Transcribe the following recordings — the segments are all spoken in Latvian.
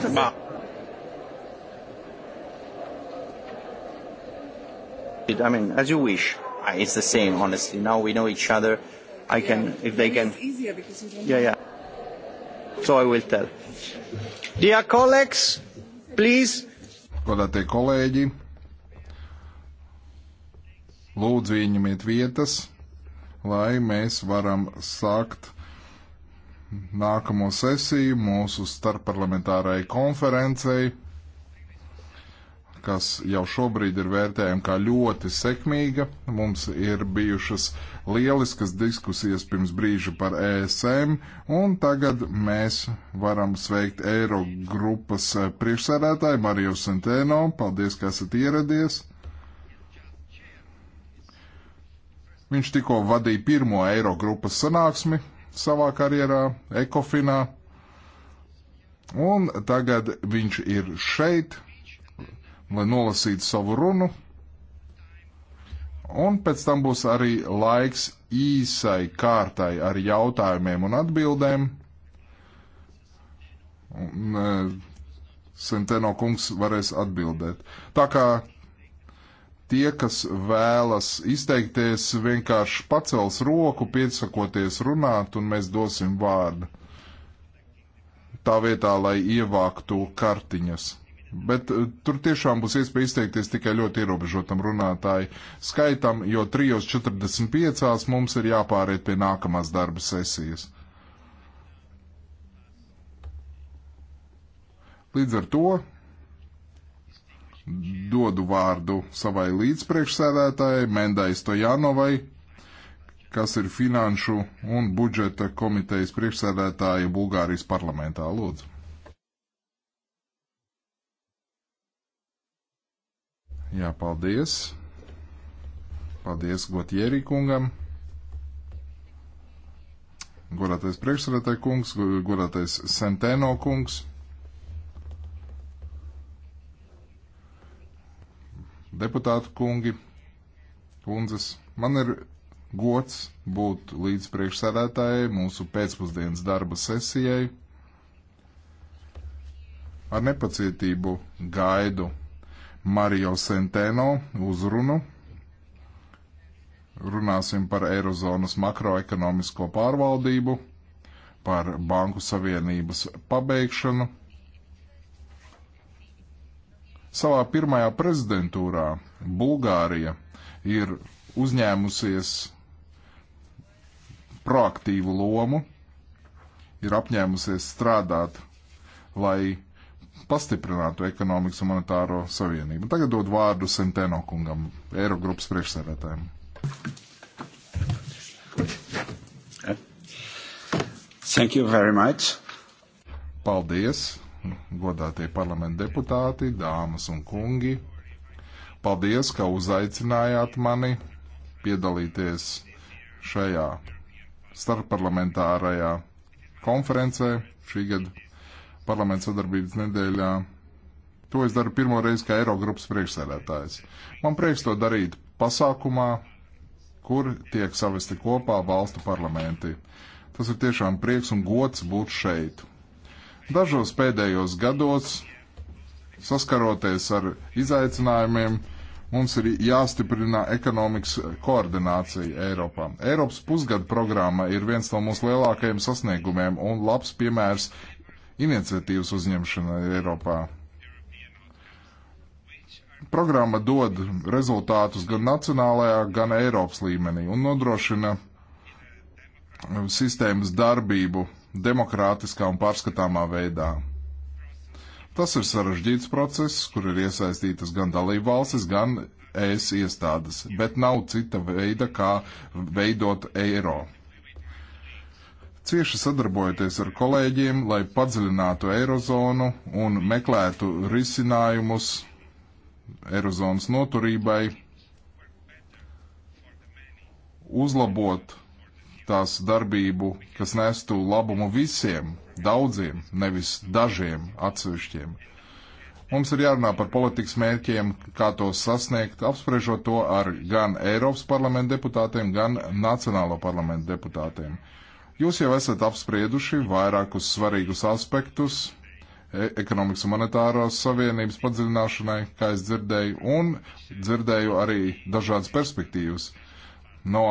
tout à fait. Ma... I mean, as you wish. Ah, it's the same, honestly. Now we know each other. I yeah, can, if they can. It's easier because you don't yeah, yeah. So I will tell. Dear colleagues, please. Godātie kolēģi, lūdzu ieņemiet vietas, lai mēs varam sākt nākamo sesiju mūsu starpparlamentārai konferencei, kas jau šobrīd ir vērtējama kā ļoti sekmīga. Mums ir bijušas lieliskas diskusijas pirms brīža par ESM, un tagad mēs varam sveikt Eiro grupas priekšsēdētāju Mariju Sentēno. Paldies, ka esat ieradies! Viņš tikko vadīja pirmo Eiro grupas sanāksmi, savā karjerā, Ekofinā. Un tagad viņš ir šeit, lai nolasītu savu runu. Un pēc tam būs arī laiks īsai kārtai ar jautājumiem un atbildēm. Un, Senteno eh, kungs varēs atbildēt. Tā kā tie, kas vēlas izteikties, vienkārši pacels roku, piesakoties runāt, un mēs dosim vārdu. Tā vietā, lai ievāktu kartiņas. Bet eh, tur tiešām būs iespēja izteikties tikai ļoti ierobežotam runātāju skaitam, jo 3.45 mums ir jāpāriet pie nākamās darba sesijas. Līdz ar to dodu vārdu savai līdzpriekšsēdētājai Mendai Stojanovai, kas ir Finanšu un budžeta komitejas priekšsēdētāja Bulgārijas parlamentā. Lūdzu. Jā, paldies. Paldies Gotieri kungam. Godātais priekšsēdētāja kungs, godātais Senteno kungs. deputāti kungi, kundzes. Man ir gods būt līdzpriekšsēdētājai mūsu pēcpusdienas darba sesijai. Ar nepacietību gaidu Mario Centeno uzrunu. Runāsim par Eirozonas makroekonomisko pārvaldību, par Banku Savienības pabeigšanu Savā pirmajā prezidentūrā Bulgārija ir uzņēmusies proaktīvu lomu, ir apņēmusies strādāt, lai pastiprinātu ekonomikas un monetāro savienību. Tagad dod vārdu Senteno kungam, Eirogrupas priekšsēdētājiem. Thank you very much. Paldies godātie parlamenta deputāti, dāmas un kungi. Paldies, ka uzaicinājāt mani piedalīties šajā starpparlamentārajā konferencē šī gada parlamenta sadarbības nedēļā. To es daru pirmo reizi kā Eirogrupas priekšsēdētājs. Man prieks to darīt pasākumā, kur tiek savesti kopā valstu parlamenti. Tas ir tiešām prieks un gods būt šeit. Dažos pēdējos gados, saskaroties ar izaicinājumiem, mums ir jāstiprina ekonomikas koordinācija Eiropā. Eiropas pusgada programma ir viens no mūsu lielākajiem sasniegumiem un labs piemērs iniciatīvas uzņemšanai Eiropā. Programma dod rezultātus gan nacionālajā, gan Eiropas līmenī un nodrošina sistēmas darbību demokrātiskā un pārskatāmā veidā. Tas ir sarežģīts process, kur ir iesaistītas gan dalību valstis, gan ES iestādes, bet nav cita veida, kā veidot eiro. Cieši sadarbojoties ar kolēģiem, lai padziļinātu eirozonu un meklētu risinājumus eirozonas noturībai, uzlabot tās darbību, kas nestu labumu visiem, daudziem, nevis dažiem atsevišķiem. Mums ir jārunā par politikas mērķiem, kā tos sasniegt, apspriežot to ar gan Eiropas parlamenta deputātiem, gan Nacionālo parlamentu deputātiem. Jūs jau esat apsprieduši vairākus svarīgus aspektus e ekonomikas un monetārās savienības padziļināšanai, kā es dzirdēju, un dzirdēju arī dažādas perspektīvas no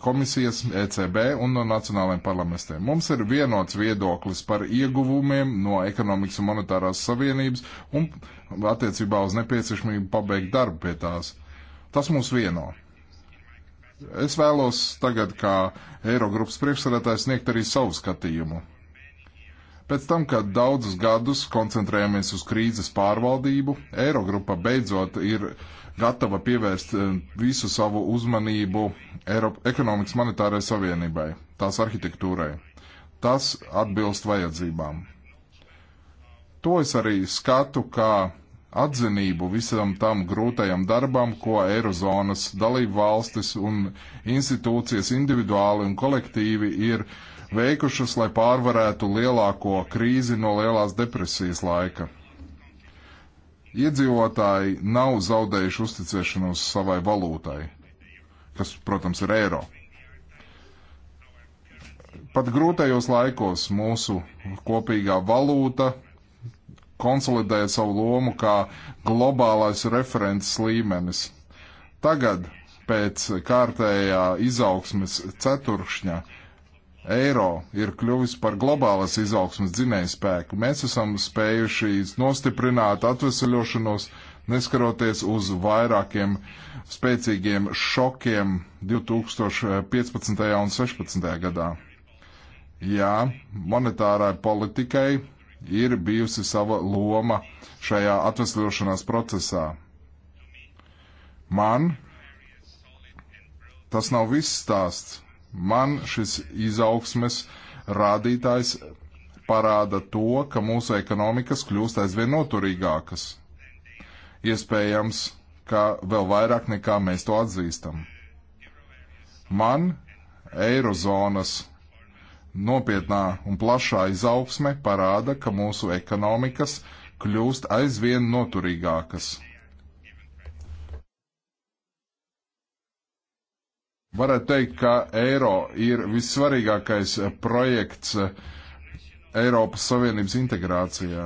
komisijas, ECB un no nacionālajiem parlamentiem. Mums ir vienots viedoklis par ieguvumiem no ekonomikas un monetārās savienības un attiecībā uz nepieciešamību pabeigt darbu pie tās. Tas mūs vieno. Es vēlos tagad, kā Eirogrupas priekšsēdētājs, sniegt arī savu skatījumu Pēc tam, kad daudzus gadus koncentrējamies uz krīzes pārvaldību, Eirogrupa beidzot ir gatava pievērst eh, visu savu uzmanību Eiropa, ekonomikas monetārai savienībai, tās arhitektūrai. Tas atbilst vajadzībām. To es arī skatu kā atzinību visam tam grūtajam darbam, ko Eirozonas dalību valstis un institūcijas individuāli un kolektīvi ir uh, veikušas, lai pārvarētu lielāko krīzi no lielās depresijas laika. Iedzīvotāji nav zaudējuši uzticēšanos savai valūtai, kas, protams, ir eiro. Pat grūtajos laikos mūsu kopīgā valūta konsolidēja savu lomu kā globālais references līmenis. Tagad, pēc kārtējā izaugsmes ceturkšņa, eiro ir kļuvis par globālas izaugsmas dzinēju spēku. Mēs esam spējuši nostiprināt atvesaļošanos, neskaroties uz vairākiem spēcīgiem šokiem 2015. un 2016. gadā. Jā, monetārai politikai ir bijusi sava loma šajā atvesļošanās procesā. Man tas nav viss stāsts Man šis izaugsmes rādītājs parāda to, ka mūsu ekonomikas kļūst aizvien noturīgākas. Iespējams, ka vēl vairāk nekā mēs to atzīstam. Man eirozonas nopietnā un plašā izaugsme parāda, ka mūsu ekonomikas kļūst aizvien noturīgākas. Varētu teikt, ka eiro ir vissvarīgākais projekts eh, Eiropas Savienības integrācijā.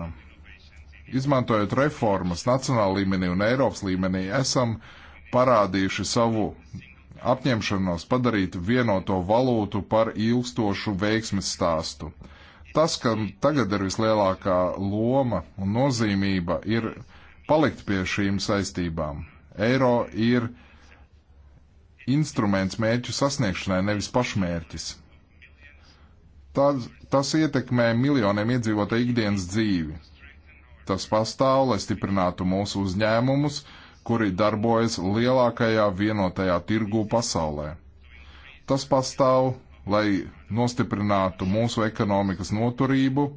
Izmantojot reformas nacionāla līmenī un Eiropas līmenī, esam parādījuši savu apņemšanos padarīt vienoto valūtu par ilgstošu veiksmes stāstu. Tas, kam tagad ir vislielākā loma un nozīmība, ir palikt pie šīm saistībām. Eiro ir instruments mērķu sasniegšanai, nevis pašmērķis. Tad, tas ietekmē miljoniem iedzīvotāju ikdienas dzīvi. Tas pastāv, lai stiprinātu mūsu uzņēmumus, kuri darbojas lielākajā vienotajā tirgū pasaulē. Tas pastāv, lai nostiprinātu mūsu ekonomikas noturību,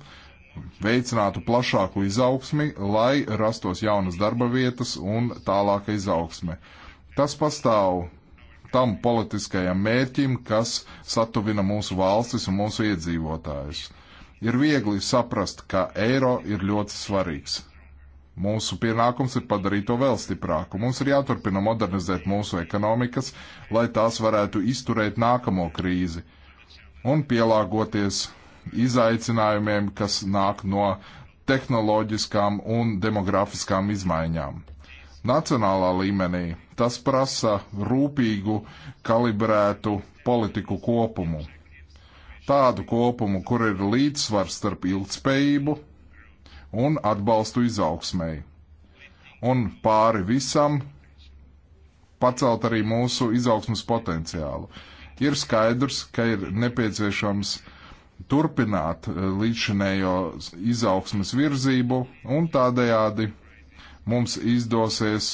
veicinātu plašāku izaugsmi, lai rastos jaunas darba vietas un tālāka izaugsme. Tas pastāv, tam politiskajam mērķim, kas satuvina mūsu valstis un mūsu iedzīvotājus. Ir viegli saprast, ka eiro ir ļoti svarīgs. Mūsu pienākums ir padarīt to vēl stiprāku. Mums ir jāturpina modernizēt mūsu ekonomikas, lai tās varētu izturēt nākamo krīzi un pielāgoties izaicinājumiem, kas nāk no tehnoloģiskām un demografiskām izmaiņām nacionālā līmenī. Tas prasa rūpīgu, kalibrētu politiku kopumu. Tādu kopumu, kur ir līdzsvars starp ilgspējību un atbalstu izaugsmēji. Un pāri visam pacelt arī mūsu izaugsmas potenciālu. Ir skaidrs, ka ir nepieciešams turpināt eh, līdzšinējo izaugsmas virzību un tādējādi mums izdosies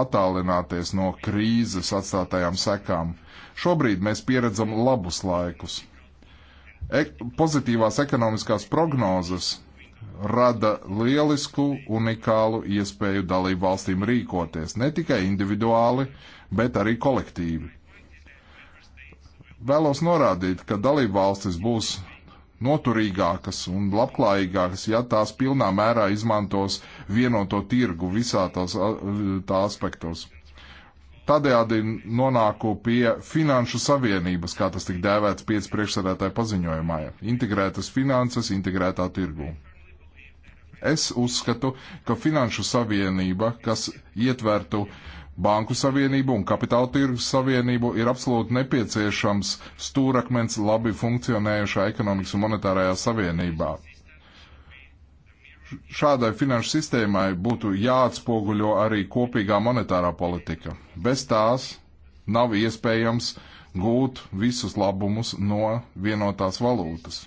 attālināties no krīzes atstātajām sekām. Šobrīd mēs pieredzam labus laikus. E pozitīvās ekonomiskās prognozes rada lielisku, unikālu iespēju dalību valstīm rīkoties ne tikai individuāli, bet arī kolektīvi. Vēlos norādīt, ka dalību valstis būs noturīgākas un labklājīgākas, ja tās pilnā mērā izmantos vienoto tirgu visā tās, tā aspektos. Tādējādi nonāku pie finanšu savienības, kā tas tika dēvēts piec priekšsēdētāja paziņojumā - integrētas finanses integrētā tirgū. Es uzskatu, ka finanšu savienība, kas ietvertu uh, Banku savienību un kapitāla tirgus savienību ir absolūti nepieciešams stūrakmens labi funkcionējušā ekonomikas un monetārajā savienībā. Šādai finanšu sistēmai būtu jāatspoguļo arī kopīgā monetārā politika. Bez tās nav iespējams gūt visus labumus no vienotās valūtas.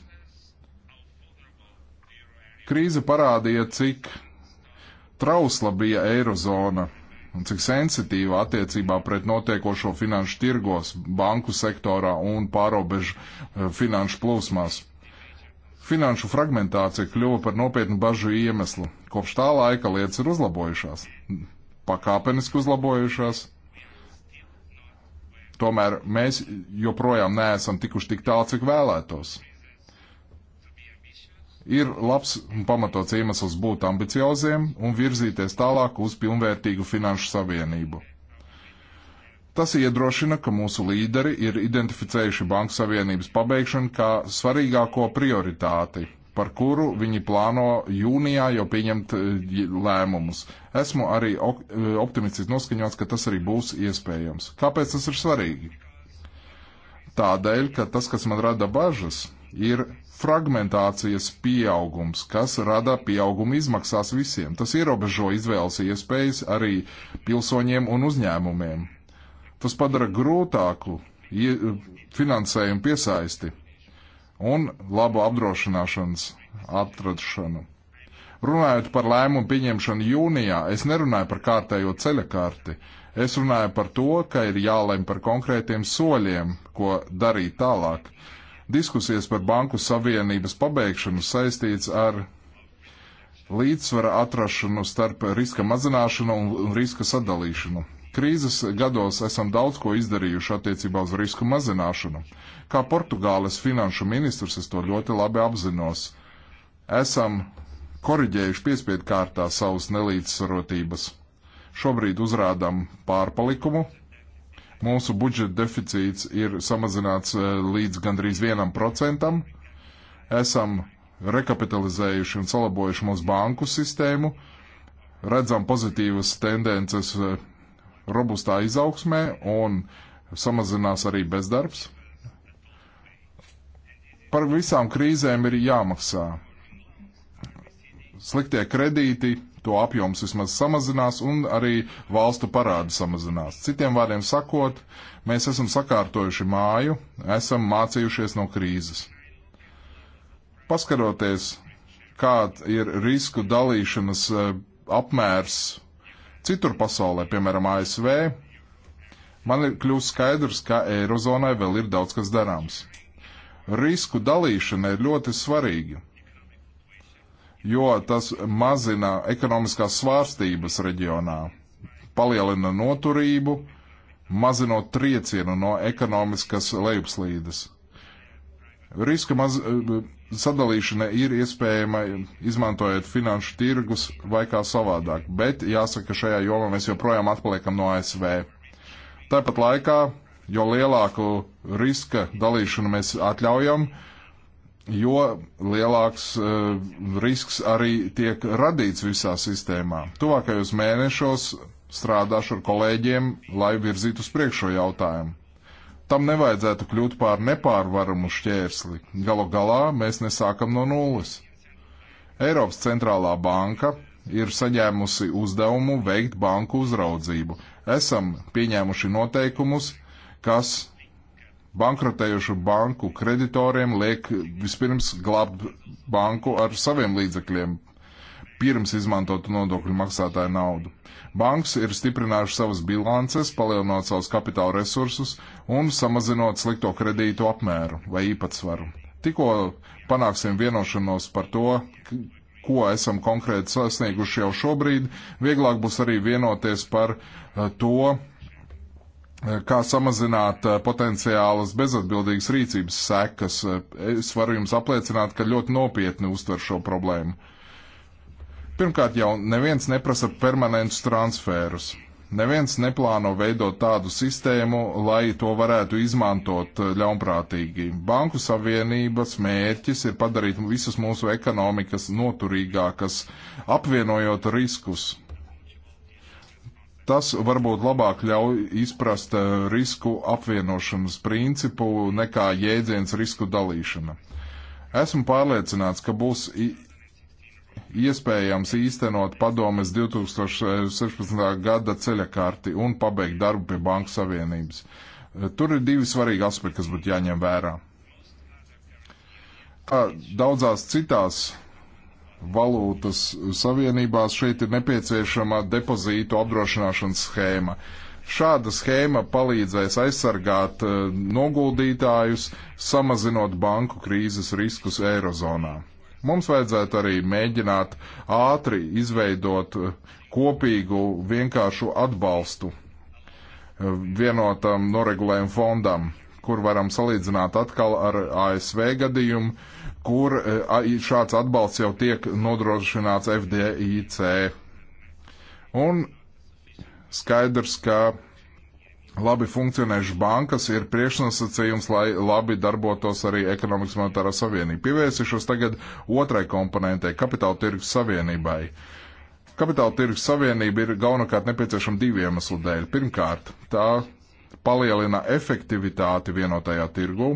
Krīze parādīja, cik trausla bija eirozona un cik sensitīva attiecībā pret notiekošo finanšu tirgos, banku sektorā un pārobežu eh, finanšu plūsmās. Finanšu fragmentācija kļuva par nopietnu bažu iemeslu. Kopš tā laika lietas ir uzlabojušās, pakāpeniski uzlabojušās. Tomēr mēs joprojām neesam tikuši tik tālu, cik vēlētos ir labs un pamatots iemesls būt ambicioziem un virzīties tālāk uz pilnvērtīgu finanšu savienību. Tas iedrošina, ka mūsu līderi ir identificējuši Banku Savienības pabeigšanu kā svarīgāko prioritāti, par kuru viņi plāno jūnijā jau pieņemt eh, lēmumus. Esmu arī eh, optimistiski noskaņots, ka tas arī būs iespējams. Kāpēc tas ir svarīgi? Tādēļ, ka tas, kas man rada bažas, ir fragmentācijas pieaugums, kas rada pieaugumu izmaksās visiem. Tas ierobežo izvēles iespējas arī pilsoņiem un uzņēmumiem. Tas padara grūtāku finansējumu piesaisti un labu apdrošināšanas atrašanu. Runājot par lēmumu pieņemšanu jūnijā, es nerunāju par kārtējo ceļakārti. Es runāju par to, ka ir jālem par konkrētiem soļiem, ko darīt tālāk. Diskusijas par Banku Savienības pabeigšanu saistīts ar līdzsvara atrašanu starp riska mazināšanu un riska sadalīšanu. Krīzes gados esam daudz ko izdarījuši attiecībā uz risku mazināšanu. Kā Portugāles finanšu ministrs es to ļoti labi apzinos. Esam koriģējuši piespiedu kārtā savus nelīdzsvarotības. Šobrīd uzrādām pārpalikumu, Mūsu budžeta deficīts ir samazināts eh, līdz gandrīz 1%. Esam rekapitalizējuši un salabojuši mūsu banku sistēmu. Redzam pozitīvas tendences eh, robustā izaugsmē un samazinās arī bezdarbs. Par visām krīzēm ir jāmaksā. Sliktie kredīti to apjoms vismaz samazinās un arī valstu parādu samazinās. Citiem vārdiem sakot, mēs esam sakārtojuši māju, esam mācījušies no krīzes. Paskaroties, kāda ir risku dalīšanas e, apmērs citur pasaulē, piemēram, ASV, man ir kļūst skaidrs, ka Eirozonai vēl ir daudz kas darāms. Risku dalīšana ir ļoti svarīga jo tas mazina ekonomiskās svārstības reģionā, palielina noturību, mazinot triecienu no ekonomiskas lejupslīdes. Riska maz, eh, sadalīšana ir iespējama izmantojot finanšu tirgus vai kā savādāk, bet jāsaka, šajā jomā mēs joprojām atpaliekam no ASV. Tāpat laikā, jo lielāku riska dalīšanu mēs atļaujam, uh, jo lielāks uh, risks arī tiek radīts visā sistēmā. Tuvākajos mēnešos strādāšu ar kolēģiem, lai virzītu uz priekšu jautājumu. Tam nevajadzētu kļūt par nepārvaramu šķērsli. Galu galā mēs nesākam no nulles. Eiropas centrālā banka ir saņēmusi uzdevumu veikt banku uzraudzību. Esam pieņēmuši noteikumus, kas bankrotējušu banku kreditoriem liek vispirms glābt banku ar saviem līdzekļiem, pirms izmantot nodokļu maksātāju naudu. Bankas ir stiprinājušas savas bilances, palielinot savus kapitāla resursus un samazinot slikto kredītu apmēru vai īpatsvaru. Tikko panāksim vienošanos par to, ko esam konkrēti sasnieguši jau šobrīd, vieglāk būs arī vienoties par eh, to, Eh, kā samazināt eh, potenciālas bezatbildīgas rīcības sekas. Eh, es varu jums apliecināt, ka ļoti nopietni uztver šo problēmu. Pirmkārt, jau neviens neprasa permanentus transferus. Neviens neplāno veidot tādu sistēmu, lai to varētu izmantot ļaunprātīgi. Banku savienības mērķis ir padarīt visas mūsu ekonomikas noturīgākas, apvienojot riskus, Tas varbūt labāk ļauj izprast eh, risku apvienošanas principu nekā jēdziens risku dalīšana. Esmu pārliecināts, ka būs iespējams īstenot padomes 2016. gada ceļakārti un pabeigt darbu pie Banku Savienības. Eh, tur ir divi svarīgi aspekti, kas būtu jāņem vērā. Daudzās citās valūtas savienībās šeit ir nepieciešama depozītu apdrošināšanas schēma. Šāda schēma palīdzēs aizsargāt eh, noguldītājus, samazinot banku krīzes riskus Eirozonā. Mums vajadzētu arī mēģināt ātri izveidot eh, kopīgu vienkāršu atbalstu eh, vienotam noregulējumu fondam kur varam salīdzināt atkal ar ASV gadījumu, kur e, šāds atbalsts jau tiek nodrošināts FDIC. Un skaidrs, ka labi funkcionējušas bankas ir priekšnosacījums, lai labi darbotos arī ekonomikas monetārā savienība. Pievērsīšos tagad otrai komponentei - kapitāla tirgus savienībai. Kapitāla tirgus savienība ir galvenokārt nepieciešama diviem iemeslu dēļ. Pirmkārt, tā palielina efektivitāti vienotajā tirgu.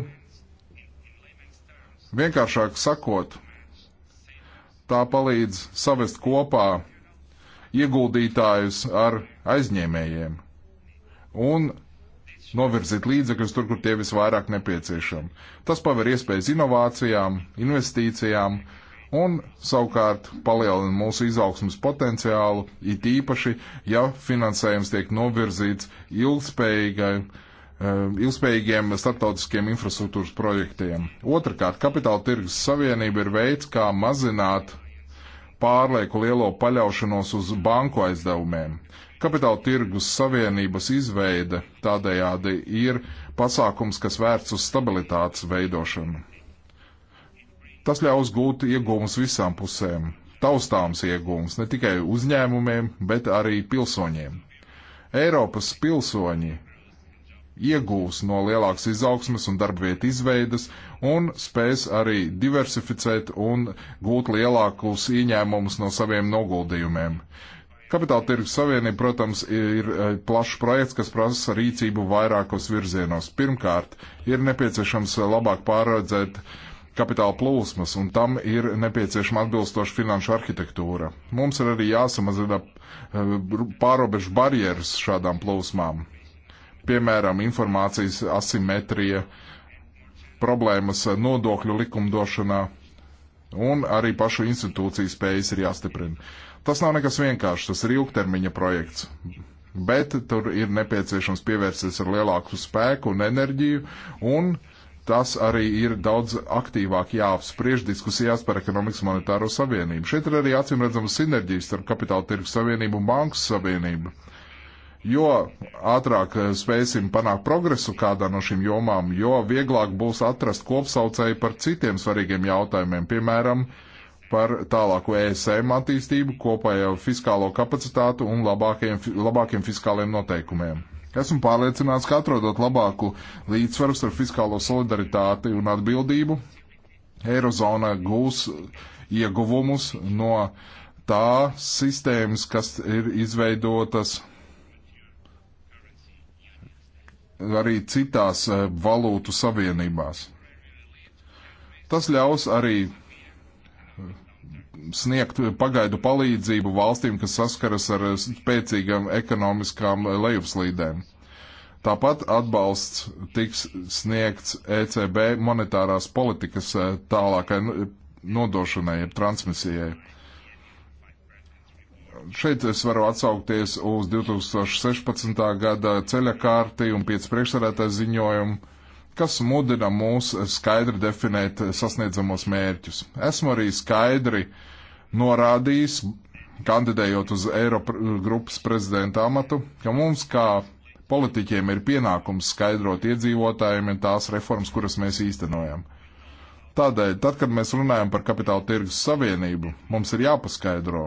Vienkāršāk sakot, tā palīdz savest kopā ieguldītājus ar aizņēmējiem un novirzīt līdzekļus tur, kur tie visvairāk nepieciešami. Tas paver iespējas inovācijām, investīcijām, uh, un savukārt palielina mūsu izaugsmas potenciālu, it īpaši, ja finansējums tiek novirzīts ilgspējīgai eh, ilgspējīgiem starptautiskiem infrastruktūras projektiem. Otrakārt, kapitāla tirgus savienība ir veids, kā mazināt pārlieku lielo paļaušanos uz banku aizdevumiem. Kapitāla tirgus savienības izveide tādējādi ir pasākums, kas vērts uz stabilitātes veidošanu. Tas ļaus gūt iegūmus visām pusēm, taustāms iegūmus ne tikai uzņēmumiem, bet arī pilsoņiem. Eiropas pilsoņi iegūs no lielākas izaugsmes un darbvietu izveidas un spēs arī diversificēt un gūt lielākus ieņēmumus no saviem noguldījumiem. Kapitāla tirgus savienība, protams, ir eh, plašs projekts, kas prasa rīcību vairākos virzienos. Pirmkārt, ir nepieciešams labāk pārredzēt uh, kapitāla plūsmas, un tam ir nepieciešama atbilstoša finanšu arhitektūra. Mums ir arī jāsamazina eh, pārobežu barjeras šādām plūsmām. Piemēram, informācijas asimetrija, problēmas nodokļu likumdošanā un arī pašu institūciju spējas ir jāstiprina. Tas nav nekas vienkāršs, tas ir ilgtermiņa projekts bet tur ir nepieciešams pievērsties ar lielāku spēku un enerģiju, un tas arī ir daudz aktīvāk jāapspriež diskusijās par ekonomikas monetāro savienību. Šeit ir arī acīm redzama sinerģija starp kapitāla tirgus savienību un bankas savienību. Jo ātrāk eh, spēsim panākt progresu kādā no šīm jomām, jo vieglāk būs atrast kopsaucēju par citiem svarīgiem jautājumiem, piemēram, par tālāko ESM attīstību, kopējo fiskālo kapacitātu un labākiem, labākiem fiskāliem noteikumiem. Esmu pārliecināts, ka atrodot labāku līdzsvaru starp fiskālo solidaritāti un atbildību, Eirozona gūs ieguvumus no tā sistēmas, kas ir izveidotas arī citās eh, valūtu savienībās. Tas ļaus arī sniegt pagaidu palīdzību valstīm, kas saskaras ar spēcīgām ekonomiskām lejupslīdēm. Tāpat atbalsts tiks sniegts ECB monetārās politikas eh, tālākai nodošanai, jeb transmisijai. Šeit es varu atsaukties uz 2016. gada ceļa kārti un pēc priekšsarētāja ziņojumu, kas mudina mūs skaidri definēt sasniedzamos mērķus. Esmu arī skaidri uh, norādījis, kandidējot uz Eiropas grupas prezidenta amatu, ka mums kā politiķiem ir pienākums skaidrot iedzīvotājiem tās reformas, kuras mēs īstenojam. Tādēļ, tad, kad mēs runājam par kapitāla tirgus savienību, mums ir jāpaskaidro,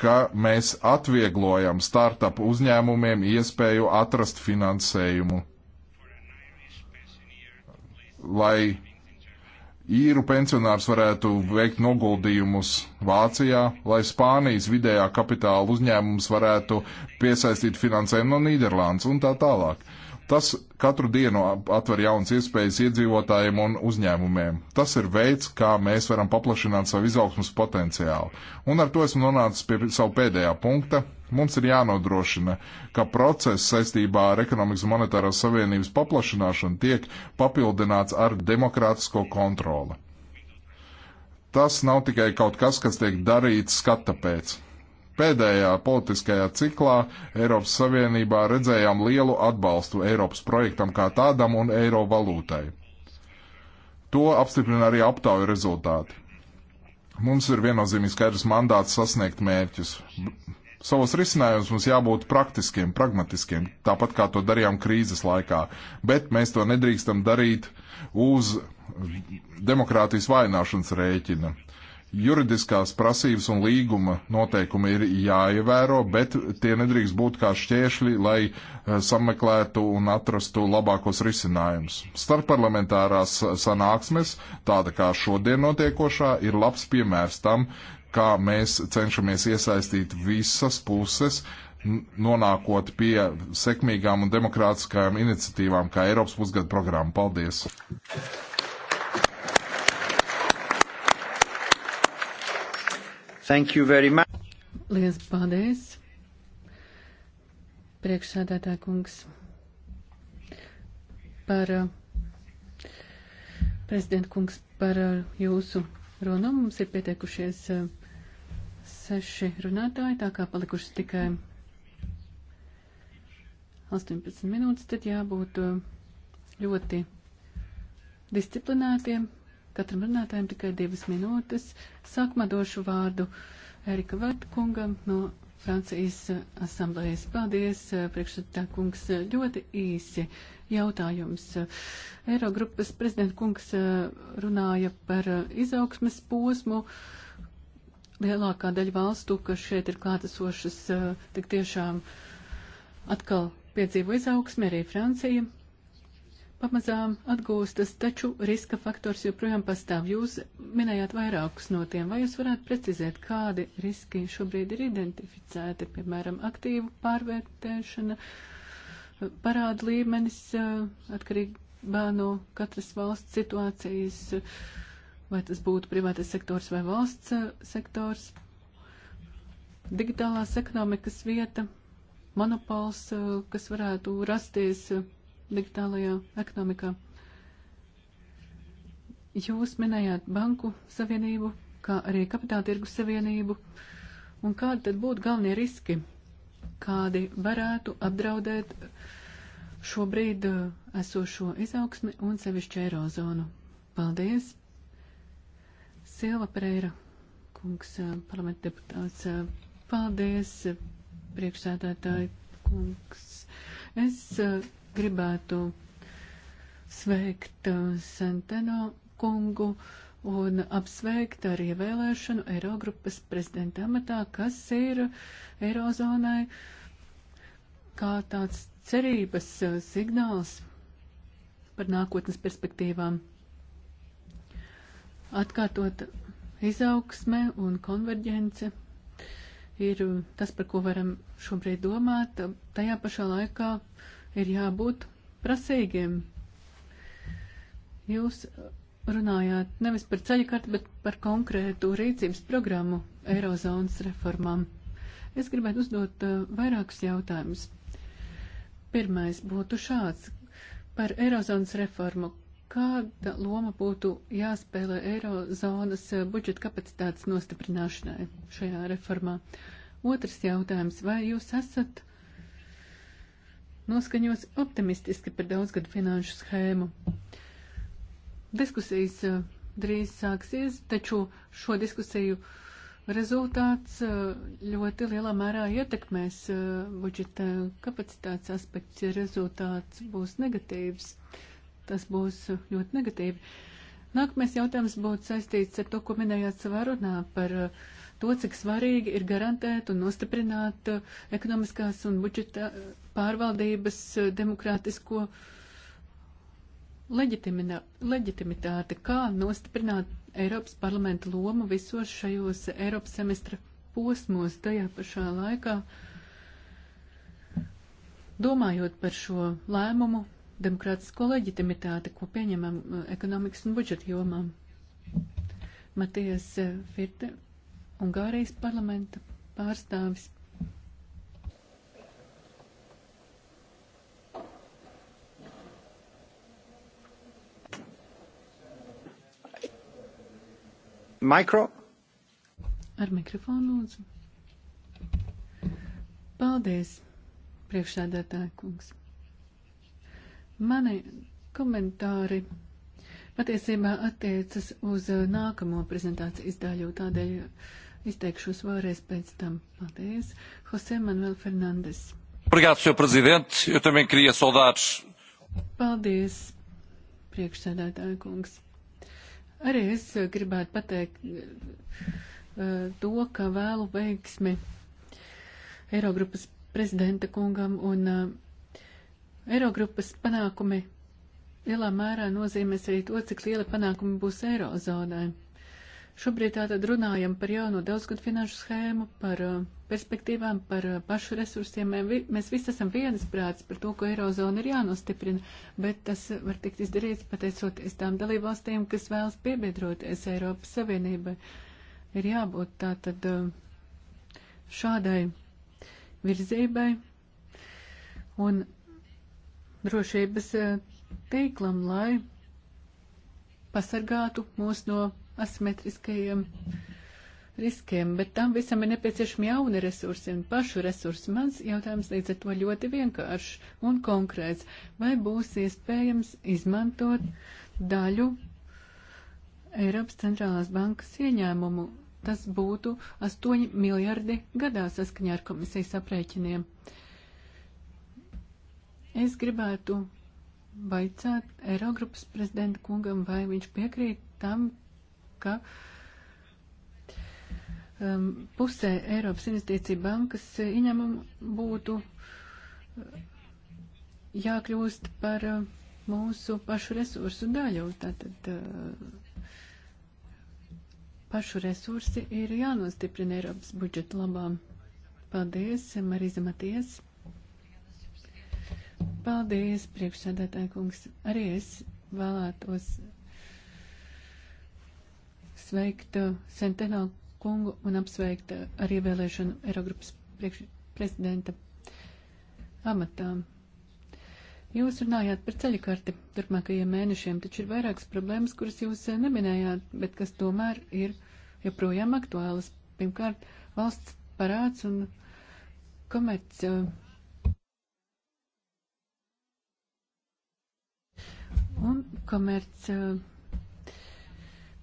ka mēs atvieglojam startup uzņēmumiem iespēju atrast finansējumu, lai īru pensionārs varētu veikt noguldījumus Vācijā, lai Spānijas vidējā kapitāla uzņēmums varētu piesaistīt finansējumu no Nīderlandes un tā tālāk. Tas katru dienu atver jaunas iespējas iedzīvotājiem un uzņēmumiem. Tas ir veids, kā mēs varam paplašināt savu izaugsmus potenciālu. Un ar to esmu nonācis pie savu pēdējā punkta Mums ir jānodrošina, ka process saistībā ar ekonomikas monetārās savienības paplašināšanu tiek papildināts ar demokrātisko kontroli. Tas nav tikai kaut kas, kas tiek darīts skata pēc. Pēdējā politiskajā ciklā Eiropas Savienībā redzējām lielu atbalstu Eiropas projektam kā tādam un eiro valūtai. To apstiprina arī aptauju rezultāti. Mums ir viennozīmīgi skaidrs mandāts sasniegt mērķus savos risinājumus mums jābūt praktiskiem, pragmatiskiem, tāpat kā to darījām krīzes laikā. Bet mēs to nedrīkstam darīt uz demokrātijas vaināšanas rēķina. Juridiskās prasības un līguma noteikumi ir jāievēro, bet tie nedrīkst būt kā šķēršļi, lai eh, sameklētu un atrastu labākos risinājumus. Starparlamentārās sanāksmes, tāda kā šodien notiekošā, ir labs piemērs tam, kā mēs cenšamies iesaistīt visas puses, nonākot pie sekmīgām un demokrātiskajām iniciatīvām, kā Eiropas pusgada programma. Paldies! Thank you very much. Lielas paldies, priekšsēdētā kungs, par prezidenta kungs par jūsu runu. Mums ir pieteikušies seši runātāji, tā kā palikušas tikai 18 minūtes, tad jābūt uh, ļoti disciplinētiem. Katram runātājam tikai divas minūtes. Sākumā došu vārdu Erika Vertkungam no Francijas uh, asamblējas. Paldies, uh, priekšsatā kungs, ļoti īsi jautājums. Eirogrupas prezidenta kungs runāja par izaugsmes posmu. Uh, lielākā daļa valstu, kas šeit ir klātesošas, eh, tik tiešām atkal piedzīvo izaugsmi, arī Francija pamazām atgūstas, taču riska faktors joprojām pastāv. Jūs minējāt vairākus no tiem. Vai jūs varētu precizēt, kādi riski šobrīd ir identificēti, piemēram, aktīvu pārvērtēšana, parāda līmenis, eh, atkarībā no katras valsts situācijas? vai tas būtu privātais sektors vai valsts eh, sektors, digitālās ekonomikas vieta, monopols, eh, kas varētu rasties eh, digitālajā ekonomikā. Jūs minējāt banku savienību, kā arī kapitāla tirgus savienību, un kādi tad būtu galvenie riski, kādi varētu apdraudēt šobrīd esošo izaugsmi un sevišķi eirozonu. Paldies! Silva Pereira, kungs, parlamenta deputāts. Paldies, priekšsēdētāji, kungs. Es gribētu sveikt Santeno kungu un apsveikt ar ievēlēšanu Eirogrupas prezidenta amatā, kas ir Eirozonai kā tāds cerības signāls par nākotnes perspektīvām atkārtot izaugsme un konverģence ir uh, tas, par ko varam šobrīd domāt. Tajā pašā laikā ir jābūt prasīgiem. Jūs runājāt nevis par ceļkarti, bet par konkrētu rīcības programmu Eirozonas reformām. Es gribētu uzdot uh, vairākus jautājumus. Pirmais būtu šāds. Par Eirozonas reformu, kāda loma būtu jāspēlē Eirozonas budžeta kapacitātes nostiprināšanai šajā reformā? Otrs jautājums. Vai jūs esat noskaņos optimistiski par daudzgadu finanšu schēmu? Diskusijas eh, drīz sāksies, taču šo diskusiju rezultāts eh, ļoti lielā mērā ietekmēs eh, budžeta kapacitātes aspekts, ja rezultāts būs negatīvs. Uh, tas būs ļoti negatīvi. Nākamais jautājums būtu saistīts ar to, ko minējāt savā runā par uh, to, cik svarīgi ir garantēt un nostiprināt uh, ekonomiskās un budžeta uh, pārvaldības demokrātisko leģitimitāti, kā nostiprināt Eiropas parlamenta lomu visos šajos Eiropas semestra posmos tajā pašā laikā, domājot par šo lēmumu demokrātisko leģitimitāti, ko pieņemam uh, ekonomikas un budžeta jomām. Matijas uh, Firte, Ungārijas parlamenta pārstāvis. Mikro. Ar mikrofonu lūdzu. Paldies, priekšsēdētāja kungs. Mani komentāri patiesībā attiecas uz uh, nākamo prezentācijas daļu, tādēļ uh, izteikšos vēlreiz pēc tam. Paldies. Jose Manuel Fernandes. Obrigado, Sr. Presidente. Eu também queria saudades. Paldies, priekšsēdētāja kungs. Arī es gribētu pateikt uh, to, ka vēlu veiksmi Eirogrupas prezidenta kungam un uh, Eirogrupas panākumi lielā mērā nozīmēs arī to, cik liela panākumi būs Eirozonai. Šobrīd tātad runājam par jauno daudzgadu finanšu schēmu, par uh, perspektīvām, par uh, pašu resursiem. Mēs visi esam viensprāts par to, ko Eirozona ir jānostiprina, bet tas var tikt izdarīts pateicoties tām dalībvalstīm, kas vēlas piebiedroties Eiropas Savienībai. Ir jābūt tātad uh, šādai virzībai. Un drošības eh, tīklam, lai pasargātu mūs no asimetriskajiem riskiem, bet tam visam ir nepieciešami jauni resursi un pašu resursi. Mans jautājums līdz ar to ļoti vienkāršs un konkrēts. Vai būs iespējams izmantot daļu Eiropas centrālās bankas ieņēmumu? Tas būtu 8 miljardi gadā saskaņā ar komisijas aprēķiniem. Uh, Es gribētu vaicāt Eirogrupas prezidenta kungam, vai viņš piekrīt tam, ka um, pusē Eiropas investīcija bankas ieņēmumu būtu uh, jākļūst par uh, mūsu pašu resursu daļu. Tātad uh, pašu resursi ir jānostiprina Eiropas budžeta labām. Paldies, Marīza Maties. Paldies, priekšsēdētāja kungs. Arī es vēlētos sveikt Sentenā uh, kungu un apsveikt uh, ar ievēlēšanu Eirogrupas prezidenta amatām. Jūs runājāt par ceļu karti turpmākajiem mēnešiem, taču ir vairākas problēmas, kuras jūs uh, neminējāt, bet kas tomēr ir joprojām aktuālas. Pirmkārt, valsts parāds un komerc uh, un komerc eh,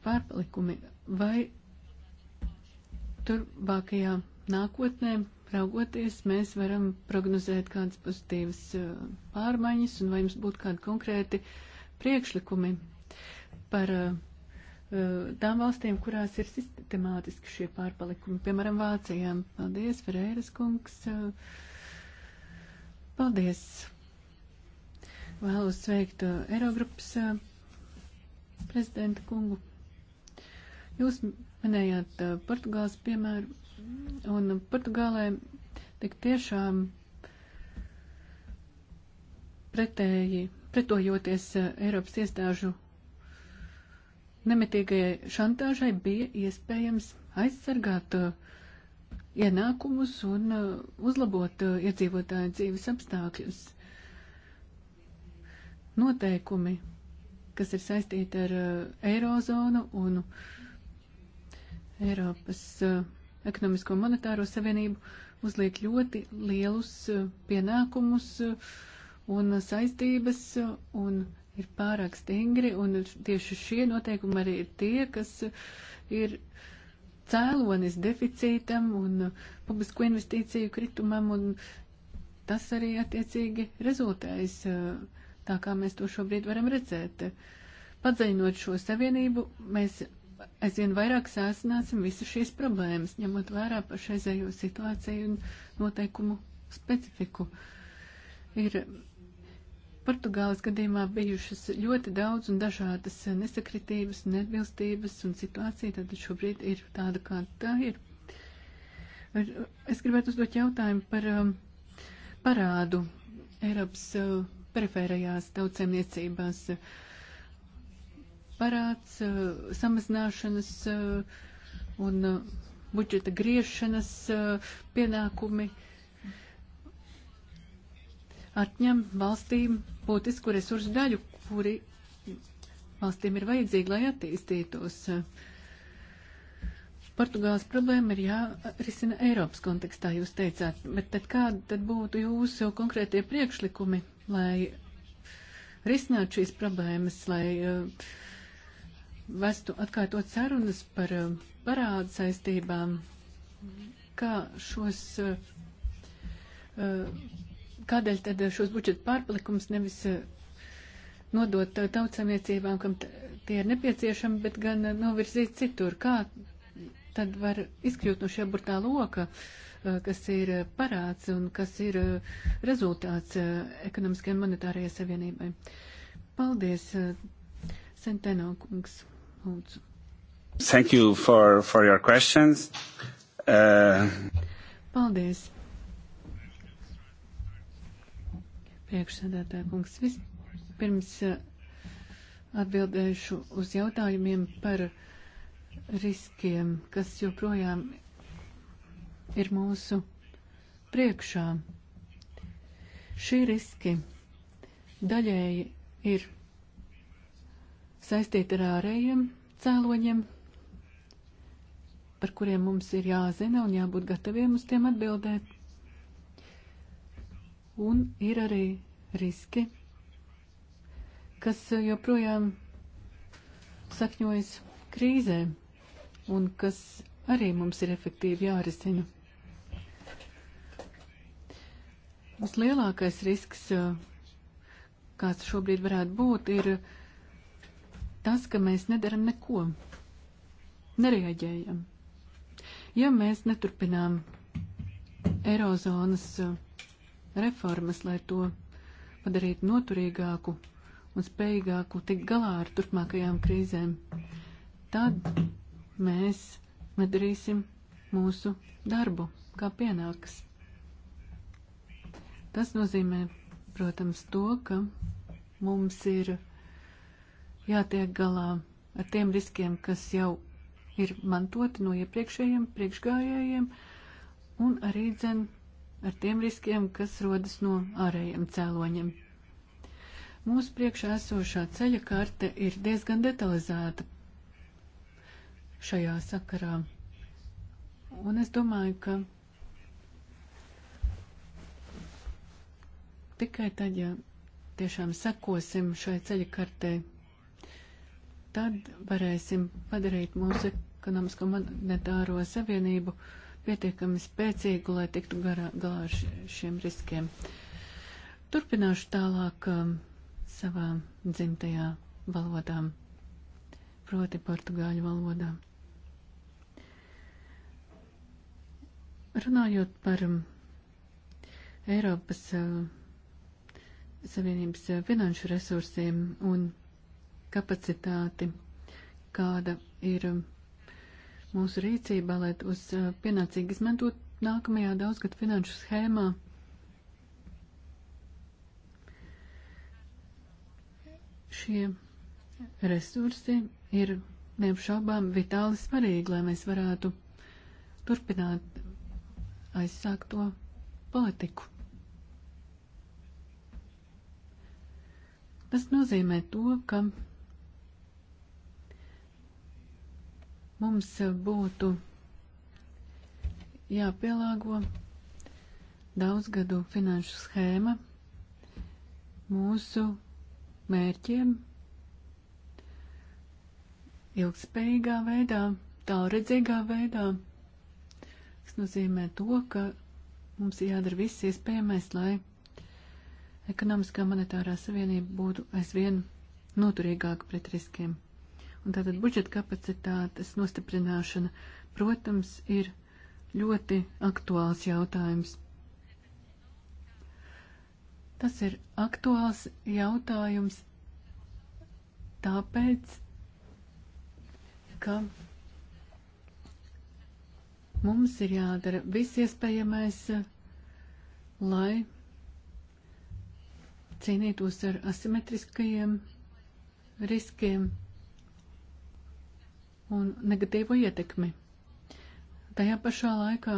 pārpalikumi. Vai turpmākajā nākotnē, raugoties, mēs varam prognozēt kādas pozitīvas eh, pārmaiņas un vai jums būtu kādi konkrēti priekšlikumi par eh, tām valstīm, kurās ir sistemātiski šie pārpalikumi, piemēram, Vācijām. Paldies, Ferēras kungs. Paldies. Vēlos sveikt uh, Eirogrupas uh, prezidenta kungu. Jūs minējāt uh, Portugāles piemēru, un Portugālē tik tiešām pretēji, pretojoties Eiropas iestāžu nemitīgajai šantāžai, bija iespējams aizsargāt ienākumus un uzlabot iedzīvotāju dzīves apstākļus noteikumi, kas ir saistīti ar eh, Eirozonu un Eiropas eh, ekonomisko monetāro savienību, uzliek ļoti lielus eh, pienākumus un saistības un ir pārāk stingri, un tieši šie noteikumi arī ir tie, kas ir cēlonis deficītam un publisko investīciju kritumam, un tas arī attiecīgi rezultējas uh, tā kā mēs to šobrīd varam redzēt. Padzaļinot šo savienību, mēs aizvien vairāk sāsināsim visu šīs problēmas, ņemot vērā pašreizējo situāciju un noteikumu specifiku. Ir Portugāles gadījumā bijušas ļoti daudz un dažādas nesakritības, neatbilstības un situācija tad šobrīd ir tāda, kā tā ir. Es gribētu uzdot jautājumu par um, parādu Eiropas uh, perifērajās tautsēmniecībās. Parāds, eh, samazināšanas eh, un eh, budžeta griešanas pienākumi atņem valstīm būtisku resursu daļu, kuri valstīm ir vajadzīgi, lai attīstītos. Portugāles problēma ir jārisina Eiropas kontekstā, jūs teicāt, bet tad kādi tad būtu jūsu konkrētie priekšlikumi lai risinātu šīs problēmas, lai uh, vestu atkārtot sarunas par uh, parādu saistībām, kā šos, uh, uh kādēļ tad šos budžeta pārpalikums nevis uh, nodot uh, tautsamiecībām, kam tie ir nepieciešami, bet gan novirzīt citur. Kā tad var izkļūt no šie burtā loka? Uh, Eh, kas ir parāds un kas ir eh, rezultāts eh, ekonomiskajai un monetārajai savienībai. Paldies, Senteno kungs. Lūdzu. Thank you for, for your questions. Uh... Paldies. Priekšsēdētāja kungs, vispirms atbildēšu uz jautājumiem par riskiem, kas joprojām ir mūsu priekšā. Šie riski daļēji ir saistīti ar ārējiem cēloņiem, par kuriem mums ir jāzina un jābūt gataviem uz tiem atbildēt. Un ir arī riski, kas joprojām sakņojas krīzē un kas arī mums ir efektīvi jārisina. Vislielākais risks, eh, kāds šobrīd varētu būt, ir tas, ka mēs nedaram neko, nereaģējam. Ja mēs neturpinām Eirozonas eh, reformas, lai to padarītu noturīgāku un spējīgāku tikt galā ar turpmākajām krīzēm, tad mēs nedarīsim mūsu darbu, kā pienākas. Tas nozīmē, protams, to, ka mums ir jātiek galā ar tiem riskiem, kas jau ir mantoti no iepriekšējiem priekšgājējiem, un arī dzen ar tiem riskiem, kas rodas no ārējiem cēloņiem. Mūsu priekšā esošā ceļa karte ir diezgan detalizēta šajā sakarā, un es domāju, ka tikai tad, ja tiešām sekosim šai ceļa kartē, tad varēsim padarīt mūsu ekonomisko monetāro savienību pietiekami spēcīgu, lai tiktu garā, galā ar šiem riskiem. Turpināšu tālāk um, savā dzimtajā valodā, proti portugāļu valodā. Runājot par um, Eiropas uh, Savienības eh, finanšu resursiem un kapacitāti, kāda ir eh, mūsu rīcībā, lai tos eh, pienācīgi izmantot nākamajā daudzgad finanšu schēmā. Šie resursi ir neapšaubām vitāli svarīgi, lai mēs varētu turpināt aizsākt to politiku. Tas nozīmē to, ka mums būtu jāpielāgo daudzgadu finanšu schēma mūsu mērķiem ilgspējīgā veidā, tālredzīgā veidā. Tas nozīmē to, ka mums jādara viss iespējamais, lai ekonomiskā monetārā savienība būtu aizvien noturīgāka pret riskiem. Un tātad budžeta kapacitātes nostiprināšana, protams, ir ļoti aktuāls jautājums. Tas ir aktuāls jautājums tāpēc, ka mums ir jādara viss iespējamais, lai cīnītos ar asimetriskajiem riskiem un negatīvu ietekmi. Tajā pašā laikā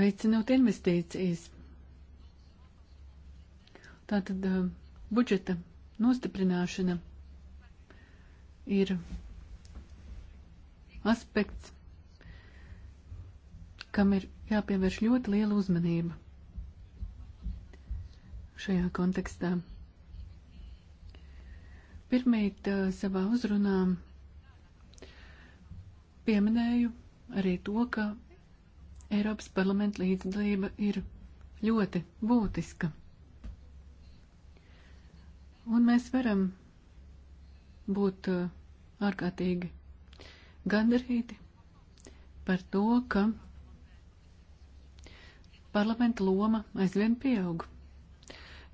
veicinot investīcijas. Tātad uh, budžeta nostiprināšana ir aspekts, kam ir jāpievērš ļoti liela uzmanība šajā kontekstā. Pirmīt eh, savā uzrunā pieminēju arī to, ka Eiropas parlamenta līdzdalība ir ļoti būtiska. Un mēs varam būt eh, ārkārtīgi gandarīti par to, ka parlamenta loma aizvien pieauga.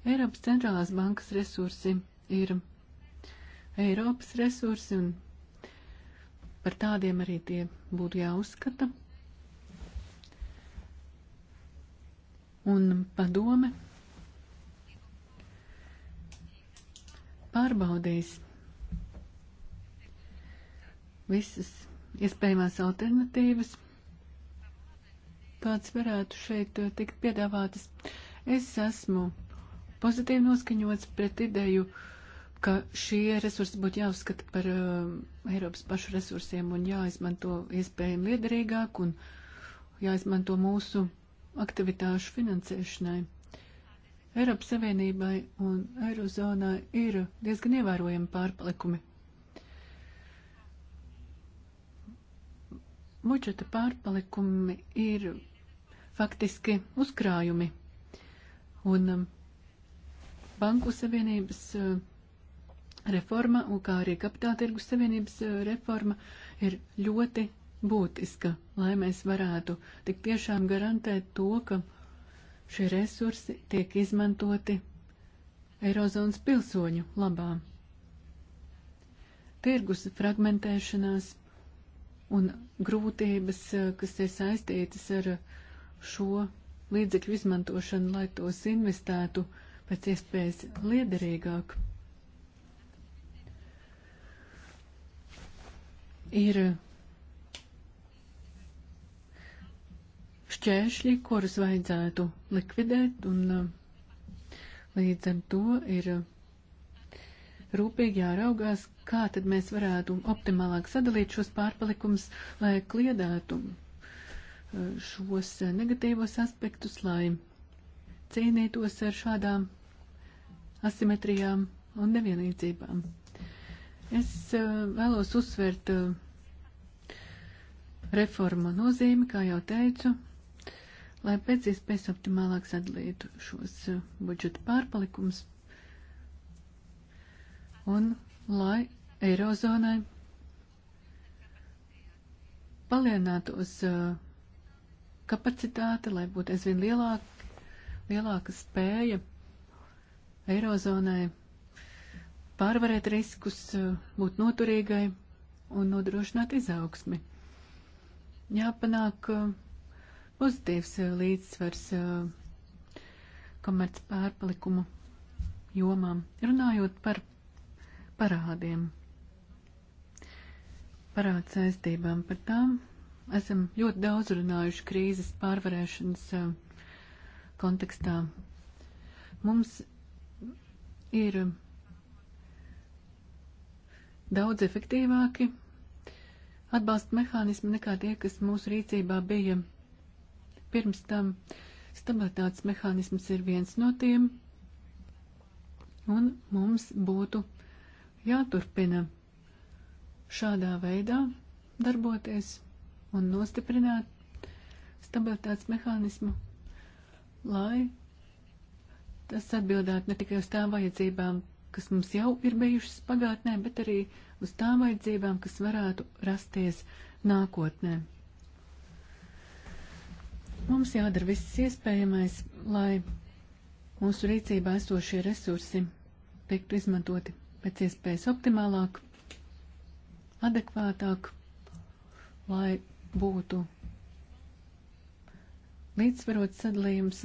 Eiropas centrālās bankas resursi ir Eiropas resursi, un par tādiem arī tie būtu jāuzskata. Un padome pārbaudīs visas iespējamās alternatīvas, kāds varētu šeit tikt piedāvātas. Es esmu pozitīvi noskaņots pret ideju, ka šie resursi būtu jāuzskata par uh, Eiropas pašu resursiem un jāizmanto iespējami liederīgāk un jāizmanto mūsu aktivitāšu finansēšanai. Eiropas Savienībai un Eirozonai ir diezgan ievērojami pārpalikumi. Budžeta pārpalikumi ir faktiski uzkrājumi, un um, banku savienības eh, reforma un kā arī kapitāla tirgus savienības eh, reforma ir ļoti būtiska, lai mēs varētu tik tiešām garantēt to, ka šie resursi tiek izmantoti Eirozonas pilsoņu labā. Tirgus fragmentēšanās un grūtības, eh, kas ir saistītas ar šo līdzekļu izmantošanu, lai tos investētu, uh, pēc iespējas liederīgāk. Ir šķēršļi, kurus vajadzētu likvidēt, un uh, līdz ar to ir rūpīgi jāraugās, kā tad mēs varētu optimālāk sadalīt šos pārpalikums, lai kliedētu uh, šos negatīvos aspektus, lai cīnītos ar šādām asimetrijām un nevienlīdzībām. Es eh, vēlos uzsvērt eh, reformu nozīmi, kā jau teicu, lai pēc iespējas optimālāk sadalītu šos eh, budžeta pārpalikums un lai Eirozonai palielinātos kapacitāte, lai būtu aizvien lielāka, lielāka spēja Eirozonai pārvarēt riskus, būt noturīgai un nodrošināt izaugsmi. Jāpanāk uh, pozitīvs uh, līdzsvars uh, komerc pārpalikumu jomām, runājot par parādiem, parāds saistībām par tām. Esam ļoti daudz runājuši krīzes pārvarēšanas kontekstā. Mums ir daudz efektīvāki atbalsta mehānismi nekā tie, kas mūsu rīcībā bija pirms tam. Stabilitātes mehānisms ir viens no tiem, un mums būtu jāturpina šādā veidā darboties un nostiprināt stabilitātes mehānismu, lai tas atbildētu ne tikai uz tām vajadzībām, kas mums jau ir bijušas pagātnē, bet arī uz tām vajadzībām, kas varētu rasties nākotnē. Mums jādara viss iespējamais, lai mūsu rīcībā esošie resursi tiktu izmantoti pēc iespējas optimālāk, adekvātāk, lai būtu līdzsvarots sadalījums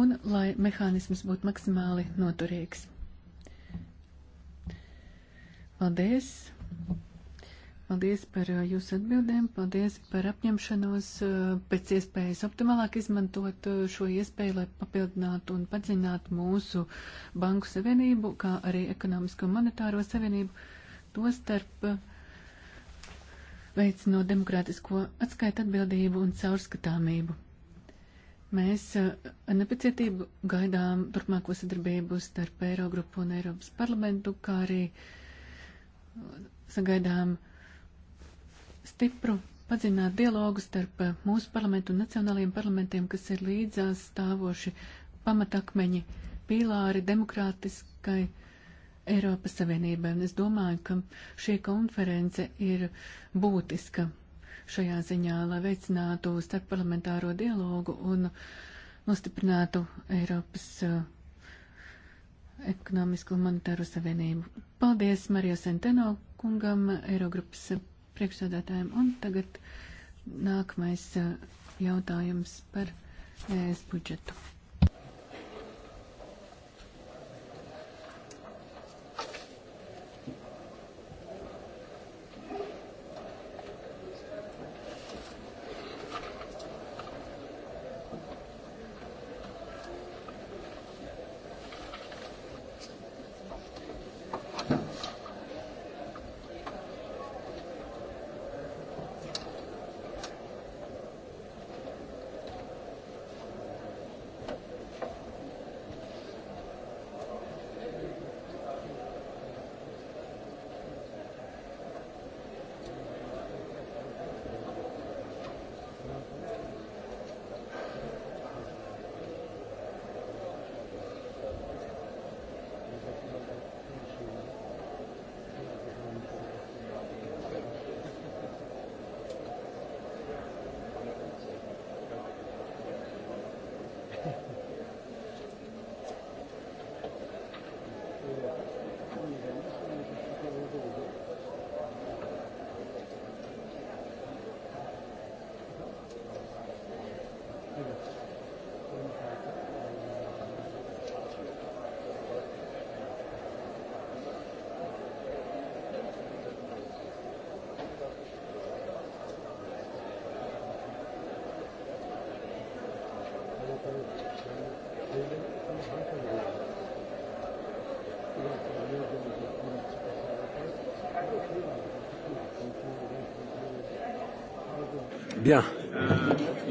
un lai mehānisms būtu maksimāli noturīgs. Paldies! Paldies par uh, jūsu atbildēm, paldies par apņemšanos uh, pēc iespējas optimālāk izmantot uh, šo iespēju, lai papildinātu un padziļinātu mūsu banku savienību, kā arī ekonomisko un monetāro savienību, to starp veicinot demokrātisko atskaitu atbildību un caurskatāmību. Mēs ar eh, nepacietību gaidām turpmāko sadarbību starp Eirogrupu un Eiropas parlamentu, kā arī eh, sagaidām stipru padzināt dialogu starp eh, mūsu parlamentu un nacionālajiem parlamentiem, kas ir līdzās stāvoši pamatakmeņi, pīlāri demokrātiskai Eiropas Savienībai. Un es domāju, ka šī konference ir būtiska šajā ziņā, lai veicinātu starpparlamentāro dialogu un nostiprinātu Eiropas eh, ekonomisku un monetāro savienību. Paldies Marijo Senteno kungam, Eirogrupas eh, priekšsādātājiem. Un tagad nākamais eh, jautājums par ES budžetu.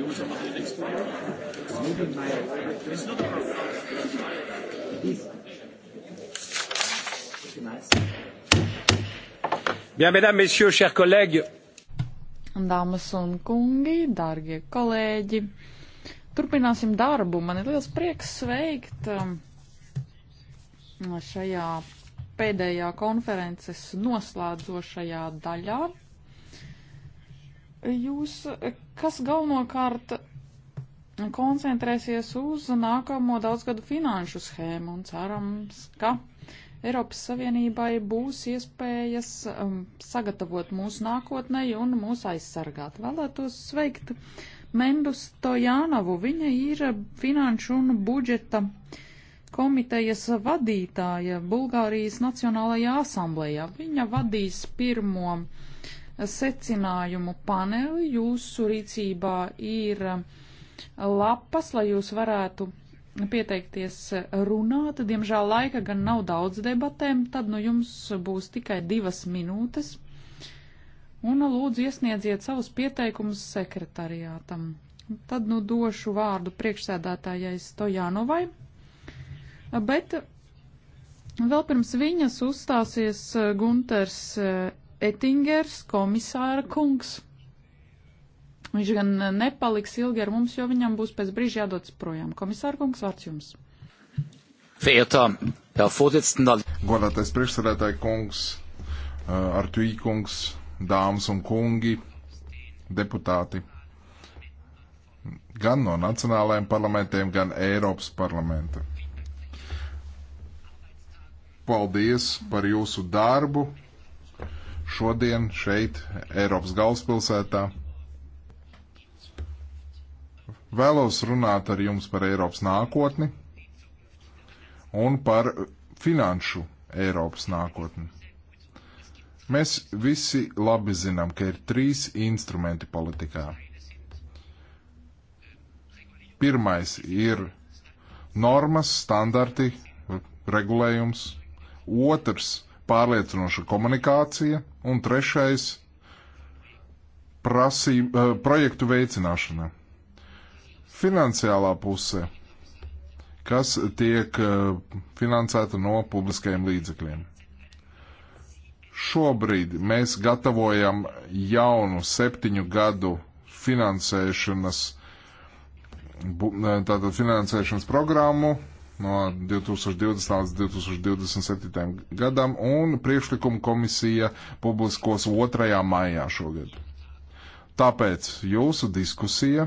use of the next one. Maybe my. It's not a problem. It is. Bien, mesdames, messieurs, chers collègues. Dāmas un kungi, dārgie kolēģi, turpināsim darbu. Man ir liels prieks sveikt um, šajā pēdējā konferences noslēdzošajā daļā jūs, kas galvenokārt koncentrēsies uz nākamo daudzgadu finanšu schēmu un cerams, ka Eiropas Savienībai būs iespējas um, sagatavot mūsu nākotnei un mūs aizsargāt. Vēlētos sveikt Mendus Tojānavu. Viņa ir finanšu un budžeta komitejas vadītāja Bulgārijas Nacionālajā asamblējā. Viņa vadīs pirmo uh, secinājumu paneli. Jūsu rīcībā ir lapas, lai jūs varētu pieteikties runāt. Diemžēl laika gan nav daudz debatēm, tad nu jums būs tikai divas minūtes. Un lūdzu iesniedziet savus pieteikumus sekretariātam. Tad nu došu vārdu priekšsēdētājai Stojanovai. Bet vēl pirms viņas uzstāsies Gunters Ettingers, komisāra kungs. Viņš gan nepaliks ilgi ar mums, jo viņam būs pēc brīža jādodas projām. Komisāra kungs, vārds jums. Vietā, Herr Vorsitzender. Godātais priekšsēdētāji kungs, eh, Artuī kungs, dāmas un kungi, deputāti. Gan no nacionālajiem parlamentiem, gan Eiropas parlamenta. Paldies par jūsu darbu, šodien šeit, Eiropas galvaspilsētā. Vēlos runāt ar jums par Eiropas nākotni un par finanšu Eiropas nākotni. Mēs visi labi zinām, ka ir trīs instrumenti politikā. Pirmais ir normas, standarti, regulējums. Otrs pārliecinoša komunikācija, un trešais prasī, eh, projektu veicināšana. Finansiālā puse, kas tiek eh, finansēta no publiskajiem līdzekļiem. Šobrīd mēs gatavojam jaunu septiņu gadu finansēšanas, eh, tātad finansēšanas programmu, no 2020 līdz 2027 gadam, un priekšlikumu komisija publiskos 2. maijā šogad. Tāpēc jūsu diskusija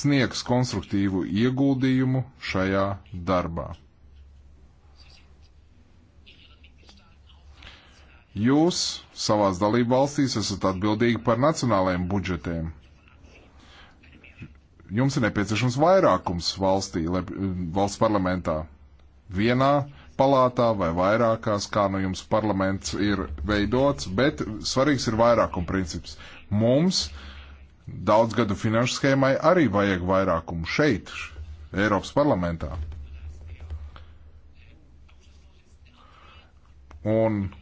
sniegs konstruktīvu ieguldījumu šajā darbā. Jūs savās dalību valstīs esat atbildīgi par nacionālajiem budžetiem jums ir nepieciešams vairākums valstī, lai, mm, valsts parlamentā. Vienā palātā vai vairākās, kā nu jums parlaments ir veidots, bet svarīgs ir vairākuma princips. Mums daudz gadu finanšu schēmai arī vajag vairākumu šeit, Eiropas parlamentā. Un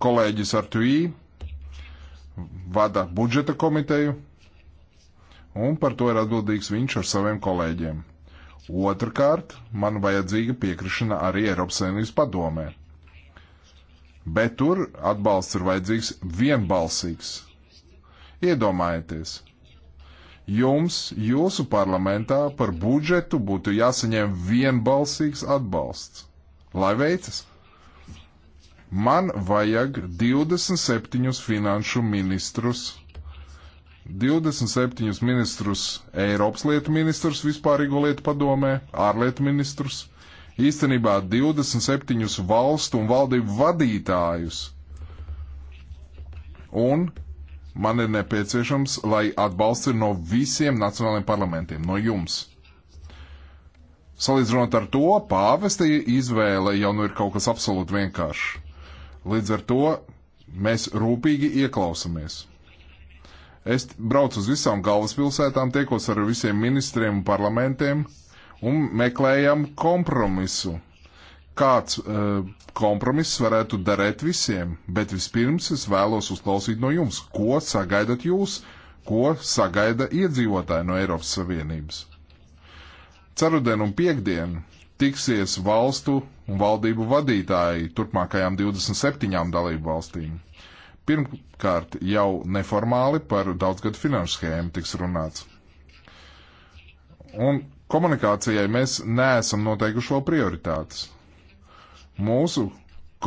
kolēģis Artuī vada budžeta komiteju, un par to ir atbildīgs viņš ar saviem kolēģiem. Otrakārt, man vajadzīga piekrišana arī Eiropas Savienības padomē. Bet tur atbalsts ir vajadzīgs vienbalsīgs. Iedomājieties, jums, jūsu parlamentā, par budžetu būtu jāsaņem vienbalsīgs atbalsts. Lai veicas! Man vajag 27 finanšu ministrus 27 ministrus Eiropas lietu ministrus vispārīgo lietu padomē, ārlietu ministrus, īstenībā 27 valstu un valdību vadītājus. Un man ir nepieciešams, lai atbalsts ir no visiem nacionālajiem parlamentiem, no jums. Salīdzinot ar to, pāvesta izvēle jau nu ir kaut kas absolūti vienkāršs. Līdz ar to mēs rūpīgi ieklausāmies. Es braucu uz visām galvaspilsētām, tiekos ar visiem ministriem un parlamentiem un meklējam kompromisu. Kāds uh, kompromiss varētu darēt visiem, bet vispirms es vēlos uzklausīt no jums, ko sagaidat jūs, ko sagaida iedzīvotāji no Eiropas Savienības. Cerudien un piekdien tiksies valstu un valdību vadītāji turpmākajām 27 dalību valstīm. Pirmkārt, jau neformāli par daudzgadu finanšu schēmu tiks runāts. Un komunikācijai mēs neesam noteikuši vēl prioritātes. Mūsu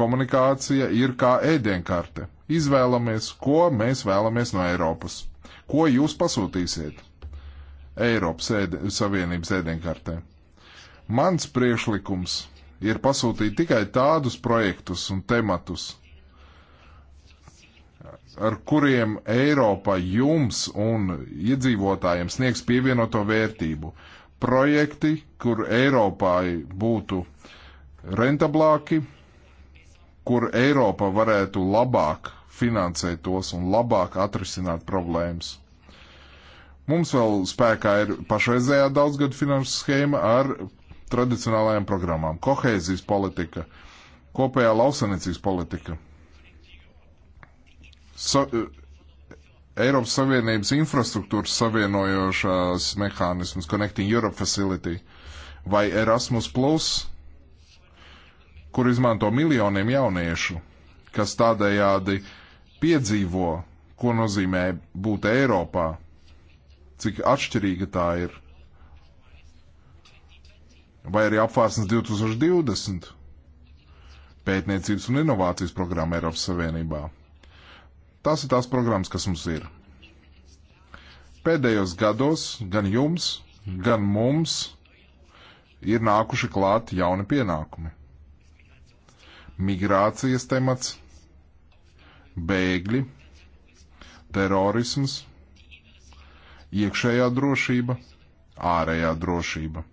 komunikācija ir kā ēdienkarte. Izvēlamies, ko mēs vēlamies no Eiropas. Ko jūs pasūtīsiet Eiropas ēd Savienības ēdienkartē? Mans priešlikums ir pasūtīt tikai tādus projektus un tematus, ar kuriem Eiropa jums un iedzīvotājiem sniegs pievienoto vērtību. Projekti, kur Eiropai būtu rentablāki, kur Eiropa varētu labāk finansēt tos un labāk atrisināt problēmas. Mums vēl spēkā ir pašreizējā daudzgadu finanšu schēma ar tradicionālajām programmām - kohēzijas politika, kopējā lauksanicijas politika sa, eh, Eiropas Savienības infrastruktūras savienojošās mehānismus, Connecting Europe Facility vai Erasmus Plus, kur izmanto miljoniem jauniešu, kas tādējādi piedzīvo, ko nozīmē būt Eiropā, cik atšķirīga tā ir. Vai arī apvārsnes 2020 pētniecības un inovācijas programma Eiropas Savienībā Tās ir tās programmas, kas mums ir. Pēdējos gados gan jums, gan mums ir nākuši klāt jauni pienākumi. Migrācijas temats, bēgļi, terorisms, iekšējā drošība, ārējā drošība.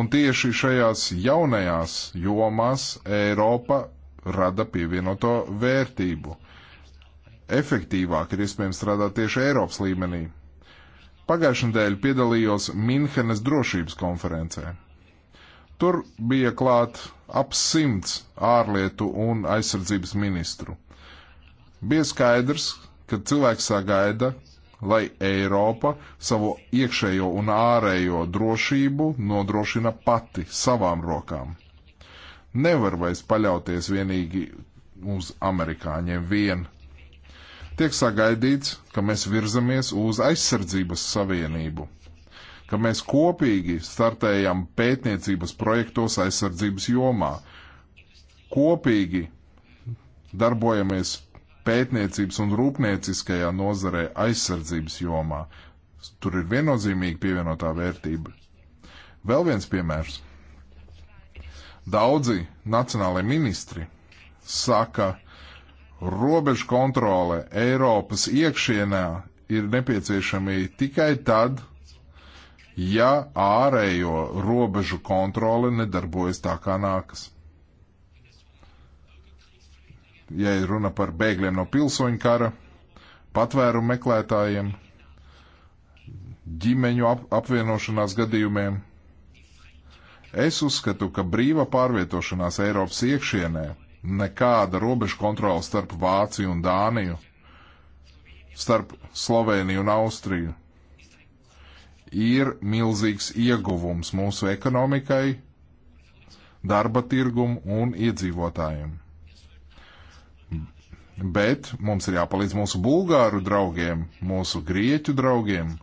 Un tieši šajās jaunajās jomās Eiropa rada pievienoto vērtību. Efektīvāk ir iespējams strādāt tieši Eiropas līmenī. Pagājušajā nedēļā piedalījos Minhenes drošības konferencē. Tur bija klāt ap simts ārlietu un aizsardzības ministru. Bija skaidrs, ka cilvēks sagaida, lai Eiropa savu iekšējo un ārējo drošību nodrošina pati savām rokām. Nevar vairs paļauties vienīgi uz amerikāņiem vien. Tiek sagaidīts, ka mēs virzamies uz aizsardzības savienību, ka mēs kopīgi startējam pētniecības projektos aizsardzības jomā, kopīgi darbojamies pētniecības un rūpnieciskajā nozarē aizsardzības jomā. Tur ir viennozīmīgi pievienotā vērtība. Vēl viens piemērs. Daudzi nacionālai ministri saka, robežu kontrole Eiropas iekšienā ir nepieciešami tikai tad, ja ārējo robežu kontrole nedarbojas tā, kā nākas ja ir runa par bēgļiem no pilsoņu kara, patvērumu meklētājiem, ģimeņu ap apvienošanās gadījumiem. Es uzskatu, ka brīva pārvietošanās Eiropas iekšienē, nekāda robežu kontrola starp Vāciju un Dāniju, starp Sloveniju un Austriju, ir milzīgs ieguvums mūsu ekonomikai, darba tirgumu un iedzīvotājiem. Bet mums ir jāpalīdz mūsu bulgāru draugiem, mūsu grieķu draugiem,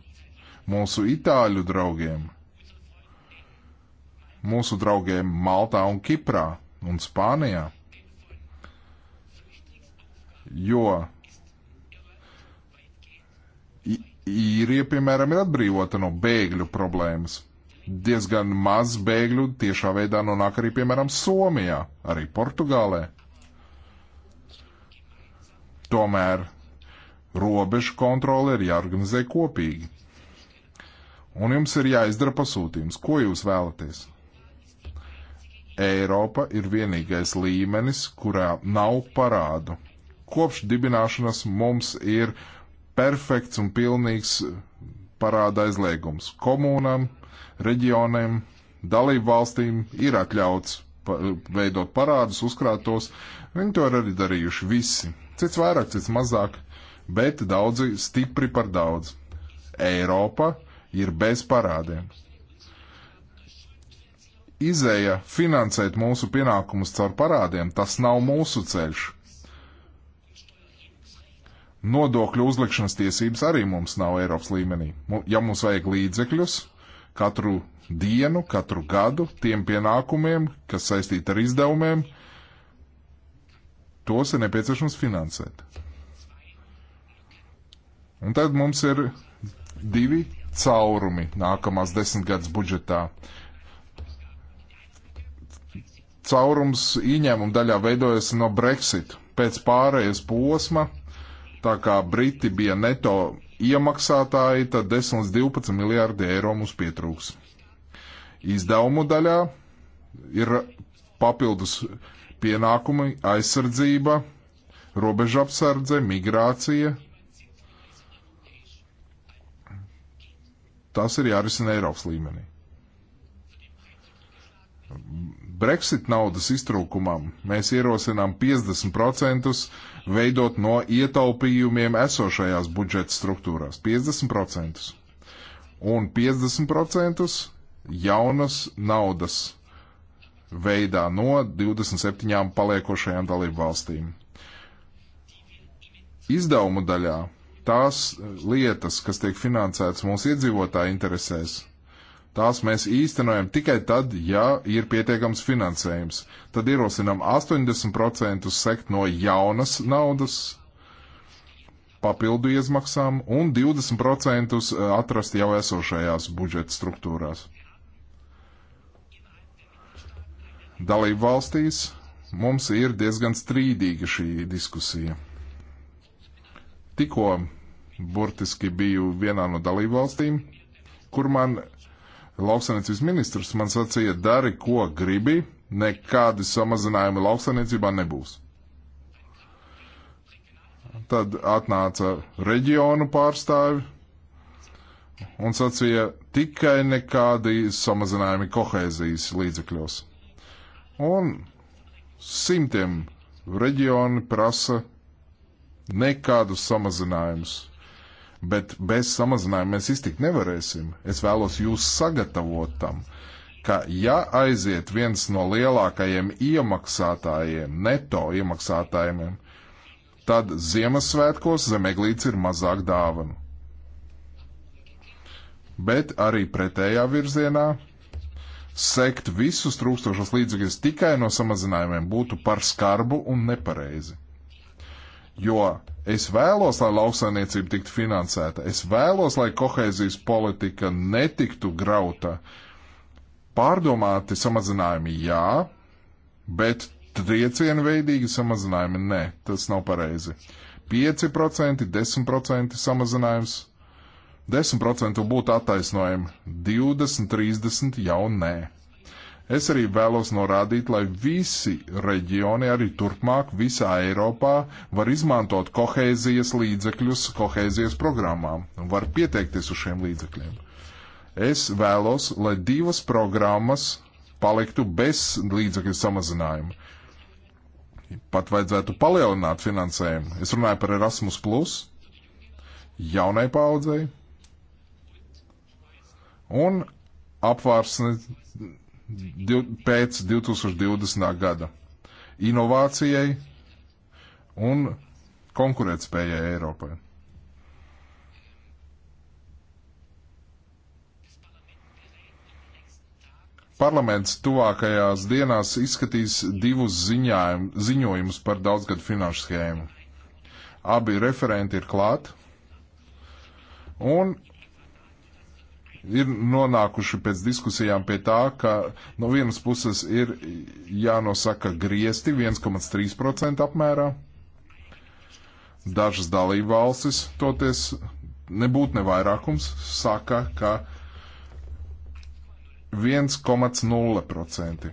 mūsu itāļu draugiem – mūsu draugiem Maltā un Kiprā un Spānijā. Jo īrija, piemēram, ir atbrīvota no bēgļu problēmas. Diezgan maz bēgļu tiešā veidā nonāk arī, piemēram, Somijā, arī Portugālē. Tomēr robežu kontrole ir jāorganizē kopīgi. Un jums ir jāizdara pasūtījums, ko jūs vēlaties. Eiropa ir vienīgais līmenis, kurā nav parādu. Kopš dibināšanas mums ir perfekts un pilnīgs parāda aizliegums. Komunām, reģioniem, dalību valstīm ir atļauts veidot parādus, uzkrāt tos. Viņi to ir arī darījuši visi. Cits vairāk, cits mazāk, bet daudzi stipri par daudz. Eiropa ir bez parādiem izēja finansēt mūsu pienākumus caur parādiem, tas nav mūsu ceļš. Nodokļu uzlikšanas tiesības arī mums nav Eiropas līmenī. Ja mums vajag līdzekļus katru dienu, katru gadu tiem pienākumiem, kas saistīti ar izdevumiem, tos ir nepieciešams finansēt. Un tad mums ir divi caurumi nākamās desmitgades budžetā caurums ieņēmuma daļā veidojas no Brexit. Pēc pārējais posma, tā kā Briti bija neto iemaksātāji, tad 10 līdz 12 miljārdi eiro mums pietrūks. Izdevumu daļā ir papildus pienākumi aizsardzība, robeža apsardze, migrācija. Tas ir jārisina Eiropas līmenī Brexit naudas iztrūkumam mēs ierosinām 50% veidot no ietaupījumiem esošajās budžeta struktūrās. 50%. Un 50% jaunas naudas veidā no 27 paliekošajām dalību valstīm. Izdevumu daļā tās lietas, kas tiek finansētas mūsu iedzīvotāju interesēs, Tās mēs īstenojam tikai tad, ja ir pietiekams finansējums. Tad ierosinām 80% sekt no jaunas naudas papildu iezmaksām un 20% eh, atrast jau esošajās budžeta struktūrās. Dalību valstīs mums ir diezgan strīdīga šī diskusija. Tikko burtiski biju vienā no dalību valstīm, kur man Lauksaimniecības ministrs man sacīja, dari, ko gribi, nekādi samazinājumi lauksaimniecībā nebūs. Tad atnāca reģionu pārstāvi un sacīja, tikai nekādi samazinājumi kohēzijas līdzekļos. Un simtiem reģioni prasa nekādus samazinājumus bet bez samazinājuma mēs iztikt nevarēsim. Es vēlos jūs sagatavot tam, ka ja aiziet viens no lielākajiem iemaksātājiem, neto iemaksātājiem, tad Ziemassvētkos zemeglīts ir mazāk dāvanu. Bet arī pretējā virzienā sekt visus trūkstošos līdzekļus tikai no samazinājumiem būtu par skarbu un nepareizi jo es vēlos, lai lauksainiecība tiktu finansēta, es vēlos, lai kohēzijas politika netiktu grauta. Pārdomāti samazinājumi jā, bet triecienveidīgi samazinājumi nē, tas nav pareizi. 5%, 10% samazinājums 10% būtu attaisnojami, 20, 30 jau nē. Es arī vēlos norādīt, lai visi reģioni arī turpmāk visā Eiropā var izmantot kohēzijas līdzekļus kohēzijas programmām un var pieteikties uz šiem līdzekļiem. Es vēlos, lai divas programmas paliktu bez līdzekļu samazinājuma. Pat vajadzētu palielināt finansējumu. Es runāju par Erasmus, jaunai paudzei un apvārsni pēc 2020. gada inovācijai un konkurētspējai Eiropai. Parlaments tuvākajās dienās izskatīs divus ziņājum, ziņojumus par daudzgadu finanšu schēmu. Abi referenti ir klāt, un ir nonākuši pēc diskusijām pie tā, ka no vienas puses ir jānosaka griesti 1,3% apmērā. Dažas dalība valstis, toties nebūtu nevairākums, saka, ka 1,0%.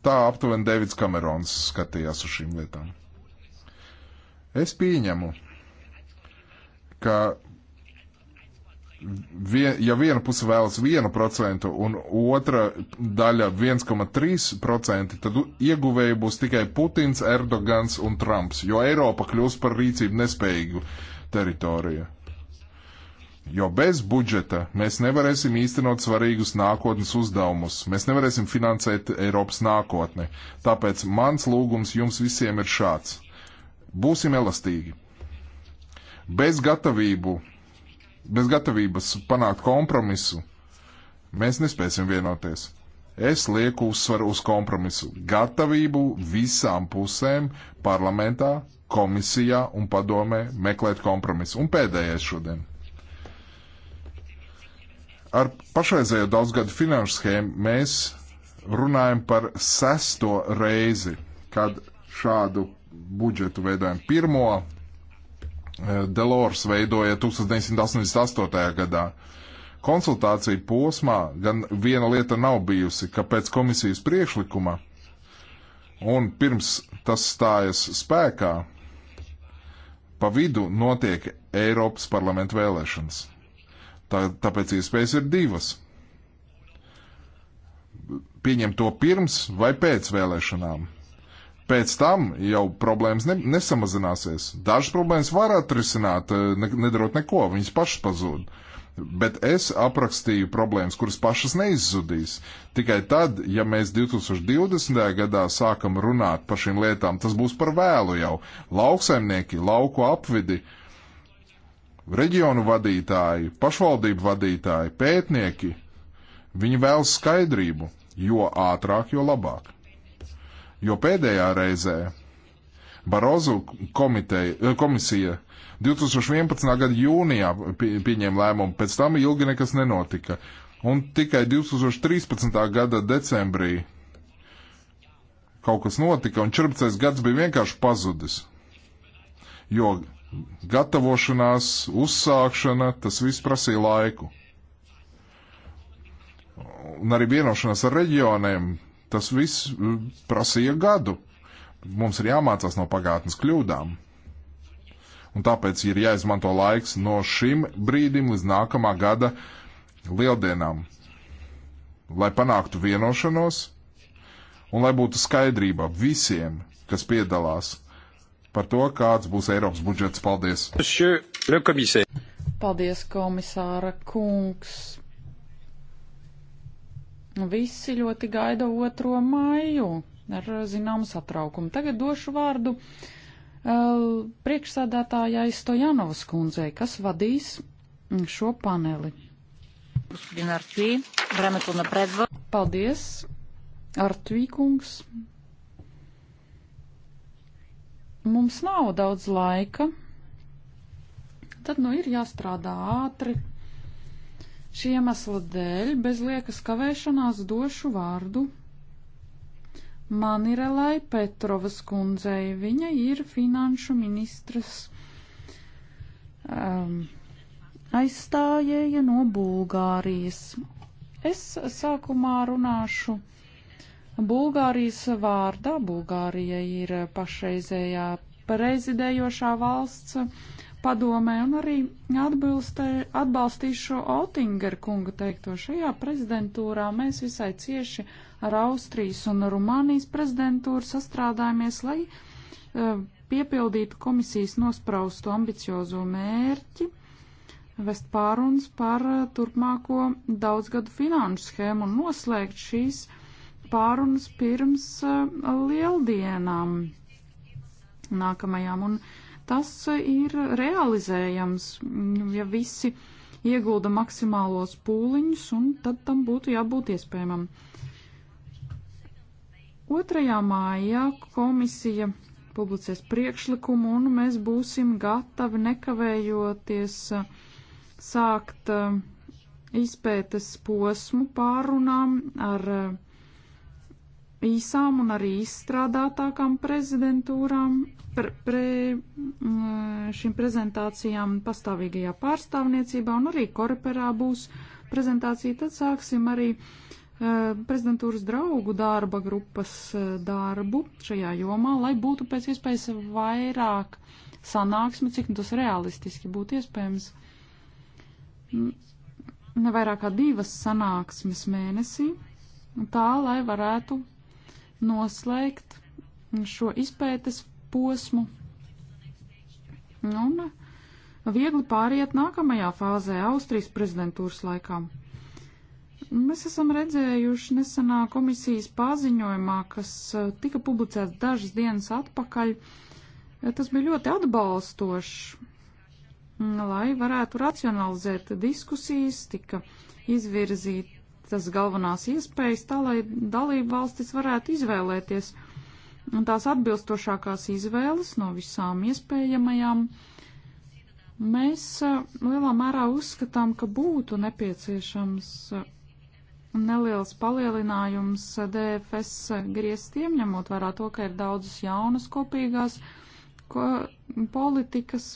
Tā aptuveni Davids Kamerons skatījās uz šīm lietām. Es pieņemu, ka vie, ja viena puse vēlas 1% un otra daļa 1,3%, tad ieguvēji būs tikai Putins, Erdogans un Trumps, jo Eiropa kļūs par rīcību nespējīgu teritoriju. Jo bez budžeta mēs nevarēsim īstenot svarīgus nākotnes uzdevumus, mēs nevarēsim finansēt Eiropas nākotni. Tāpēc mans lūgums jums visiem ir šāds. Būsim elastīgi, Bez gatavību, bez gatavības panākt kompromisu, mēs nespēsim vienoties. Es lieku uzsvaru uz kompromisu, gatavību visām pusēm parlamentā, komisijā un padomē meklēt kompromisu. Un pēdējais šodien. Ar pašreizējo daudzgadu finanšu schēmu mēs runājam par sesto reizi, kad šādu budžetu veidojam. Pirmo Eh, Delors veidoja 1988. gadā. Konsultāciju posmā gan viena lieta nav bijusi, ka pēc komisijas priekšlikuma un pirms tas stājas spēkā, pa vidu notiek Eiropas parlamenta vēlēšanas. Tā, tāpēc iespējas ir divas. Pieņem to pirms vai pēc vēlēšanām pēc tam jau problēmas ne, nesamazināsies. Dažas problēmas var atrisināt, eh, ne, nedarot neko, viņas pašas pazūd. Bet es aprakstīju problēmas, kuras pašas neizzudīs. Tikai tad, ja mēs 2020. gadā sākam runāt par šīm lietām, tas būs par vēlu jau. Lauksaimnieki, lauku apvidi, reģionu vadītāji, pašvaldību vadītāji, pētnieki, viņi vēl skaidrību, jo ātrāk, jo labāk. Jo pēdējā reizē Barozu komiteja, eh, komisija 2011. gada jūnijā pieņēma lēmumu, pēc tam ilgi nekas nenotika. Un tikai 2013. gada decembrī kaut kas notika, un 14. gads bija vienkārši pazudis. Jo gatavošanās, uzsākšana, tas viss prasīja laiku. Un arī vienošanās ar reģioniem Tas viss mm, prasīja gadu. Mums ir jāmācās no pagātnes kļūdām. Un tāpēc ir jāizmanto laiks no šim brīdim līdz nākamā gada lieldienām, lai panāktu vienošanos un lai būtu skaidrība visiem, kas piedalās par to, kāds būs Eiropas budžets. Paldies! Paldies, komisāra kungs! Nu, visi ļoti gaida 2. maiju ar zināmu satraukumu. Tagad došu vārdu uh, priekšsādātājai Stojanovas kundzei, kas vadīs šo paneli. Paldies, Artvīkungs. Mums nav daudz laika. Tad nu ir jāstrādā ātri. Šī iemesla dēļ, bez liekas kavēšanās, došu vārdu Manirelai Petrovas kundzei. Viņa ir finanšu ministras um, aizstājēja no Bulgārijas. Es sākumā runāšu Bulgārijas vārdā. Bulgārija ir pašreizējā prezidējošā valsts padomē un arī atbilstē, atbalstīšu šo Otingeru kunga teikto. Šajā prezidentūrā mēs visai cieši ar Austrijas un Rumānijas prezidentūru sastrādājamies, lai uh, piepildītu komisijas nospraustu ambiciozo mērķi vest pārunas par e, turpmāko daudzgadu finanšu schēmu un noslēgt šīs pārunas pirms uh, lieldienām nākamajām. Un, uh, tas ir realizējams, nu, ja visi iegulda maksimālos pūliņus, un tad tam būtu jābūt iespējamam. 2. mājā komisija publicēs priekšlikumu, un mēs būsim gatavi nekavējoties uh, sākt uh, izpētes posmu pārunām ar uh, īsām un arī izstrādātākām prezidentūrām, pre, pre, mm, šīm prezentācijām pastāvīgajā pārstāvniecībā un arī korporā būs prezentācija. Tad sāksim arī uh, prezidentūras draugu darba grupas uh, darbu šajā jomā, lai būtu pēc iespējas vairāk sanāksmi, cik tas realistiski būtu iespējams. Mm, Nevairāk kā divas sanāksmes mēnesī, tā lai varētu noslēgt šo izpētes posmu un viegli pāriet nākamajā fāzē Austrijas prezidentūras laikā. Mēs esam redzējuši nesenā komisijas paziņojumā, kas eh, tika publicēts dažas dienas atpakaļ. Tas bija ļoti atbalstošs, lai varētu racionalizēt diskusijas, tika izvirzīt noteiktas galvenās iespējas tā, lai dalību valstis varētu izvēlēties un tās atbilstošākās izvēles no visām iespējamajām. Mēs lielā mērā uzskatām, ka būtu nepieciešams neliels palielinājums DFS grieztiem, ņemot vērā to, ka ir daudzas jaunas kopīgās ko, politikas,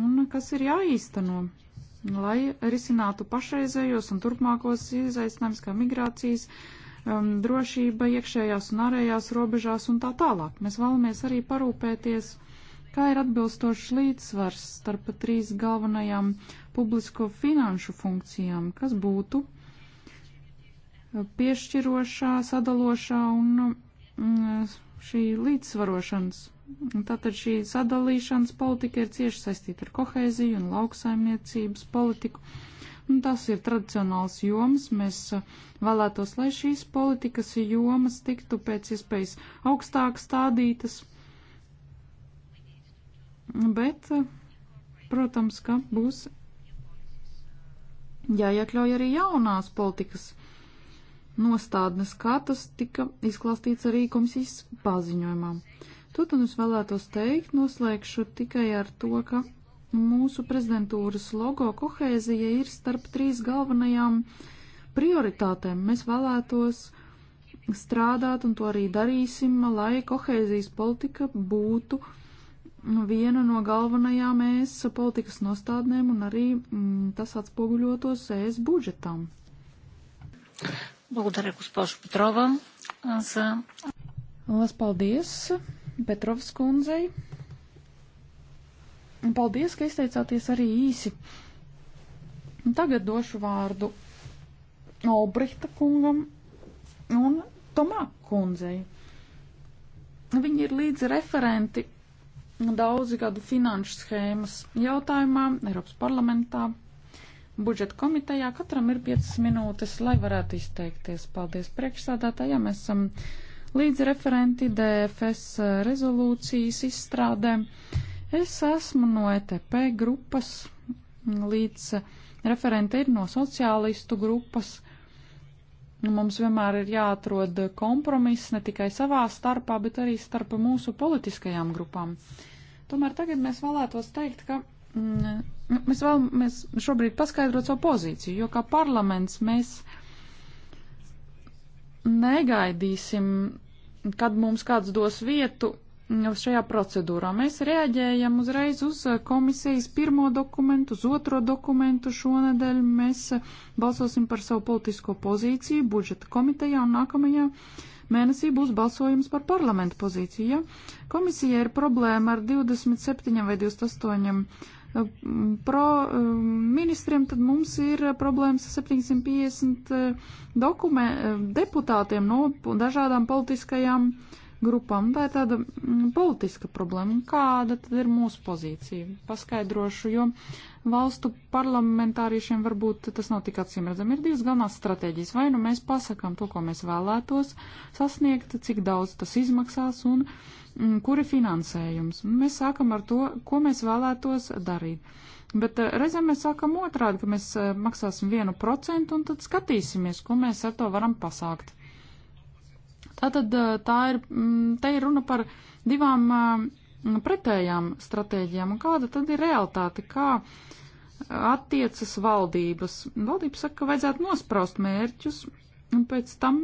un kas ir jāīsteno lai risinātu pašreizējos un turpmākos izaicinājumus, kā migrācijas, um, drošība iekšējās un ārējās robežās un tā tālāk. Mēs vēlamies arī parūpēties, kā ir atbilstošs līdzsvars starp trīs galvenajām publisko finanšu funkcijām, kas būtu uh, piešķirošā, sadalošā un mm, šī līdzsvarošanas Tātad šī sadalīšanas politika ir cieši saistīta ar kohēziju un lauksaimniecības politiku. Un tas ir tradicionāls joms. Mēs uh, vēlētos, lai šīs politikas jomas tiktu pēc iespējas augstāk stādītas. Bet, uh, protams, ka būs jāiekļauj arī jaunās politikas nostādnes, kā tas tika izklāstīts arī komisijas paziņojumā. Totun es vēlētos teikt, noslēgšu tikai ar to, ka mūsu prezidentūras logo kohēzija ir starp trīs galvenajām prioritātēm. Mēs vēlētos strādāt, un to arī darīsim, lai kohēzijas politika būtu viena no galvenajām ES politikas nostādnēm un arī mm, tas atspoguļotos ES budžetam. Благодаря, госпожо Петрова. За... Лас, paldies Petrovs kundzei. Un paldies, ka izteicāties arī īsi. Un tagad došu vārdu Albrehta kungam un Tomā kundzei. Viņi ir līdz referenti daudzi gadu finanšu schēmas jautājumā Eiropas parlamentā. Budžeta komitejā katram ir 5 minūtes, lai varētu izteikties. Paldies priekšsādātājiem. Mēs esam. Um, līdz referenti DFS eh, rezolūcijas izstrādēm. Es esmu no ETP grupas, līdz eh, referente ir no sociālistu grupas. Mums vienmēr ir jāatrod kompromiss ne tikai savā starpā, bet arī starp mūsu politiskajām grupām. Tomēr tagad mēs vēlētos teikt, ka mm, mēs vēlamies šobrīd paskaidrot savu pozīciju, jo kā parlaments mēs negaidīsim kad mums kāds dos vietu šajā procedūrā. Mēs reaģējam uzreiz uz komisijas pirmo dokumentu, uz otro dokumentu šonadēļ. Mēs balsosim par savu politisko pozīciju budžeta komitejā un nākamajā mēnesī būs balsojums par parlamentu pozīciju. Ja komisija ir problēma ar 27 vai 28 Pro um, ministriem tad mums ir problēmas ar 750 uh, dokumē, uh, deputātiem no dažādām politiskajām grupām. Tā ir tāda mm, politiska problēma. Kāda tad ir mūsu pozīcija? Paskaidrošu, jo valstu parlamentāriešiem varbūt tas nav tik acīmredzami. Ir divas galvenās stratēģijas. Vai nu mēs pasakām to, ko mēs vēlētos sasniegt, cik daudz tas izmaksās un Mm, kur ir finansējums. Mēs sākam ar to, ko mēs vēlētos darīt. Bet eh, reizēm mēs sākam otrādi, ka mēs eh, maksāsim vienu procentu un tad skatīsimies, ko mēs ar to varam pasākt. Tātad eh, tā ir, mm, te ir runa par divām pretējām stratēģijām. Un kāda tad ir realitāte? Kā attiecas valdības? Valdības saka, ka vajadzētu nospraust mērķus, Un pēc tam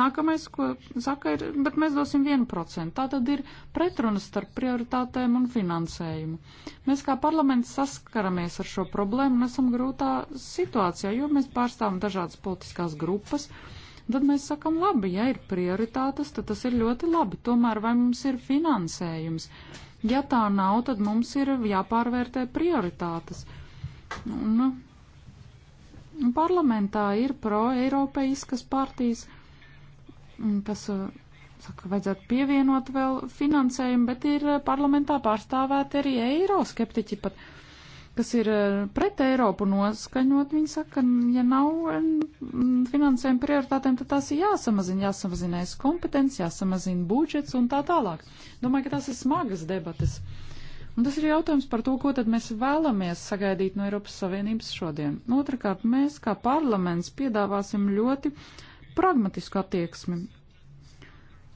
nākamais, ko saka, ir, bet mēs dosim 1%. Tā tad ir pretruna starp prioritātēm un finansējumu. Mēs kā parlaments saskaramies ar šo problēmu un esam grūtā situācijā, jo mēs pārstāvam dažādas politiskās grupas. Tad mēs sakam, labi, ja ir prioritātes, tad tas ir ļoti labi. Tomēr vai mums ir finansējums? Ja tā nav, tad mums ir jāpārvērtē prioritātes. Un, nu, Parlamentā ir pro-eiropeiskas partijas, kas uh, saka, vajadzētu pievienot vēl finansējumu, bet ir uh, parlamentā pārstāvēti arī eiroskeptiķi pat kas ir uh, pret Eiropu noskaņot, viņi saka, ja nav um, finansējuma prioritātēm, tad tās ir jāsamazina, jāsamazinās kompetences, jāsamazina budžets un tā tālāk. Domāju, ka tās ir smagas debatas. Uh, Un tas ir jautājums par to, ko tad mēs vēlamies sagaidīt no Eiropas Savienības šodien. Otrakārt, mēs kā parlaments piedāvāsim ļoti pragmatisku attieksmi.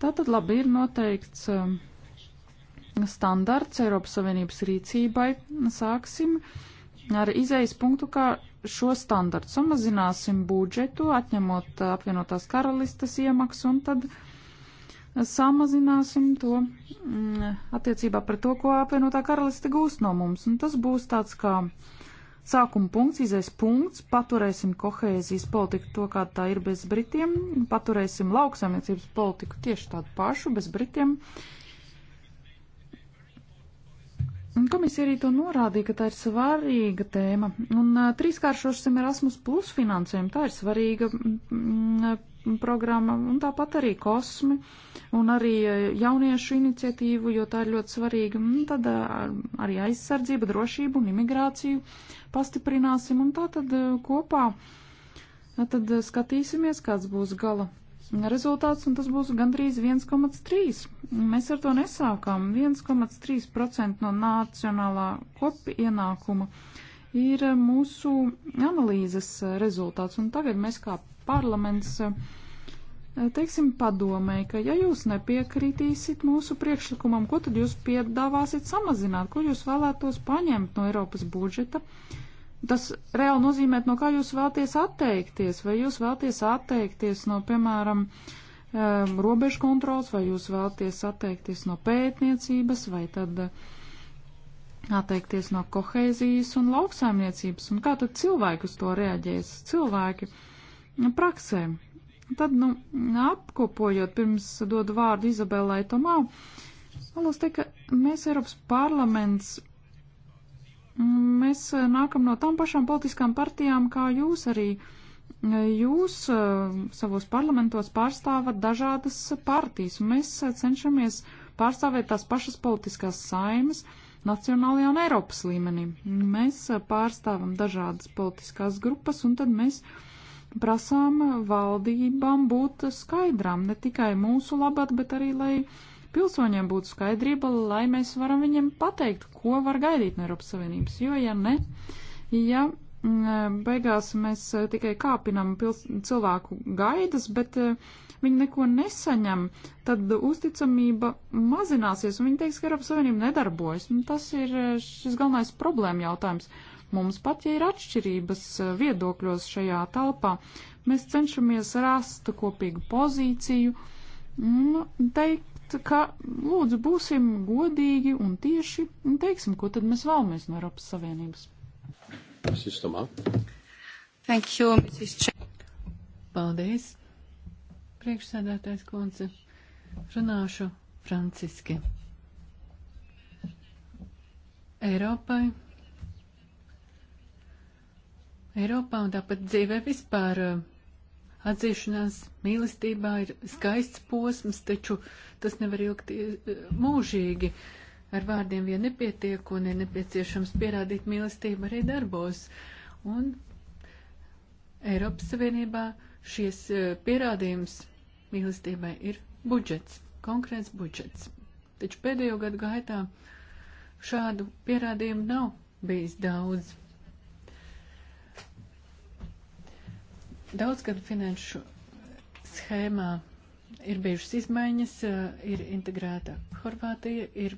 Tātad labi ir noteikts um, standarts Eiropas Savienības rīcībai. Sāksim ar izējas punktu, kā šo standartu samazināsim budžetu, atņemot uh, apvienotās karalistas iemaksu un tad. Uh, samazināsim to mm, attiecībā par to, ko apvienotā karaliste gūst no mums. Un tas būs tāds kā sākuma punkts, izēs punkts, paturēsim kohēzijas politiku to, kā tā ir bez Britiem, paturēsim lauksaimniecības politiku tieši tādu pašu, bez Britiem. Un komisija arī to norādīja, ka tā ir svarīga tēma. Un uh, trīskāršošam Erasmus plus finansējumu, tā ir svarīga mm, programma, un tāpat arī kosmi, un arī e, jauniešu iniciatīvu, jo tā ir ļoti svarīga. Un tad e, arī aizsardzību, drošību un imigrāciju pastiprināsim, un tā tad e, kopā tad skatīsimies, kāds būs gala rezultāts, un tas būs gandrīz 1,3. Mēs ar to nesākām. 1,3% no nacionālā kopi ienākuma ir mūsu analīzes rezultāts, un tagad mēs kā parlaments, eh, teiksim, padomē, ka ja jūs nepiekritīsit mūsu priekšlikumam, ko tad jūs piedāvāsiet samazināt, ko jūs vēlētos paņemt no Eiropas budžeta? Tas reāli nozīmē, no kā jūs vēlties atteikties, vai jūs vēlties atteikties no, piemēram, eh, robežu kontrols, vai jūs vēlties atteikties no pētniecības, vai tad eh, atteikties no kohēzijas un lauksaimniecības, un kā tad cilvēki uz to reaģēs? Cilvēki Nu, praksē. Tad, nu, apkopojot, pirms dodu vārdu Izabelai Tomā, vēlos teikt, ka mēs Eiropas parlaments, mēs nākam no tām pašām politiskām partijām, kā jūs arī. Jūs eh, savos parlamentos pārstāvat dažādas partijas, un mēs eh, cenšamies pārstāvēt tās pašas politiskās saimas nacionālajā un Eiropas līmenī. Mēs eh, pārstāvam dažādas politiskās grupas, un tad mēs uh, prasām valdībām būt skaidram, ne tikai mūsu labad, bet arī, lai pilsoņiem būtu skaidrība, lai mēs varam viņiem pateikt, ko var gaidīt no Eiropas Savienības. Jo, ja ne, ja mm, beigās mēs eh, tikai kāpinam cilvēku gaidas, bet eh, viņi neko nesaņem, tad uzticamība mazināsies, un viņi teiks, ka Eiropas Savienība nedarbojas. Un tas ir eh, šis galvenais problēma jautājums mums pat, ja ir atšķirības eh, viedokļos šajā telpā. Mēs cenšamies rast kopīgu pozīciju, nu, teikt, ka lūdzu būsim godīgi un tieši un teiksim, ko tad mēs vēlamies no Eiropas Savienības. Sistemā. Thank you, Mrs. Ch Paldies, priekšsēdētājs kundze. Runāšu franciski. Eiropai Eiropā un tāpat dzīvē vispār uh, atzīšanās mīlestībā ir skaists posms, taču tas nevar ilgt uh, mūžīgi. Ar vārdiem vien nepietiek un ir nepieciešams pierādīt mīlestību arī darbos. Un Eiropas Savienībā šies uh, pierādījums mīlestībai ir budžets, konkrēts budžets. Taču pēdējo gadu gaitā šādu pierādījumu nav bijis daudz. Daudzgadu finanšu schēmā ir bijušas izmaiņas, eh, ir integrēta Horvātija, ir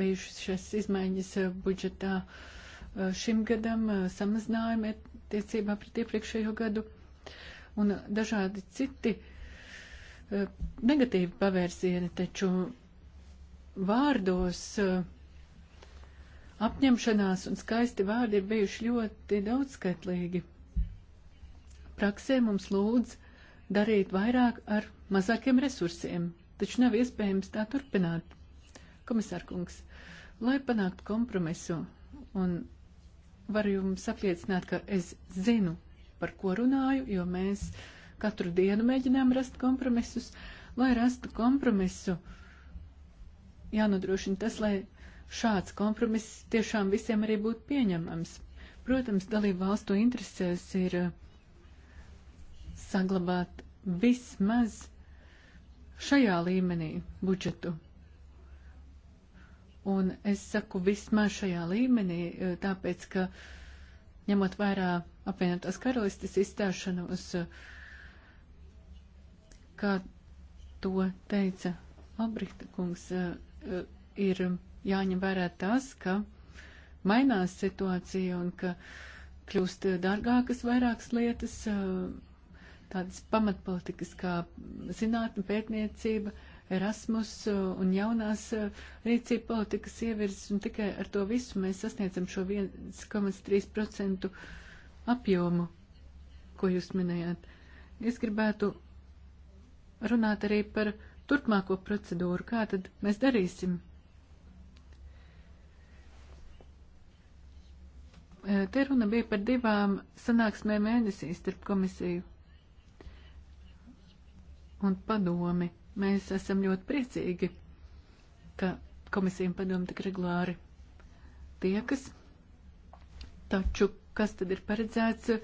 bijušas izmaiņas eh, budžetā eh, šim gadam, samazinājumi attiecībā pret iepriekšējo gadu un dažādi citi negatīvi pavērsieni, taču vārdos apņemšanās un skaisti vārdi ir bijuši ļoti daudzskaitlīgi. Praksē mums lūdz darīt vairāk ar mazākiem resursiem, taču nav iespējams tā turpināt. Komisārkungs, lai panāktu kompromisu, un varu jums apliecināt, ka es zinu, par ko runāju, jo mēs katru dienu mēģinām rast kompromisus, lai rastu kompromisu. Jānodrošina tas, lai šāds kompromiss tiešām visiem arī būtu pieņemams. Protams, dalību valstu interesēs ir uh, saglabāt vismaz šajā līmenī budžetu. Un es saku vismaz šajā līmenī, e, tāpēc, ka ņemot vērā apvienotās karalistes izstāšanos, e, kā to teica Albrihta kungs, e, ir jāņem vērā tas, ka mainās situācija un ka kļūst dārgākas vairākas lietas, tādas pamatpolitikas kā zinātne, pētniecība, Erasmus uh, un jaunās uh, rīcība politikas ievirzes, un tikai ar to visu mēs sasniedzam šo 1,3% apjomu, ko jūs minējāt. Es gribētu runāt arī par turpmāko procedūru, kā tad mēs darīsim. Uh, te runa bija par divām sanāksmēm mēnesī starp komisiju un padomi. Mēs esam ļoti priecīgi, ka komisija un padomi tik regulāri tiekas. Taču kas tad ir paredzēts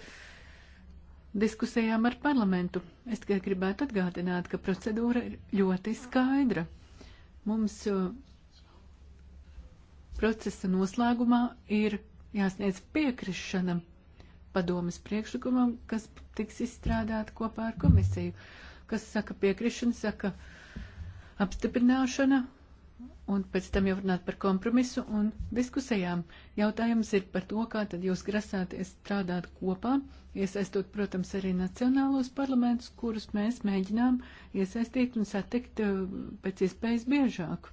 diskusijām ar parlamentu? Es tikai gribētu atgādināt, ka procedūra ir ļoti skaidra. Mums uh, procesa noslēgumā ir jāsniedz piekrišana padomas priekšlikumam, kas tiks izstrādāt kopā ar komisiju. Mm kas saka piekrišana, saka apstiprināšana, un pēc tam jau runāt par kompromisu un diskusijām. Jautājums ir par to, kā tad jūs grasāties strādāt kopā, iesaistot, protams, arī nacionālos parlamentus, kurus mēs mēģinām iesaistīt un satikt eh, pēc iespējas biežāk.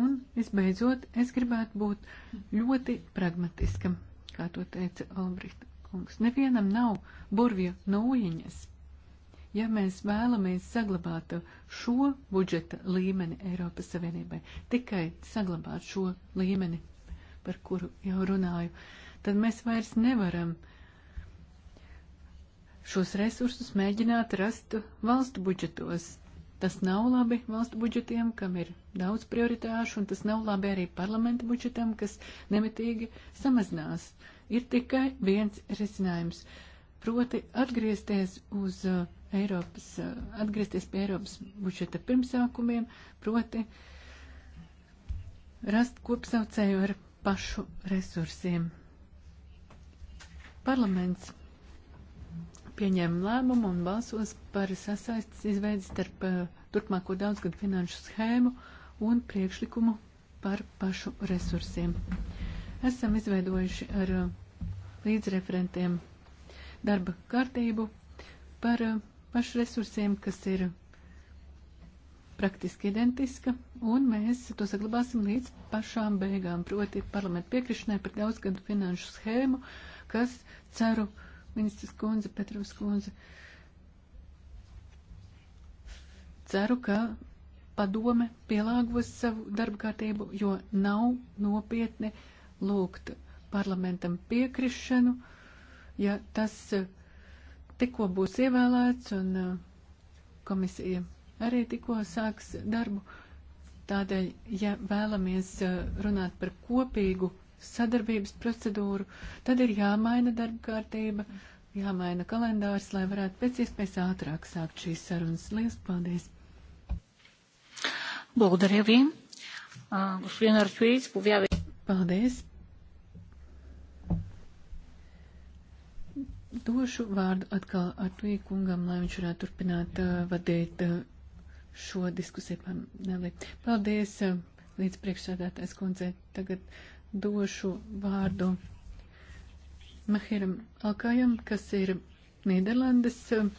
Un, visbeidzot, es gribētu būt ļoti pragmatiskam, kā to teica Albrihta kungs. Nevienam nav burvja no ujiņas ja mēs vēlamies saglabāt šo budžeta līmeni Eiropas Savienībai, tikai saglabāt šo līmeni, par kuru jau runāju, tad mēs vairs nevaram šos resursus mēģināt rast valstu budžetos. Tas nav labi valstu budžetiem, kam ir daudz prioritāšu, un tas nav labi arī parlamenta budžetam, kas nemitīgi samazinās. Ir tikai viens risinājums, proti atgriezties uz uh, Eiropas, eh, atgriezties pie Eiropas budžeta pirmsākumiem, proti rast kopsaucēju ar pašu resursiem. Parlaments pieņēma lēmumu un balsos par sasaistes izveidi starp eh, turpmāko daudzgadu finanšu schēmu un priekšlikumu par pašu resursiem. Esam izveidojuši ar eh, līdzreferentiem darba kārtību par pašresursiem, kas ir praktiski identiska, un mēs to saglabāsim līdz pašām beigām, proti parlamentu piekrišanai par daudzgadu finanšu schēmu, kas, ceru, ministrs kundze, Petrovs kundze, ceru, ka padome pielāgos savu darbu kārtību, jo nav nopietni lūgt parlamentam piekrišanu, ja tas uh, tikko būs ievēlēts un uh, komisija arī tikko sāks darbu. Tādēļ, ja vēlamies uh, runāt par kopīgu sadarbības procedūru, tad ir jāmaina darba kārtība, jāmaina kalendārs, lai varētu pēc iespējas ātrāk sākt šīs sarunas. Lielas paldies! Благодаря ви. Господин Артуи, заповядайте. Paldies. došu vārdu atkal Artuī kungam, lai viņš varētu turpināt uh, vadīt uh, šo diskusiju paneli. Paldies, uh, līdz priekšsēdētājs kundze. Tagad došu vārdu Mahiram Alkājam, kas ir Nīderlandes uh,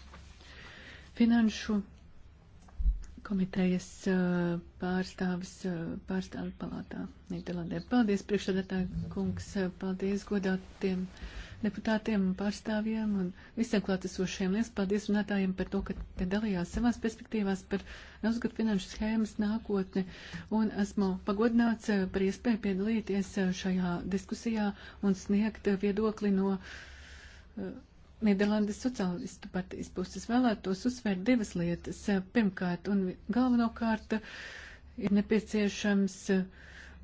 finanšu komitejas uh, pārstāvis uh, pārstāvi palātā Nīderlandē. Paldies, priekšsēdētāji kungs, paldies godātiem. Uh, deputātiem un pārstāvjiem un visiem klātesošiem. Liels paldies runātājiem par to, ka te dalījās savās perspektīvās par daudzgad finanšu schēmas nākotni. Un esmu pagodināts eh, par iespēju piedalīties eh, šajā diskusijā un sniegt eh, viedokli no uh, Nīderlandes sociālistu partijas puses. Vēlētos uzsvērt divas lietas. Pirmkārt un galvenokārt ir nepieciešams uh,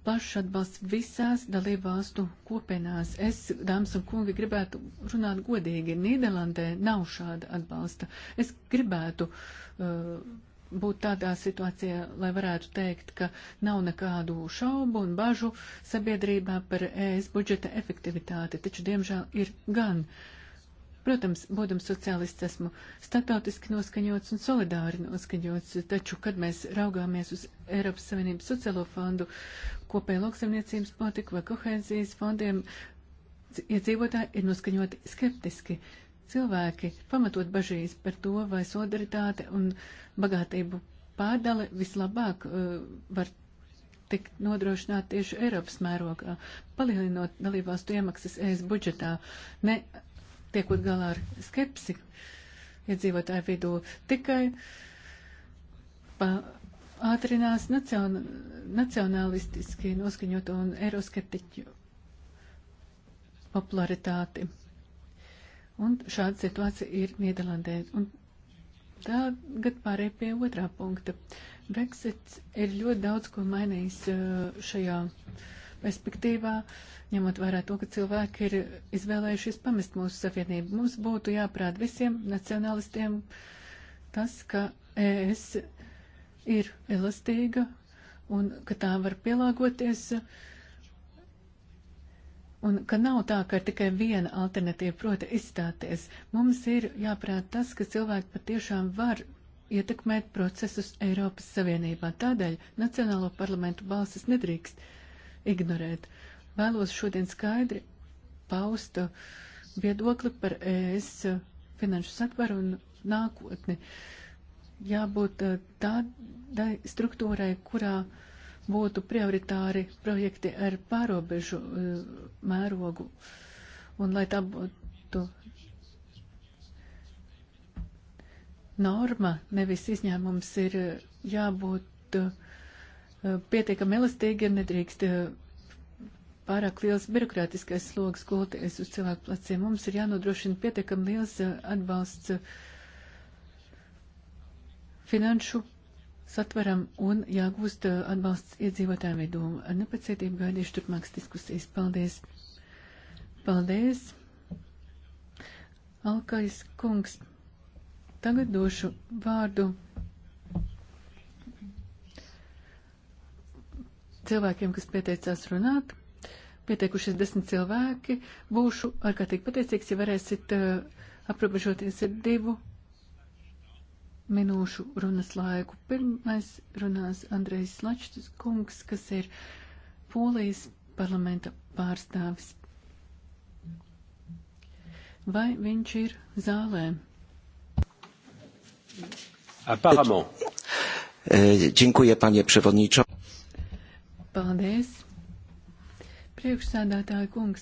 plašs atbalsts visās dalībvalstu kopienās. Es, dāmas un kungi, gribētu runāt godīgi. Nīderlandē nav šāda atbalsta. Es gribētu uh, būt tādā situācijā, lai varētu teikt, ka nav nekādu šaubu un bažu sabiedrībā par ES budžeta efektivitāti, taču, diemžēl, ir gan. Uh, Protams, būdams sociālists, esmu starptautiski noskaņots un solidāri noskaņots, taču, kad mēs raugāmies uz Eiropas Savienības sociālo fondu, kopēju lauksaimniecības politiku vai kohēzijas fondiem, iedzīvotāji ir noskaņoti skeptiski. Cilvēki pamatot bažīs par to, vai solidaritāte un bagātību pārdale vislabāk uh, var tikt nodrošināt tieši Eiropas mērogā, palielinot dalībvalstu iemaksas ES budžetā, ne tiekot galā ar skepsi iedzīvotāju vidū, tikai ātrinās nacion, nacionalistiski noskaņoto un eiroskeptiķu popularitāti. Un šāda situācija ir Nīderlandē. Un tagad pārēj pie otrā punkta. Brexits ir ļoti daudz ko mainījis eh, šajā perspektīvā ņemot vērā to, ka cilvēki ir izvēlējušies pamest mūsu savienību. Mums būtu jāprāt visiem nacionalistiem tas, ka ES ir elastīga un ka tā var pielāgoties. Un ka nav tā, ka ir tikai viena alternatīva, proti izstāties. Mums ir jāprāt tas, ka cilvēki patiešām var ietekmēt procesus Eiropas Savienībā. Tādēļ Nacionālo parlamentu balsis nedrīkst ignorēt vēlos šodien skaidri paust viedokli par ES finanšu satvaru un nākotni. Jābūt eh, tādai struktūrai, kurā būtu prioritāri projekti ar pārobežu eh, mērogu. Un lai tā būtu norma, nevis izņēmums, ir eh, jābūt pietiekami elastīgi, nedrīkst pārāk liels birokrātiskais slogs gulties uz cilvēku pleciem. Mums ir jānodrošina pietiekam liels eh, atbalsts eh, finanšu satveram un jāgūst eh, atbalsts iedzīvotāju vidū. Ar nepacietību gaidīšu turpmākas diskusijas. Paldies! Paldies! Alkais kungs, tagad došu vārdu cilvēkiem, kas pieteicās runāt pieteikušies desmit cilvēki. Būšu ārkārtīgi pateicīgs, ja varēsit uh, aprobežoties ar divu minūšu runas laiku. Pirmais runās Andrejs Lačtus kungs, kas ir Polijas parlamenta pārstāvis. Vai viņš ir zālē? Apparemment. Eh, dziękuję, panie przewodniczący. Paldies. Priekšsēdētāja kungs.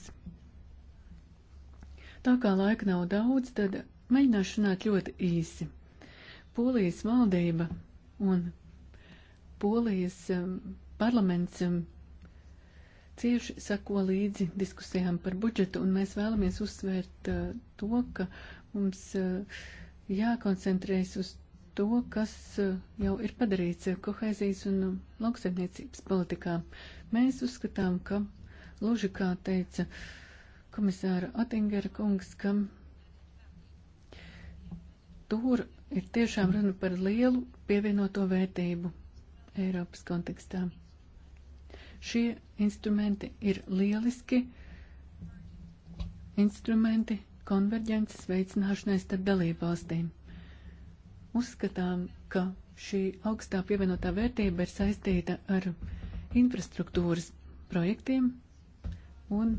Tā kā laika nav daudz, tad mēģināšu runāt ļoti īsi. Polijas valdība un Polijas um, parlaments um, cieši sako līdzi diskusijām par budžetu, un mēs vēlamies uzsvērt uh, to, ka mums uh, jākoncentrējas uz to, kas uh, jau ir padarīts kohēzijas un um, lauksaimniecības politikā. Mēs uzskatām, ka Gluži kā teica komisāra Atingera kungs, ka tur ir tiešām runa par lielu pievienoto vērtību Eiropas kontekstā. Šie instrumenti ir lieliski instrumenti konverģences veicināšanai starp dalību valstīm. Uzskatām, ka šī augstā pievienotā vērtība ir saistīta ar infrastruktūras projektiem, un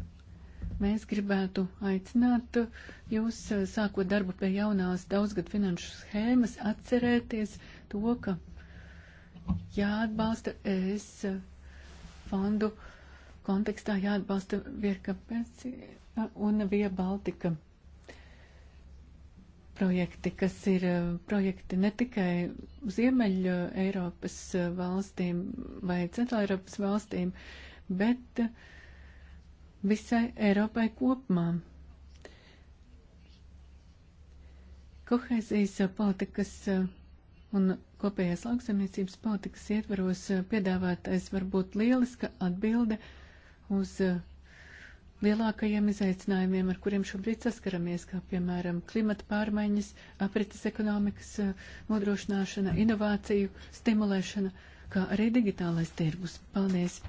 mēs gribētu aicināt jūs, eh, sākot darbu pie jaunās daudzgad finanšu schēmas, atcerēties to, ka jāatbalsta ES eh, fondu kontekstā, jāatbalsta Virkapēc eh, un Via Baltika projekti, kas ir projekti ne tikai Ziemeļu Eiropas valstīm vai Centrāla Eiropas valstīm, bet uh, visai Eiropai kopumā. Kohēzijas politikas eh, un kopējās lauksaimniecības politikas ietvaros eh, piedāvātais var būt lieliska atbilde uz eh, lielākajiem izaicinājumiem, ar kuriem šobrīd saskaramies, kā piemēram klimata pārmaiņas, aprites ekonomikas nodrošināšana, inovāciju stimulēšana, kā arī digitālais tirgus. Paldies!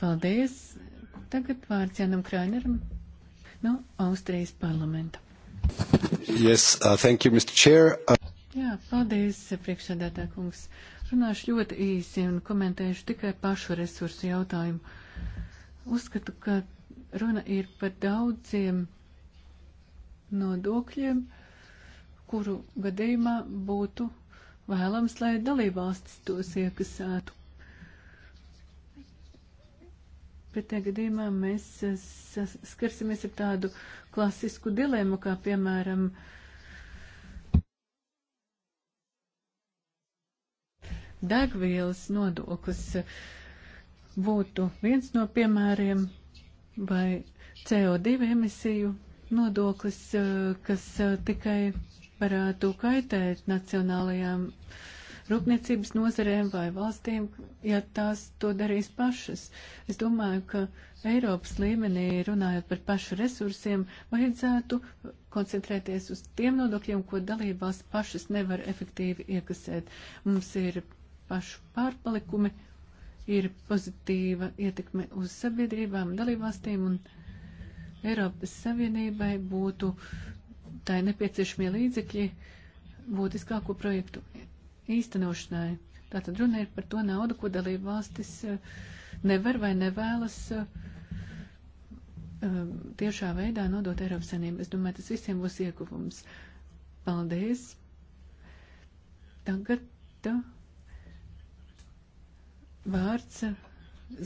Paldies. Tagad vārds Janam Kraineram no Austrijas parlamenta. Yes, uh, thank you, Mr. Chair. Uh... Jā, paldies, priekšsēdētā kungs. Runāšu ļoti īsi un komentēšu tikai pašu resursu jautājumu. Uzskatu, ka runa ir par daudziem nodokļiem, kuru gadījumā būtu vēlams, lai dalībvalstis tos iekasētu. Pretējā gadījumā mēs eh, skarsimies ar tādu klasisku dilēmu, kā piemēram degvielas nodoklis eh, būtu viens no piemēriem vai CO2 emisiju nodoklis, eh, kas tikai varētu kaitēt nacionālajām uh, rūpniecības nozarēm vai valstīm, ja tās to darīs pašas. Es domāju, ka Eiropas līmenī, runājot par pašu resursiem, vajadzētu koncentrēties uz tiem nodokļiem, ko dalībās pašas nevar efektīvi iekasēt. Mums ir pašu pārpalikumi, ir pozitīva ietekme uz sabiedrībām, dalībvalstīm un Eiropas Savienībai būtu tai nepieciešamie līdzekļi būtiskāko projektu īstenošanai. Tātad runa ir par to naudu, ko dalību valstis eh, nevar vai nevēlas eh, eh, tiešā veidā nodot Eiropas Savienību. Es domāju, tas visiem būs ieguvums. Paldies! Tagad vārds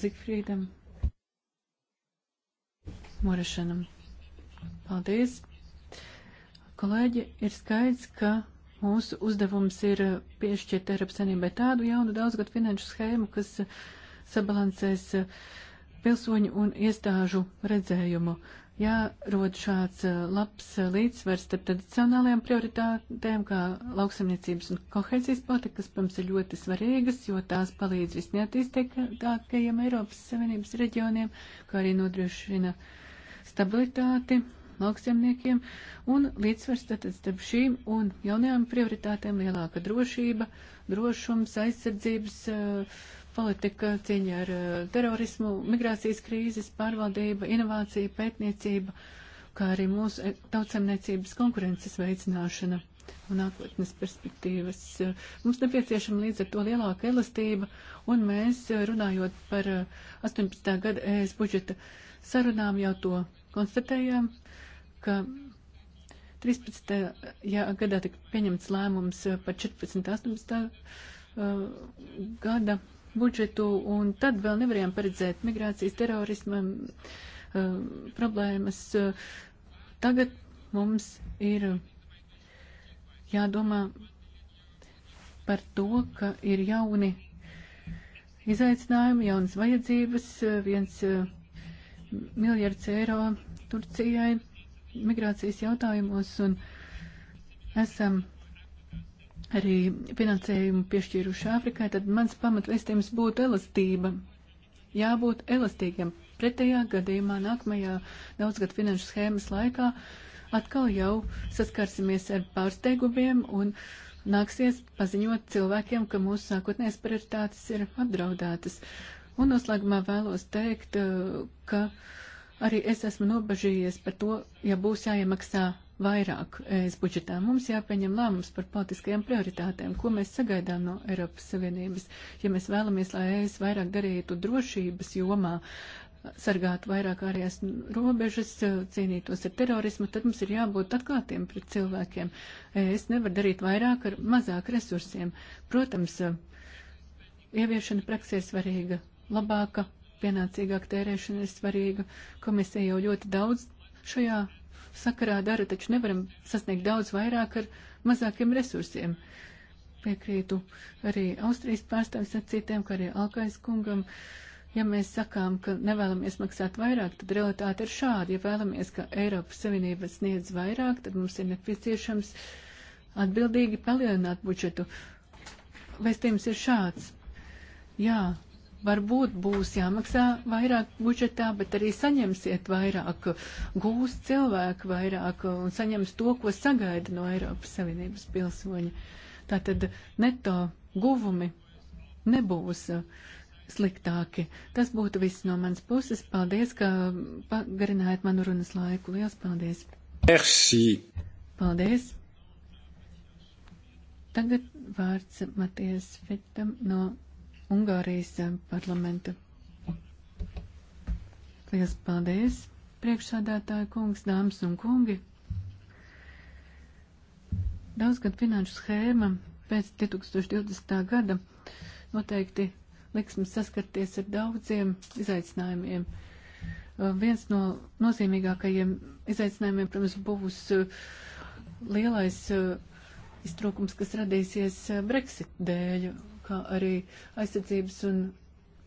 Zigfrīdam Morešanam. Paldies! Kolēģi, ir skaidrs, ka Mūsu uzdevums ir piešķirt Eiropas Savienībai tādu jaunu daudzgad finanšu schēmu, kas sabalansēs pilsoņu un iestāžu redzējumu. Jārod šāds eh, labs eh, līdzsvers starp tradicionālajām prioritātēm, kā lauksamniecības un kohēzijas politika, kas, protams, ir ļoti svarīgas, jo tās palīdz visneatīstīgākajiem Eiropas Savienības reģioniem, kā arī nodrošina stabilitāti lauksaimniekiem, un līdzsvars tātad starp šīm un jaunajām prioritātēm - lielāka drošība, drošums, aizsardzības eh, politika, cīņa ar eh, terorismu, migrācijas krīzes pārvaldība, inovācija, pētniecība, kā arī mūsu eh, tautsaimniecības konkurences veicināšana un nākotnes perspektīvas. Mums nepieciešama līdz ar to lielāka elastība, un mēs, runājot par 18. gada ES budžeta sarunām, jau to konstatējām, ka 13. gadā tika pieņemts lēmums par 14. 18. gada budžetu, un tad vēl nevarējām paredzēt migrācijas terorisma problēmas. Tagad mums ir jādomā par to, ka ir jauni izaicinājumi, jaunas vajadzības. Viens uh, miljards eiro Turcijai migrācijas jautājumos un esam arī finansējumu piešķīruši Āfrikai, tad mans pamatvēstījums būtu elastība. Jābūt elastīgiem. Pretējā gadījumā nākamajā daudzgad finanšu schēmas laikā atkal jau saskarsimies ar pārsteigumiem un nāksies paziņot cilvēkiem, ka mūsu sākotnēs prioritātes ir apdraudētas. Uh, Un noslēgumā vēlos teikt, eh, ka arī es esmu nobažījies par to, ja būs jāiemaksā vairāk ES budžetā. Mums jāpieņem lēmums par politiskajām prioritātēm, ko mēs sagaidām no Eiropas Savienības. Ja mēs vēlamies, lai ES vairāk darītu drošības jomā, sargātu vairāk ārējās robežas, cīnītos ar terorismu, tad mums ir jābūt atklātiem pret cilvēkiem. Es nevaru darīt vairāk ar mazāk resursiem. Protams, eh, ieviešana praksē ir svarīga, labāka, pienācīgāka tērēšana ir svarīga. Komisija jau ļoti daudz šajā sakarā dara, taču nevaram sasniegt daudz vairāk ar mazākiem resursiem. Piekrītu arī Austrijas pārstāvjiem sacītēm, kā arī Alkais kungam. Ja mēs sakām, ka nevēlamies maksāt vairāk, tad realitāte ir šāda. Ja vēlamies, ka Eiropas Savienība sniedz vairāk, tad mums ir nepieciešams atbildīgi palielināt budžetu. Vēstījums ir šāds. Jā, varbūt būs jāmaksā vairāk budžetā, bet arī saņemsiet vairāk, gūs cilvēku vairāk un saņems to, ko sagaida no Eiropas Savienības pilsoņa. Tātad neto guvumi nebūs uh, sliktāki. Tas būtu viss no manas puses. Paldies, ka pagarinājāt manu runas laiku. Lielas paldies! Merci! Paldies! Tagad vārds Matijas Fitam no Ungārijas eh, parlamenta. Liels paldies, priekšsādātāja kungs, dāmas un kungi. Daudzgad finanšu schēma pēc 2020. gada noteikti liks mums saskarties ar daudziem izaicinājumiem. Eh, viens no nozīmīgākajiem izaicinājumiem, protams, būs eh, lielais iztrūkums, kas radīsies Brexit dēļ kā arī aizsardzības un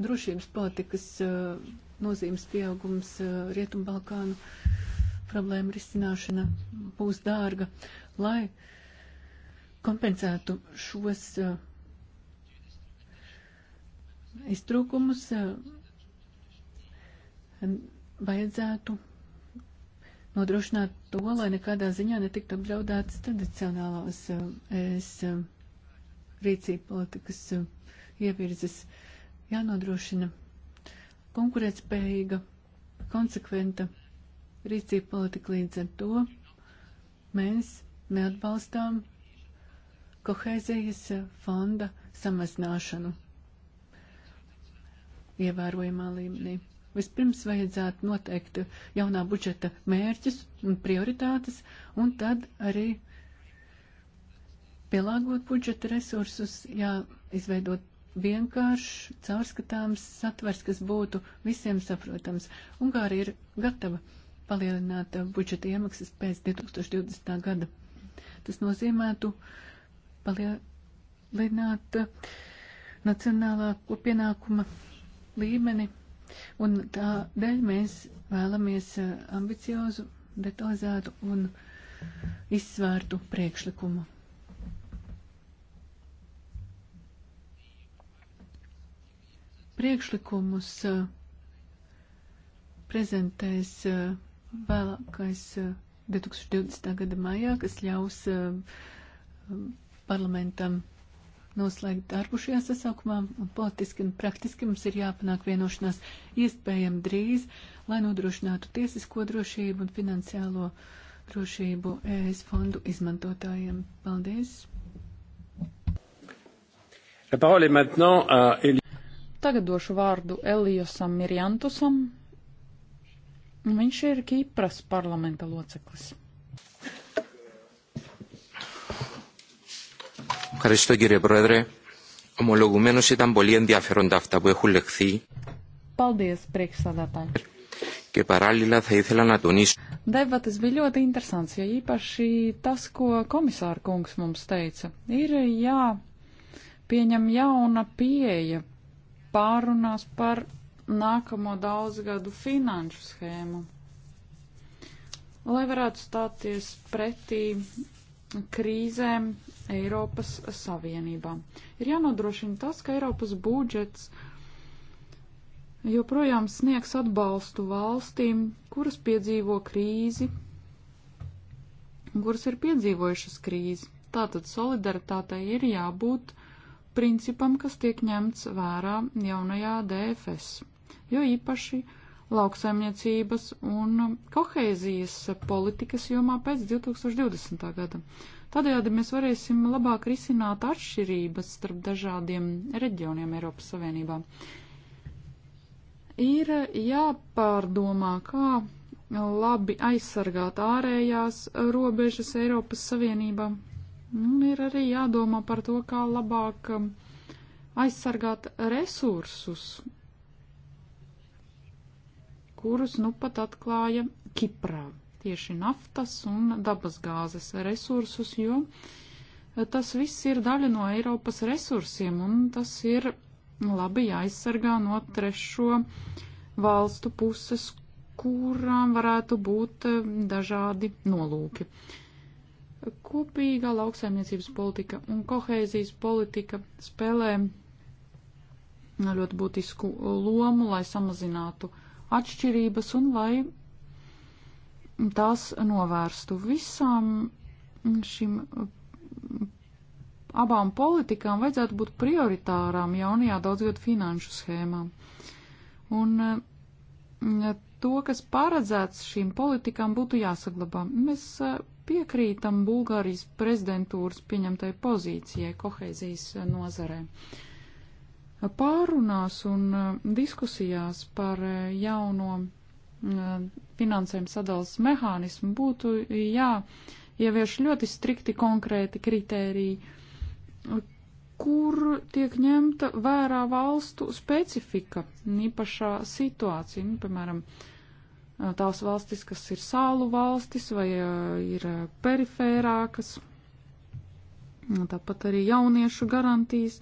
drošības politikas nozīmes pieaugums Rietumbalkānu problēma risināšana būs dārga, lai kompensētu šos iztrūkumus, vajadzētu nodrošināt to, lai nekādā ziņā netiktu apdraudētas tradicionālās es, rīcība politikas eh, ievirzes jānodrošina konkurētspējīga, konsekventa rīcība politika līdz ar to mēs neatbalstām kohēzijas eh, fonda samazināšanu ievērojamā līmenī. Vispirms vajadzētu noteikt jaunā budžeta mērķus un prioritātes, un tad arī uh, Pielāgot budžeta resursus, jāizveidot vienkāršs, caurskatāms satvers, kas būtu visiem saprotams. Ungārija ir gatava palielināt budžeta iemaksas pēc 2020. gada. Tas nozīmētu palielināt nacionālā kopienākuma līmeni, un tādēļ mēs vēlamies ambiciozu, detalizētu un izsvērtu priekšlikumu. priekšlikumus eh, prezentēs eh, vēlākais 2020. Eh, gada maijā, kas ļaus parlamentam noslēgt darbu šajā sasaukumā, un politiski un praktiski mums ir jāpanāk vienošanās iespējami drīz, lai nodrošinātu tiesisko drošību un finansiālo drošību ES fondu izmantotājiem. Paldies! La parole est maintenant à Elie. Tagad došu vārdu Elijosam Mirjantusam. Viņš ir Kīpras parlamenta loceklis. Ευχαριστώ κύριε Πρόεδρε. Ομολογουμένως ήταν πολύ ενδιαφέροντα αυτά που έχουν λεχθεί. Paldies, priekšsādātāji. Και παράλληλα θα ήθελα να τονίσω. Debates bija ļoti interesants, jo īpaši tas, ko komisāra kungs mums teica, ir jāpieņem jauna pieeja pārunās par nākamo daudzgadu finanšu schēmu. Lai varētu stāties pretī krīzēm Eiropas Savienībā, ir jānodrošina tas, ka Eiropas budžets joprojām sniegs atbalstu valstīm, kuras piedzīvo krīzi, kuras ir piedzīvojušas krīzi. Tātad solidaritātei ir jābūt principam, kas tiek ņemts vērā jaunajā DFS, jo īpaši lauksaimniecības un koheizijas politikas jomā pēc 2020. gada. Tādējādi mēs varēsim labāk risināt atšķirības starp dažādiem reģioniem Eiropas Savienībā. Ir jāpārdomā, kā labi aizsargāt ārējās robežas Eiropas Savienībā Un ir arī jādomā par to, kā labāk um, aizsargāt resursus, kurus nu pat atklāja Kiprā. Tieši naftas un dabasgāzes resursus, jo uh, tas viss ir daļa no Eiropas resursiem un tas ir labi jāaizsargā no trešo valstu puses, kurām varētu būt um, dažādi nolūki. Uh, Kopīgā lauksaimniecības politika un kohēzijas politika spēlē ļoti būtisku lomu, lai samazinātu atšķirības un lai tās novērstu visām šim abām politikām vajadzētu būt prioritārām jaunajā daudzgad finanšu schēmā. Un eh, to, kas paredzēts šīm politikām, būtu jāsaglabā. Mēs eh, piekrītam Bulgārijas prezidentūras pieņemtai pozīcijai kohēzijas e, nozarē. Pārunās un e, diskusijās par e, jauno finansējuma sadalas mehānismu būtu jāievieš ļoti strikti konkrēti kritēriji, kur tiek ņemta vērā valstu specifika, īpašā situācija, nu, piemēram, uh, tās valstis, kas ir sālu valstis vai ir perifērākas, tāpat arī jauniešu garantijas.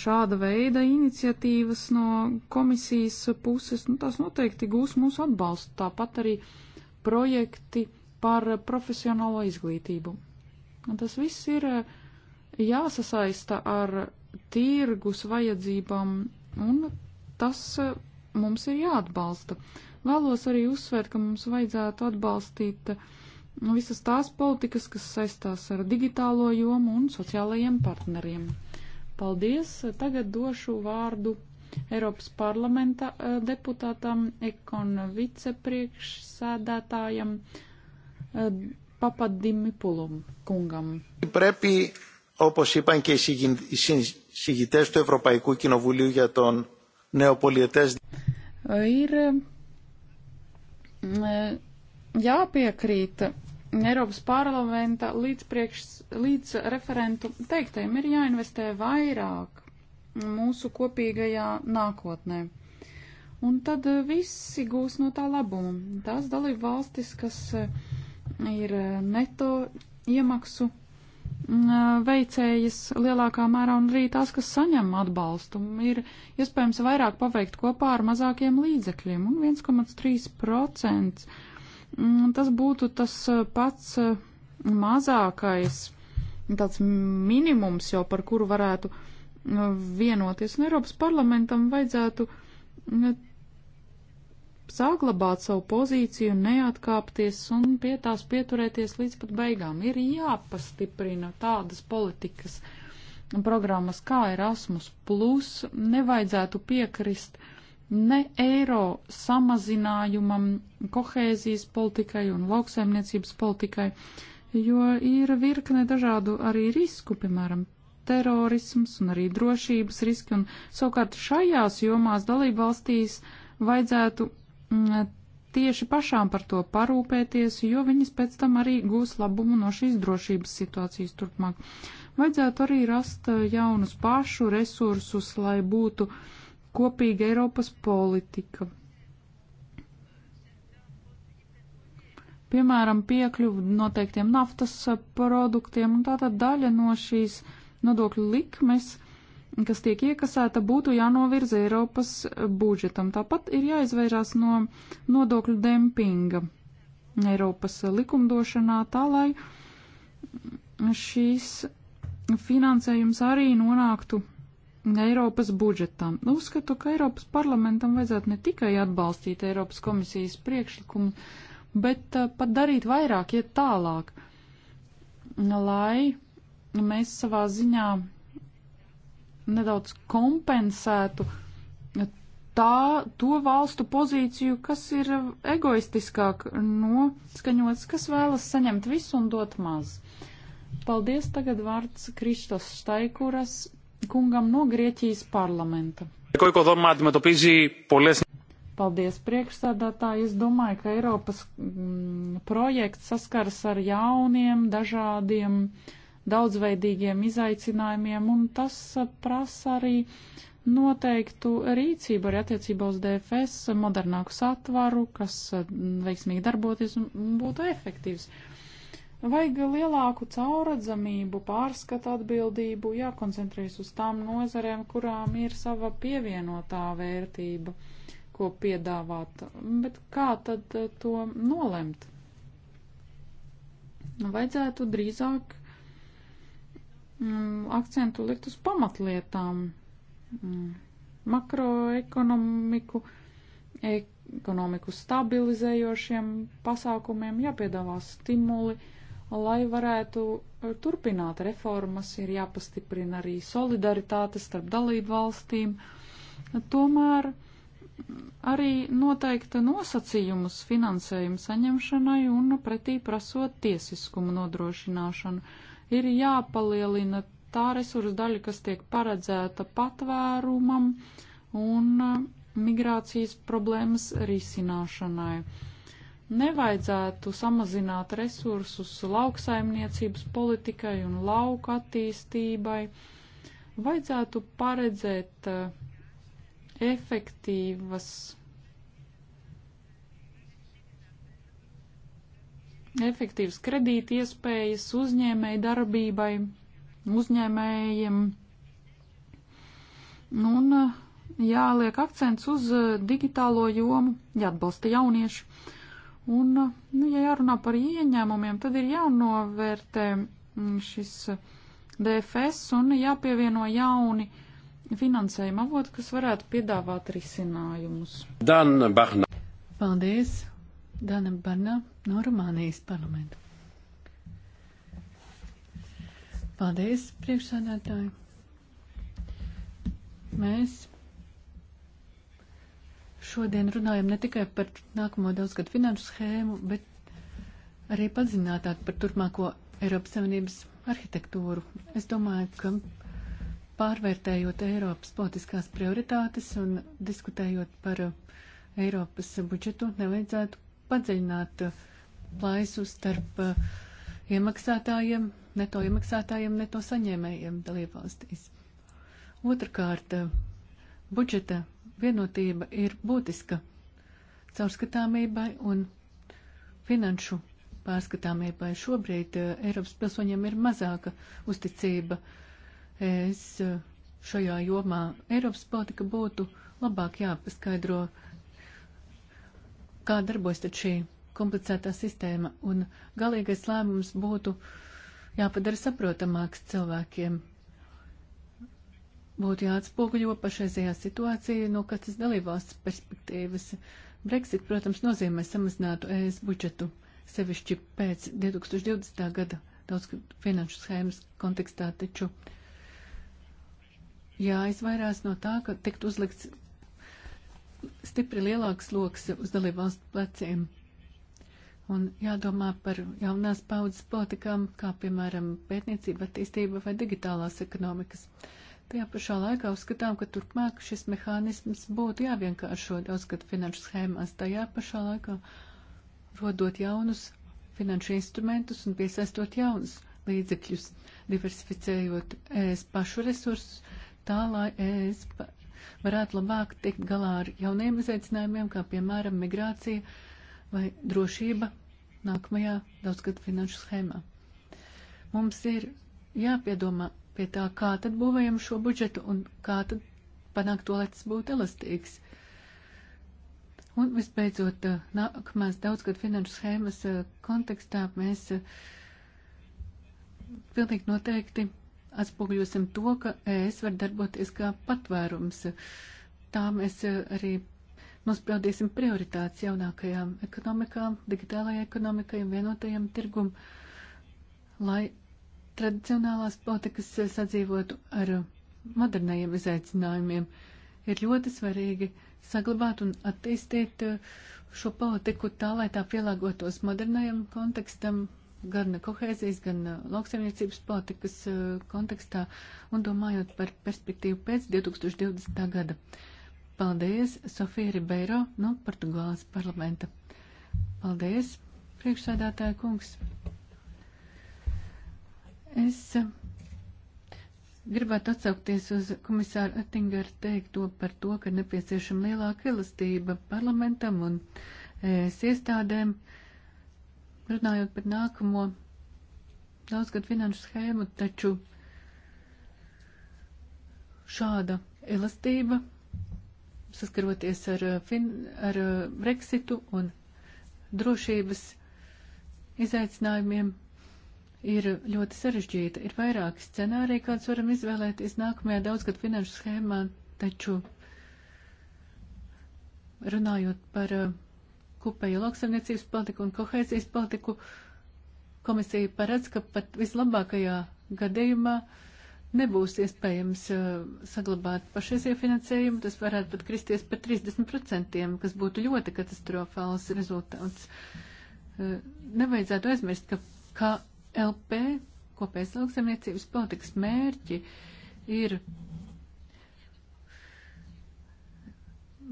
Šāda veida iniciatīvas no komisijas puses, nu, tās noteikti gūs mūsu atbalstu, tāpat arī projekti par profesionālo izglītību. Tas viss ir jāsasaista ar tirgus vajadzībām un tas e, mums ir jāatbalsta. Vēlos arī uzsvērt, ka mums vajadzētu atbalstīt e, visas tās politikas, kas saistās ar digitālo jomu un sociālajiem partneriem. Paldies! Tagad došu vārdu Eiropas parlamenta e, deputātam, ekona vicepriekšsēdētājam Papadimipulum kungam. Πρέπει, όπως είπαν και οι συγκητές του Ευρωπαϊκού Κοινοβουλίου για τον neopolietēs. Ir mm, e, jāpiekrīt Eiropas parlamenta līdz, priekš, līdz referentu teiktajiem ir jāinvestē vairāk mūsu kopīgajā nākotnē. Un tad e, visi gūs no tā labumu. Tās dalība valstis, kas e, ir neto iemaksu Mm, veicējas lielākā mērā un arī tās, kas saņem atbalstu, ir iespējams vairāk paveikt kopā ar mazākiem līdzekļiem un 1,3%. Mm, tas būtu tas eh, pats eh, mazākais, tāds minimums jau par kuru varētu eh, vienoties. Un Eiropas parlamentam vajadzētu saglabāt savu pozīciju, neatkāpties un pie tās pieturēties līdz pat beigām. Ir jāpastiprina tādas politikas programmas kā Erasmus, plus nevajadzētu piekrist ne eiro samazinājumam kohēzijas politikai un lauksaimniecības politikai, jo ir virkne dažādu arī risku, piemēram, terorisms un arī drošības riski, un savukārt šajās jomās dalībvalstīs vajadzētu Mm, tieši pašām par to parūpēties, jo viņas pēc tam arī gūs labumu no šīs drošības situācijas turpmāk. Vajadzētu arī rast eh, jaunus pašu resursus, lai būtu kopīga Eiropas politika. Piemēram, piekļuvu noteiktiem naftas eh, produktiem, un tātad daļa no šīs nodokļu likmes kas tiek iekasēta, būtu jānovirza Eiropas budžetam. Tāpat ir jāizvairās no nodokļu dempinga Eiropas likumdošanā, tā lai šīs finansējums arī nonāktu Eiropas budžetam. Uzskatu, ka Eiropas parlamentam vajadzētu ne tikai atbalstīt Eiropas komisijas priekšlikumu, bet uh, pat darīt vairāk, iet tālāk, lai mēs savā ziņā nedaudz kompensētu tā, to valstu pozīciju, kas ir egoistiskāk noskaņots, kas vēlas saņemt visu un dot maz. Paldies tagad vārds Kristos Staikuras kungam no Grieķijas parlamenta. Paldies, priekšsādātāji. Es domāju, ka Eiropas mm, projekts saskaras ar jauniem, dažādiem uh, daudzveidīgiem izaicinājumiem, un tas eh, prasa arī noteiktu rīcību arī attiecībā uz DFS, modernāku satvaru, kas eh, veiksmīgi darboties un būtu efektīvs. Vajag lielāku cauradzamību, pārskatu atbildību, jākoncentrējas uz tām nozarēm, kurām ir sava pievienotā vērtība, ko piedāvāt. Bet kā tad eh, to nolemt? Vajadzētu drīzāk Mm, akcentu likt uz pamatlietām, mm, makroekonomiku, ekonomiku stabilizējošiem pasākumiem, jāpiedāvā stimuli, lai varētu eh, turpināt reformas, ir jāpastiprina arī solidaritāte starp dalību valstīm. Tomēr mm, arī noteikta nosacījumus finansējuma saņemšanai un pretī prasot tiesiskumu nodrošināšanu ir jāpalielina tā resursu daļa, kas tiek paredzēta patvērumam un uh, migrācijas problēmas risināšanai. Nevajadzētu samazināt resursus lauksaimniecības politikai un lauka attīstībai. Vajadzētu paredzēt uh, efektīvas efektīvas kredīti iespējas uzņēmēju darbībai, uzņēmējiem. Nu, un uh, jāliek akcents uz uh, digitālo jomu, jāatbalsta jaunieši. Un, uh, nu, ja jārunā par ieņēmumiem, tad ir jānovērtē mm, šis DFS un jāpievieno jauni finansējuma avoti, kas varētu piedāvāt risinājumus. Dan Barna. Paldies, Dana Barna no Rumānijas parlamenta. Paldies, priekšsādātāji. Mēs šodien runājam ne tikai par nākamo daudzgadu finanšu schēmu, bet arī padzinātāk par turpmāko Eiropas Savienības arhitektūru. Es domāju, ka pārvērtējot Eiropas politiskās prioritātes un diskutējot par Eiropas budžetu, nevajadzētu padziļināt uh, plaisu starp eh, iemaksātājiem, neto iemaksātājiem, neto saņēmējiem dalībvalstīs. Otrakārt, eh, budžeta vienotība ir būtiska caurskatāmībai un finanšu pārskatāmībai. Šobrīd eh, Eiropas pilsoņiem ir mazāka uzticība. Es šajā jomā Eiropas politika būtu labāk jāpaskaidro, kā darbojas tad šī komplicētā sistēma, un galīgais lēmums būtu jāpadara saprotamāks cilvēkiem. Būtu jāatspoguļo pašreizējā situācija no katras dalībvalsts perspektīvas. Brexit, protams, nozīmē samazinātu ES budžetu, sevišķi pēc 2020. gada daudz finanšu schēmas kontekstā, taču jāizvairās no tā, ka tikt uzlikts stipri lielāks sloks uz dalībvalstu pleciem un jādomā par jaunās paudzes politikām, kā piemēram pētniecība, attīstība vai digitālās ekonomikas. Tajā pašā laikā uzskatām, ka turpmāk šis mehānisms būtu jāvienkāršo daudzgadu finanšu schēmās, tajā pašā laikā rodot jaunus finanšu instrumentus un piesaistot jaunus līdzekļus, diversificējot ES pašu resursus, tā lai ES varētu labāk tikt galā ar jauniem izaicinājumiem, kā piemēram migrācija, vai drošība nākamajā daudzgad finanšu schēmā. Mums ir jāpiedomā pie tā, kā tad būvējam šo budžetu un kā tad panākt to, lai tas būtu elastīgs. Un visbeidzot, nākamās daudzgad finanšu schēmas kontekstā mēs pilnīgi noteikti atspoguļosim to, ka ES var darboties kā patvērums. Tā mēs arī nospraudīsim prioritātes jaunākajām ekonomikām, digitālajai ekonomikai un vienotajam tirgum, lai tradicionālās politikas sadzīvotu ar modernajiem izaicinājumiem. Ir ļoti svarīgi saglabāt un attīstīt šo politiku tā, lai tā pielāgotos modernajam kontekstam, gan kohēzijas, gan lauksaimniecības politikas kontekstā un domājot par perspektīvu pēc 2020. gada. Paldies, Sofija Ribeiro no Portugāles parlamenta. Paldies, priekšsēdētāja kungs. Es eh, gribētu atsaukties uz komisāru Attingera teikto par to, ka nepieciešama lielāka elastība parlamentam un eh, es iestādēm, runājot par nākamo daudzgad finanšu schēmu, taču šāda elastība saskaroties ar, eh, fin, ar eh, Brexitu un drošības izaicinājumiem ir ļoti sarežģīta. Ir vairāki scenāriji, kādus varam izvēlēties nākamajā daudzgad finanšu schēmā, taču runājot par eh, kopējo lauksaimniecības politiku un kohēzijas politiku, komisija paredz, ka pat vislabākajā gadījumā uh, nebūs iespējams uh, saglabāt pašreizie finansējumu, tas varētu pat kristies par 30%, kas būtu ļoti katastrofāls rezultāts. Uh, nevajadzētu aizmirst, ka KLP, kopējas lauksaimniecības politikas mērķi, ir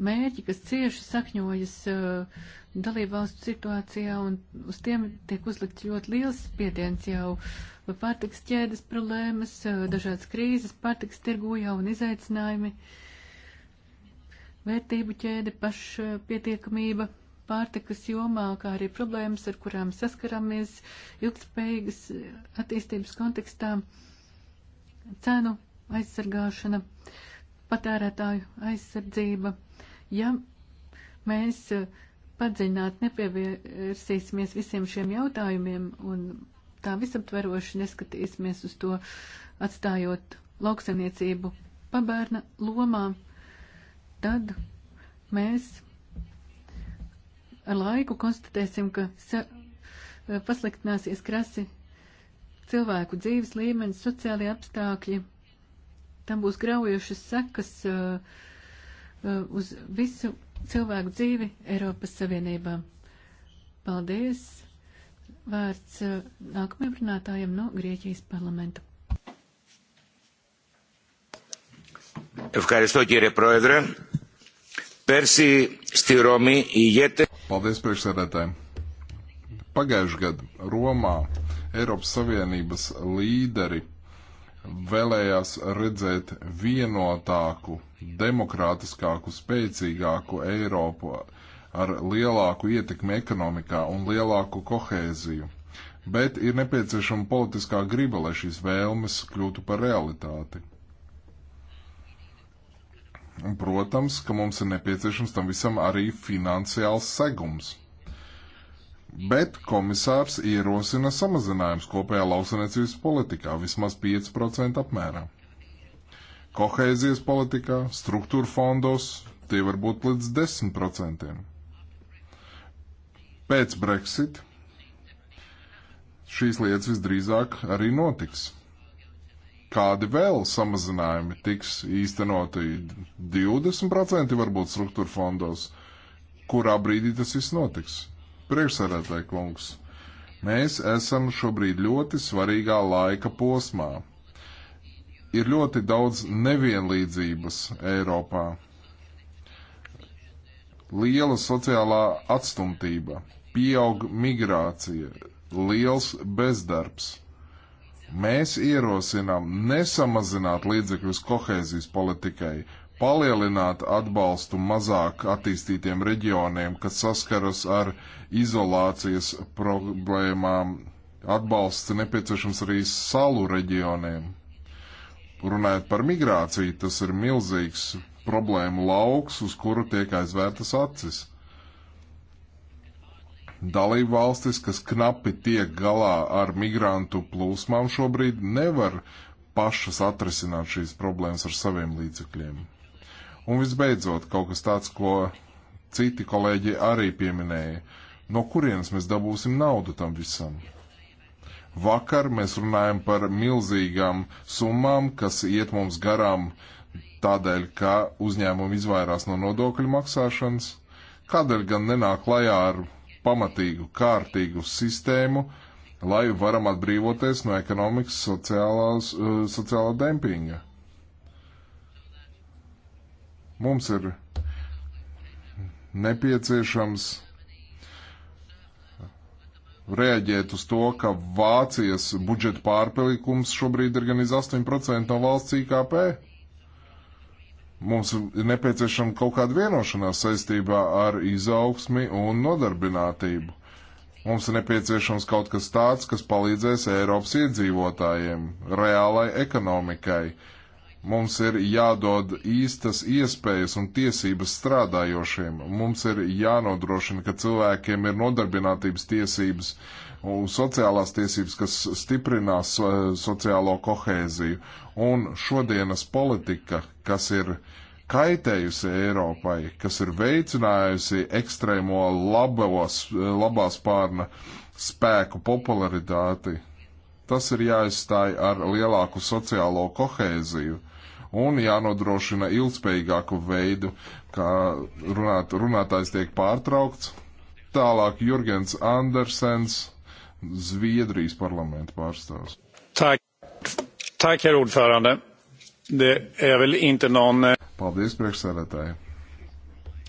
mērķi, kas cieši sakņojas uh, dalībvalstu situācijā, un uz tiem tiek uzlikts ļoti liels spiediens jau uh, pārtiks ķēdes problēmas, eh, dažādas krīzes pārtiks tirgu, jauni izaicinājumi, vērtību ķēde, pašpietiekamība eh, pārtikas jomā, kā arī problēmas, ar kurām saskaramies ilgspējīgas eh, attīstības kontekstā, cenu aizsargāšana, patērētāju aizsardzība. Ja mēs padziļināti nepievērsīsimies visiem šiem jautājumiem un tā visaptveroši neskatīsimies uz to, atstājot lauksaimniecību pabērna lomā, tad mēs ar laiku konstatēsim, ka e, pasliktināsies krasi cilvēku dzīves līmenis, sociālie apstākļi. Tam būs graujošas sekas uh, uz visu cilvēku dzīvi Eiropas Savienībā. Paldies! Vārds uh, nākamajam runātājam no Grieķijas parlamenta. Ευχαριστώ κύριε Πρόεδρε. Πέρσι στη Ρώμη οι ηγέτες... Paldies priekšsēdētājiem. Pagājušajā gadā Romā Eiropas Savienības līderi vēlējās redzēt vienotāku, demokrātiskāku, spēcīgāku Eiropu ar lielāku ietekmi ekonomikā un lielāku kohēziju. Bet ir nepieciešama politiskā griba, lai šīs vēlmes kļūtu par realitāti. Un, protams, ka mums ir nepieciešams tam visam arī finansiāls segums. Bet komisārs ierosina samazinājums kopējā lauksaimniecības politikā vismaz 5% apmērā. Kohēzijas politikā, struktūra fondos tie var būt līdz 10% pēc Brexit šīs lietas visdrīzāk arī notiks. Kādi vēl samazinājumi tiks īstenoti? 20% varbūt struktūra fondos. Kurā brīdī tas viss notiks? Priekšsēdētāji kungs, mēs esam šobrīd ļoti svarīgā laika posmā. Ir ļoti daudz nevienlīdzības Eiropā. Liela sociālā atstumtība pieaug migrācija, liels bezdarbs. Mēs ierosinām nesamazināt līdzekļus kohēzijas politikai, palielināt atbalstu mazāk attīstītiem reģioniem, kas saskaras ar izolācijas problēmām. Atbalsts nepieciešams arī salu reģioniem. Runājot par migrāciju, tas ir milzīgs problēmu lauks, uz kuru tiek aizvērtas acis. Dalību valstis, kas knapi tiek galā ar migrantu plūsmām šobrīd, nevar pašas atrisināt šīs problēmas ar saviem līdzekļiem. Un visbeidzot, kaut kas tāds, ko citi kolēģi arī pieminēja, no kurienes mēs dabūsim naudu tam visam. Vakar mēs runājam par milzīgām summām, kas iet mums garām tādēļ, ka uzņēmumi izvairās no nodokļu maksāšanas. Kādēļ gan nenāk klajā ar pamatīgu, kārtīgu sistēmu, lai varam atbrīvoties no ekonomikas sociālās, eh, sociālā dempinga. Mums ir nepieciešams reaģēt uz to, ka Vācijas budžeta pārpalikums šobrīd ir gan iz 8% no valsts IKP. Mums ir nepieciešama kaut kāda vienošanās saistībā ar izaugsmi un nodarbinātību. Mums ir nepieciešams kaut kas tāds, kas palīdzēs Eiropas iedzīvotājiem, reālai ekonomikai. Mums ir jādod īstas iespējas un tiesības strādājošiem. Mums ir jānodrošina, ka cilvēkiem ir nodarbinātības tiesības, uh, sociālās tiesības, kas stiprinās eh, sociālo kohēziju, un šodienas politika, kas ir kaitējusi Eiropai, kas ir veicinājusi ekstrēmo labos, labā spārna spēku popularitāti, tas ir jāizstāj ar lielāku sociālo kohēziju un jānodrošina ilgspējīgāku veidu, kā runāt, runātājs tiek pārtraukts. Tālāk Jurgens Andersens Zviedrijas parlamenta pārstāvs. Tak, tak, herr ordförande. Det är väl inte någon... Eh, Paldies, priekšsēdētāji.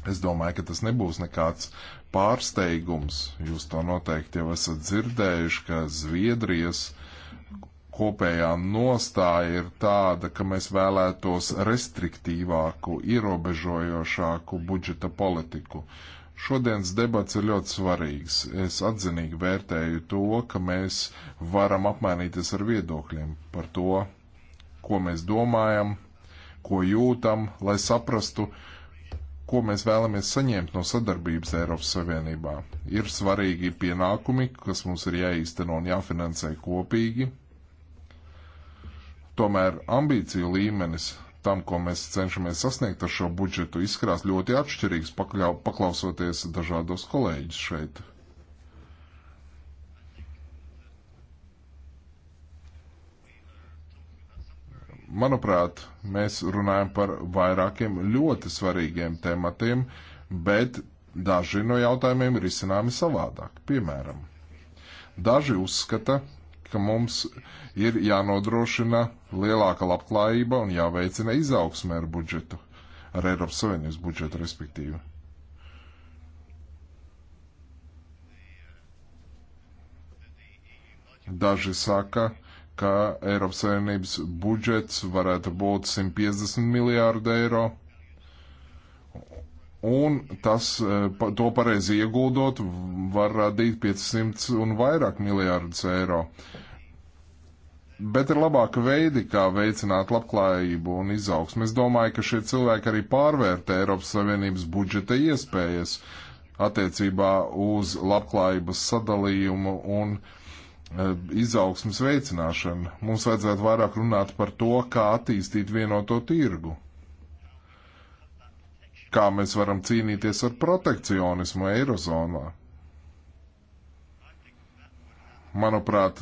Es domāju, ka tas nebūs nekāds pārsteigums. Jūs to noteikti jau esat dzirdējuši, ka Zviedrijas kopējā nostāja ir tāda, ka mēs vēlētos restriktīvāku, ierobežojošāku budžeta politiku. Uh, Šodienas debats ir ļoti svarīgs. Es atzinīgi vērtēju to, ka mēs varam apmainīties ar viedokļiem par to, ko mēs domājam, ko jūtam, lai saprastu, ko mēs vēlamies saņemt no sadarbības Eiropas Savienībā. Ir svarīgi pienākumi, kas mums ir jāīsteno un jāfinansē kopīgi. Tomēr ambīciju līmenis tam, ko mēs cenšamies sasniegt ar šo budžetu, izskrās ļoti atšķirīgs, pakļau, paklausoties dažādos kolēģis šeit. Manuprāt, mēs runājam par vairākiem ļoti svarīgiem tematiem, bet daži no jautājumiem ir izcināmi savādāk. Piemēram, daži uzskata, ka mums ir jānodrošina lielāka labklājība un jāveicina izaugsme ar budžetu, ar Eiropas Savienības budžetu respektīvi. Daži saka, ka Eiropas Savienības budžets varētu būt 150 miljārdu eiro. Un tas, eh, to pareizi ieguldot, var radīt 500 un vairāk miljārdus eiro. Uh, bet ir labāka veidi, kā veicināt labklājību un izaugsmu. Es domāju, ka šie cilvēki arī pārvērtē Eiropas Savienības budžeta iespējas attiecībā uz labklājības sadalījumu un e, izaugsmas veicināšanu. Mums vajadzētu vairāk runāt par to, kā attīstīt vienoto tirgu. Kā mēs varam cīnīties ar protekcionismu Eirozonā. Manuprāt,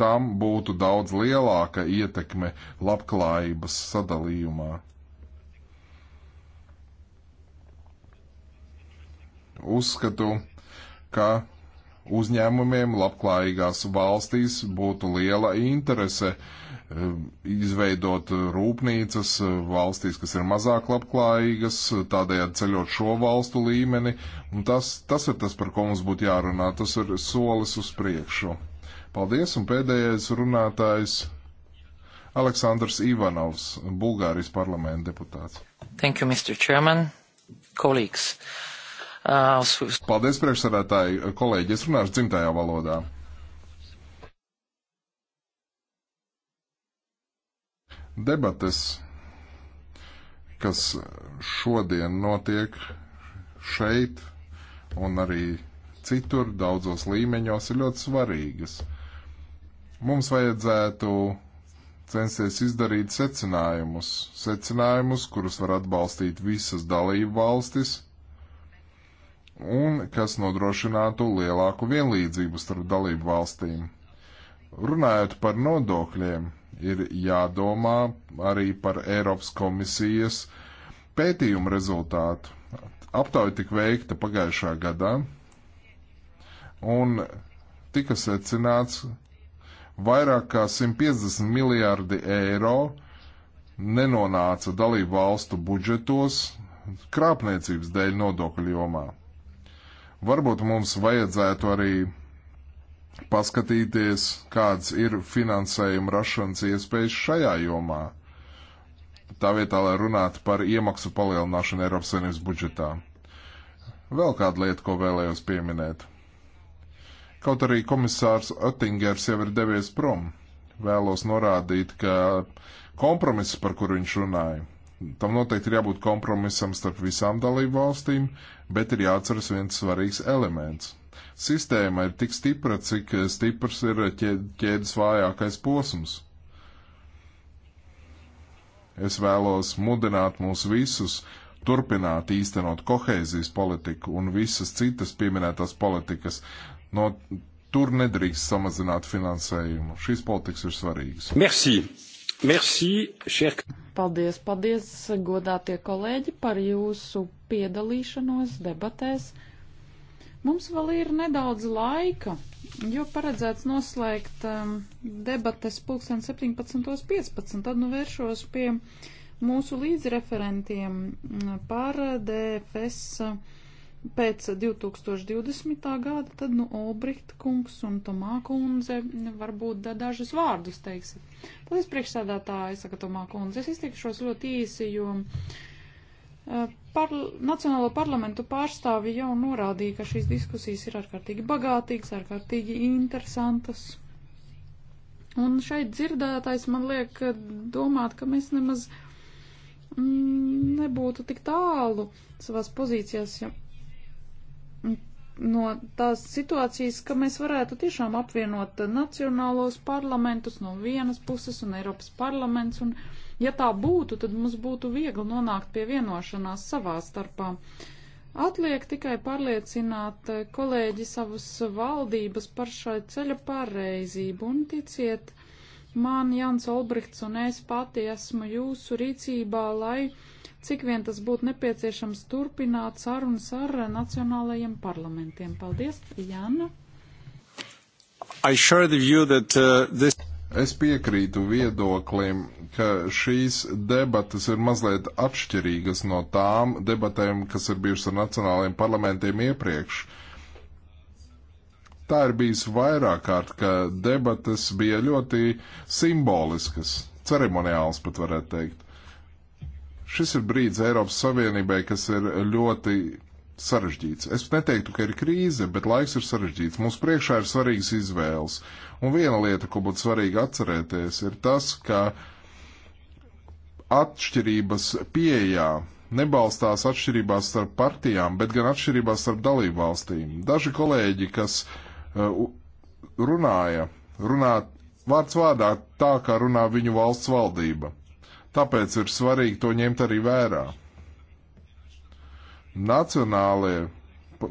tam būtu daudz lielāka ietekme labklājības sadalījumā. Uzskatu, ka uzņēmumiem labklājīgās valstīs būtu liela interese um, izveidot rūpnīcas uh, valstīs, kas ir mazāk labklājīgas, tādējādi ceļot šo valstu līmeni. Un tas, tas ir tas, par ko mums būtu jārunā. Tas ir solis uz priekšu. Paldies, un pēdējais runātājs Aleksandrs Ivanovs, Bulgārijas parlamenta deputāts. Thank you, Mr. Chairman, colleagues. Uh, uz... Paldies, priekšsarētāji, kolēģi, es runāšu dzimtajā valodā. debates, kas šodien notiek šeit un arī citur, daudzos līmeņos ir ļoti svarīgas. Mums vajadzētu censties izdarīt secinājumus, secinājumus, kurus var atbalstīt visas dalību valstis un kas nodrošinātu lielāku vienlīdzību starp dalību valstīm. Runājot par nodokļiem, ir jādomā arī par Eiropas komisijas pētījumu rezultātu. Aptauja tika veikta pagājušā gadā, un tika secināts vairāk kā 150 miljārdi eiro nenonāca dalību valstu budžetos krāpniecības dēļ nodokļu jomā. Varbūt mums vajadzētu arī paskatīties, kāds ir finansējuma rašanas iespējas šajā jomā. Tā vietā, lai runātu par iemaksu palielināšanu Eiropas Savienības budžetā. Vēl kāda lieta, ko vēlējos pieminēt. Kaut arī komisārs Oettingers jau ir devies prom, vēlos norādīt, ka kompromiss, par kuru viņš runāja, tam noteikti ir jābūt kompromisam starp visām dalību valstīm, bet ir jāatceras viens svarīgs elements. Sistēma ir tik stipra, cik stiprs ir ķēdes vājākais posms. Es vēlos mudināt mūs visus turpināt īstenot kohēzijas politiku un visas citas pieminētās politikas, No tur nedrīkst samazināt finansējumu. Šīs politikas ir svarīgas. Merci. Merci, cher... Paldies, paldies, godātie kolēģi, par jūsu piedalīšanos debatēs. Mums vēl ir nedaudz laika, jo paredzēts noslēgt um, debates pulksten 17.15. Tad nu vēršos pie mūsu līdzreferentiem mm, par DFS. Uh, pēc 2020. gada, tad nu Olbricht kungs un Tomā kundze nu, varbūt dažus vārdus teiksi. Paldies priekšsēdētāji, saka Tomā kundze. Es izteikšos ļoti īsi, jo par, Nacionālo parlamentu pārstāvi jau norādīja, ka šīs diskusijas ir ārkārtīgi bagātīgas, ārkārtīgi interesantas. Un šeit dzirdētājs man liek domāt, ka mēs nemaz mm, nebūtu tik tālu savās pozīcijās, ja no tās situācijas, ka mēs varētu tiešām apvienot nacionālos parlamentus no vienas puses un Eiropas parlaments, un ja tā būtu, tad mums būtu viegli nonākt pie vienošanās savā starpā. Atliek tikai pārliecināt eh, kolēģi savas valdības par šai ceļa pārreizību un ticiet, man Jans Olbrihts un es pati esmu jūsu rīcībā, lai cik vien tas būtu nepieciešams turpināt sarunas ar nacionālajiem parlamentiem. Paldies, Jana! That, uh, this... Es piekrītu viedoklim, ka šīs debatas ir mazliet atšķirīgas no tām debatēm, kas ir bijušas ar nacionālajiem parlamentiem iepriekš. Tā ir bijis vairāk kārt, ka debatas bija ļoti simboliskas, ceremoniāls pat varētu teikt. Šis ir brīdis Eiropas Savienībai, kas ir ļoti sarežģīts. Es neteiktu, ka ir krīze, bet laiks ir sarežģīts. Mums priekšā ir svarīgas izvēles. Un viena lieta, ko būtu svarīgi atcerēties, ir tas, ka atšķirības pieejā nebalstās atšķirībās starp partijām, bet gan atšķirībās starp dalību valstīm. Daži kolēģi, kas uh, runāja, runā vārds vārdā tā, kā runā viņu valsts valdība. Tāpēc ir svarīgi to ņemt arī vērā. Nacionālie,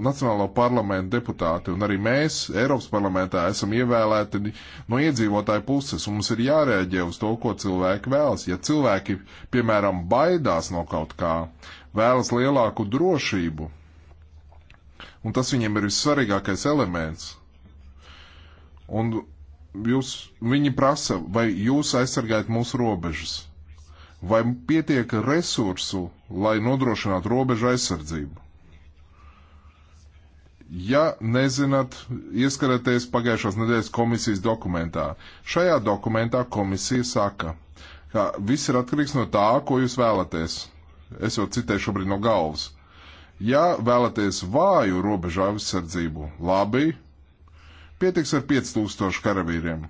Nacionālo parlamentu deputāti un arī mēs Eiropas parlamentā esam ievēlēti no iedzīvotāju puses, un mums ir jārēģē uz to, ko cilvēki vēlas. Ja cilvēki, piemēram, baidās no kaut kā, vēlas lielāku drošību, un tas viņiem ir vissvarīgākais elements. Un jūs, viņi prasa, vai jūs aizsargājat mūsu robežas. Vai pietiek resursu, lai nodrošinātu robežu aizsardzību? Ja nezināt, ieskaraties pagājušās nedēļas komisijas dokumentā. Šajā dokumentā komisija saka, ka viss ir atkarīgs no tā, ko jūs vēlaties. Es jau citēju šobrīd no galvas. Ja vēlaties vāju robežu aizsardzību, labi, pietiks ar 5000 karavīriem.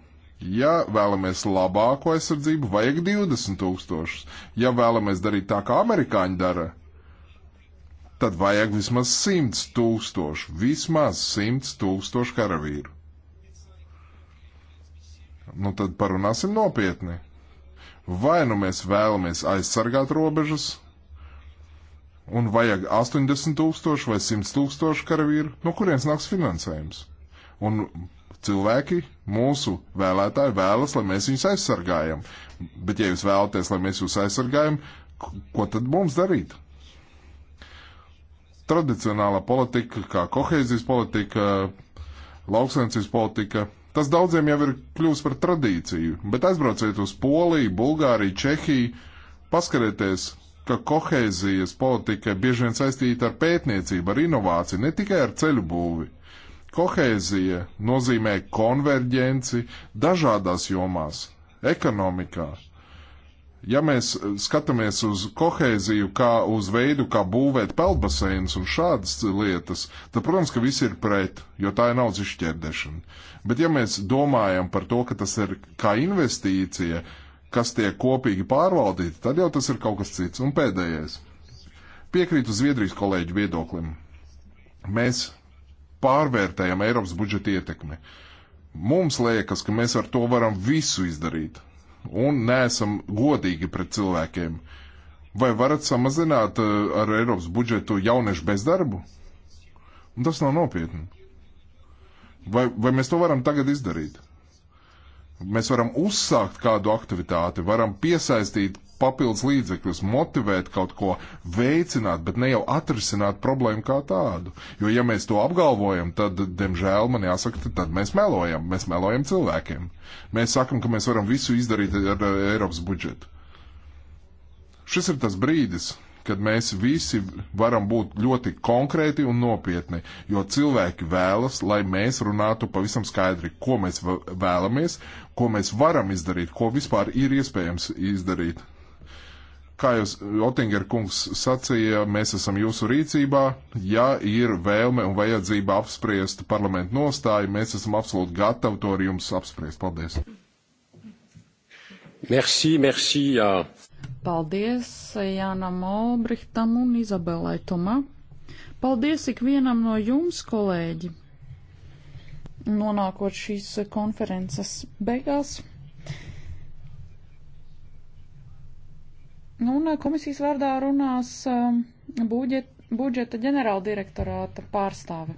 Ja vēlamies labāko aizsardzību, vajag 20 tūkstošus. Ja vēlamies darīt tā, kā amerikāņi dara, tad vajag vismaz 100 tūkstošu, vismaz 100 tūkstošu karavīru. Nu tad parunāsim nopietni. Vai nu mēs vēlamies aizsargāt robežas, un vajag 80 tūkstoši vai 100 tūkstoši karavīru, no kurienes nāks finansējums? Un cilvēki, mūsu vēlētāji vēlas, lai mēs viņus aizsargājam. Bet ja jūs vēlaties, lai mēs jūs aizsargājam, ko tad mums darīt? Tradicionālā politika, kā kohēzijas politika, lauksainicības politika, tas daudziem jau ir kļūst par tradīciju. Bet aizbrauciet uz Poliju, Bulgāriju, Čehiju, paskarieties, ka kohēzijas politika bieži vien saistīta ar pētniecību, ar inovāciju, ne tikai ar ceļu būvi. Kohēzija nozīmē konverģenci dažādās jomās, ekonomikā. Ja mēs skatāmies uz kohēziju kā uz veidu, kā būvēt peldbaseinus un šādas lietas, tad, protams, ka visi ir pret, jo tā ir naudas izšķērdešana. Bet ja mēs domājam par to, ka tas ir kā investīcija, kas tiek kopīgi pārvaldīta, tad jau tas ir kaut kas cits. Un pēdējais. Piekrītu Zviedrijas kolēģu viedoklim. Mēs pārvērtējam Eiropas budžeta ietekmi. Mums liekas, ka mēs ar to varam visu izdarīt un neesam godīgi pret cilvēkiem. Vai varat samazināt eh, ar Eiropas budžetu jauniešu bezdarbu? Un tas nav nopietni. Vai, vai mēs to varam tagad izdarīt? Mēs varam uzsākt kādu aktivitāti, varam piesaistīt papildus līdzekļus, motivēt kaut ko, veicināt, bet ne jau atrisināt problēmu kā tādu. Jo, ja mēs to apgalvojam, tad, diemžēl, man jāsaka, tad mēs melojam. Mēs melojam cilvēkiem. Mēs sakam, ka mēs varam visu izdarīt ar Eiropas budžetu. Šis ir tas brīdis, kad mēs visi varam būt ļoti konkrēti un nopietni, jo cilvēki vēlas, lai mēs runātu pavisam skaidri, ko mēs vēlamies, ko mēs varam izdarīt, ko vispār ir iespējams izdarīt. Kā jūs, Otinger kungs, sacīja, mēs esam jūsu rīcībā. Ja ir vēlme un vajadzība apspriest parlamentu nostāju, mēs esam absolūti gatavi to ar jums apspriest. Paldies! Merci, merci, jā. Paldies Jānam Obrihtam un Izabelai Tomā. Paldies ikvienam no jums, kolēģi! Nonākot šīs konferences beigās. Un eh, komisijas vārdā runās eh, budžet, budžeta ģenerāldirektorāta pārstāve.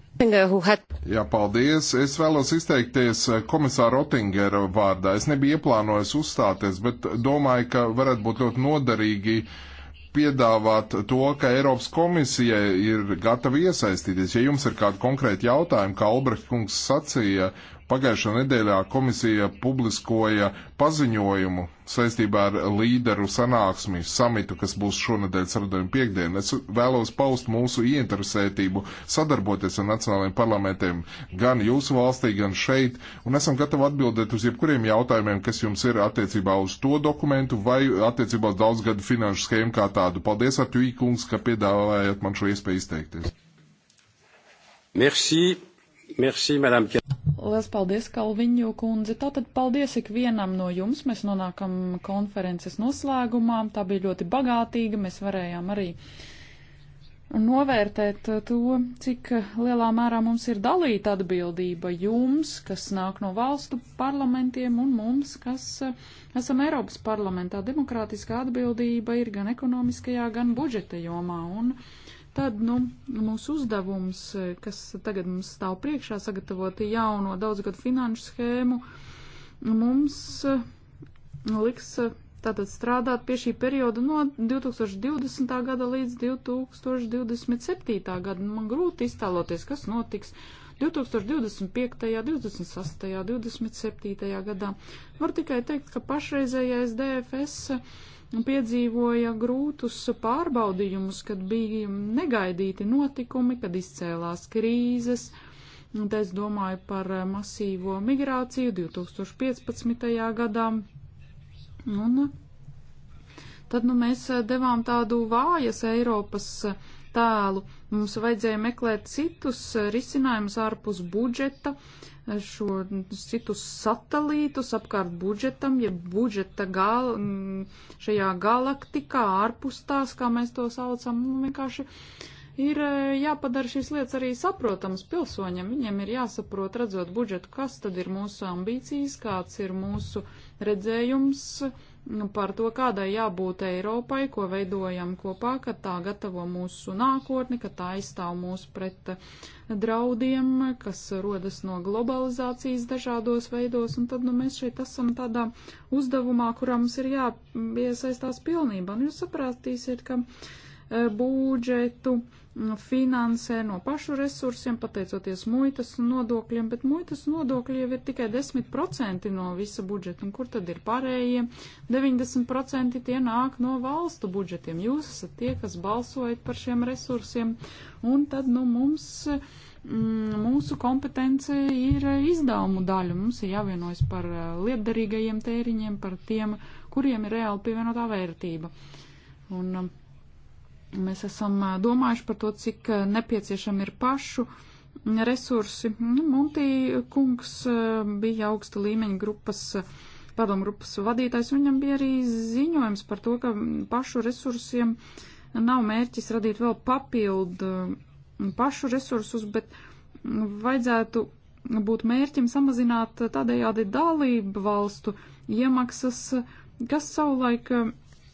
Jā, paldies. Es vēlos izteikties eh, komisāra Otingera vārdā. Es nebiju ieplānojis uzstāties, bet domāju, ka varētu būt ļoti noderīgi piedāvāt to, ka Eiropas komisija ir gatava iesaistīties. Ja jums ir kādi konkrēti jautājumi, kā Albrecht kungs sacīja, Pagājušā nedēļā komisija publiskoja paziņojumu saistībā ar līderu sanāksmi samitu, kas būs šonadēļ sardēļ piekdien. Es vēlos paust mūsu ieinteresētību sadarboties ar nacionālajiem parlamentiem gan jūsu valstī, gan šeit, un esam gatavi atbildēt uz jebkuriem jautājumiem, kas jums ir attiecībā uz to dokumentu vai attiecībā uz daudzgadu finanšu schēmu kā tādu. Paldies, Artjūī kungs, ka piedāvājat man šo iespēju izteikties. Merci. Merci, Madame. Lielas paldies, Kalviņu kundze. Tātad paldies ikvienam no jums. Mēs nonākam konferences noslēgumā. Tā bija ļoti bagātīga. Mēs varējām arī novērtēt to, cik lielā mērā mums ir dalīta atbildība jums, kas nāk no valstu parlamentiem, un mums, kas esam Eiropas parlamentā. Demokrātiskā atbildība ir gan ekonomiskajā, gan budžeta jomā. Un, uh, tad nu, mūsu uzdevums, eh, kas tagad mums stāv priekšā, sagatavot jauno daudzgadu finanšu schēmu, mums eh, liks eh, tātad strādāt pie šī perioda no 2020. gada līdz 2027. gada. Man grūti iztēloties, kas notiks 2025., 26., 27. gadā. Var tikai teikt, ka pašreizējais DFS piedzīvoja grūtus pārbaudījumus, kad bija negaidīti notikumi, kad izcēlās krīzes. Un te es domāju par masīvo migrāciju 2015. gadā. Un tad nu, mēs devām tādu vājas Eiropas tēlu. Mums vajadzēja meklēt citus risinājumus ārpus budžeta. Uh, šo citus satelītus apkārt budžetam, ja budžeta gal, šajā galaktikā, ārpus tās, kā mēs to saucam, nu, vienkārši ir e, jāpadara šīs lietas arī saprotams pilsoņam. Viņiem ir jāsaprot, redzot budžetu, kas tad ir mūsu ambīcijas, kāds ir mūsu redzējums par to, kādai jābūt Eiropai, ko veidojam kopā, ka tā gatavo mūsu nākotni, ka tā aizstāv mūs pret draudiem, kas rodas no globalizācijas dažādos veidos, un tad nu, mēs šeit esam tādā uzdevumā, kurā mums ir jāiesaistās pilnībā. Un nu, jūs saprātīsiet, ka e, budžetu. Uh, finansē no pašu resursiem, pateicoties muitas nodokļiem, bet muitas nodokļi jau ir tikai 10% no visa budžeta, un kur tad ir pārējie? 90% tie nāk no valstu budžetiem. Jūs esat tie, kas balsojat par šiem resursiem, un tad, nu, mums, mm, mūsu kompetence ir izdevumu daļa, mums ir jāvienojas par eh, lietderīgajiem tēriņiem, par tiem, kuriem ir reāli pievienotā vērtība. Un, mm, Mēs esam domājuši par to, cik nepieciešami ir pašu resursi. Nu, Monti kungs bija augsta līmeņa grupas, padomu grupas vadītājs, viņam bija arī ziņojums par to, ka pašu resursiem nav mērķis radīt vēl papildu pašu resursus, bet vajadzētu būt mērķim samazināt tādējādi dalību valstu iemaksas, kas savulaik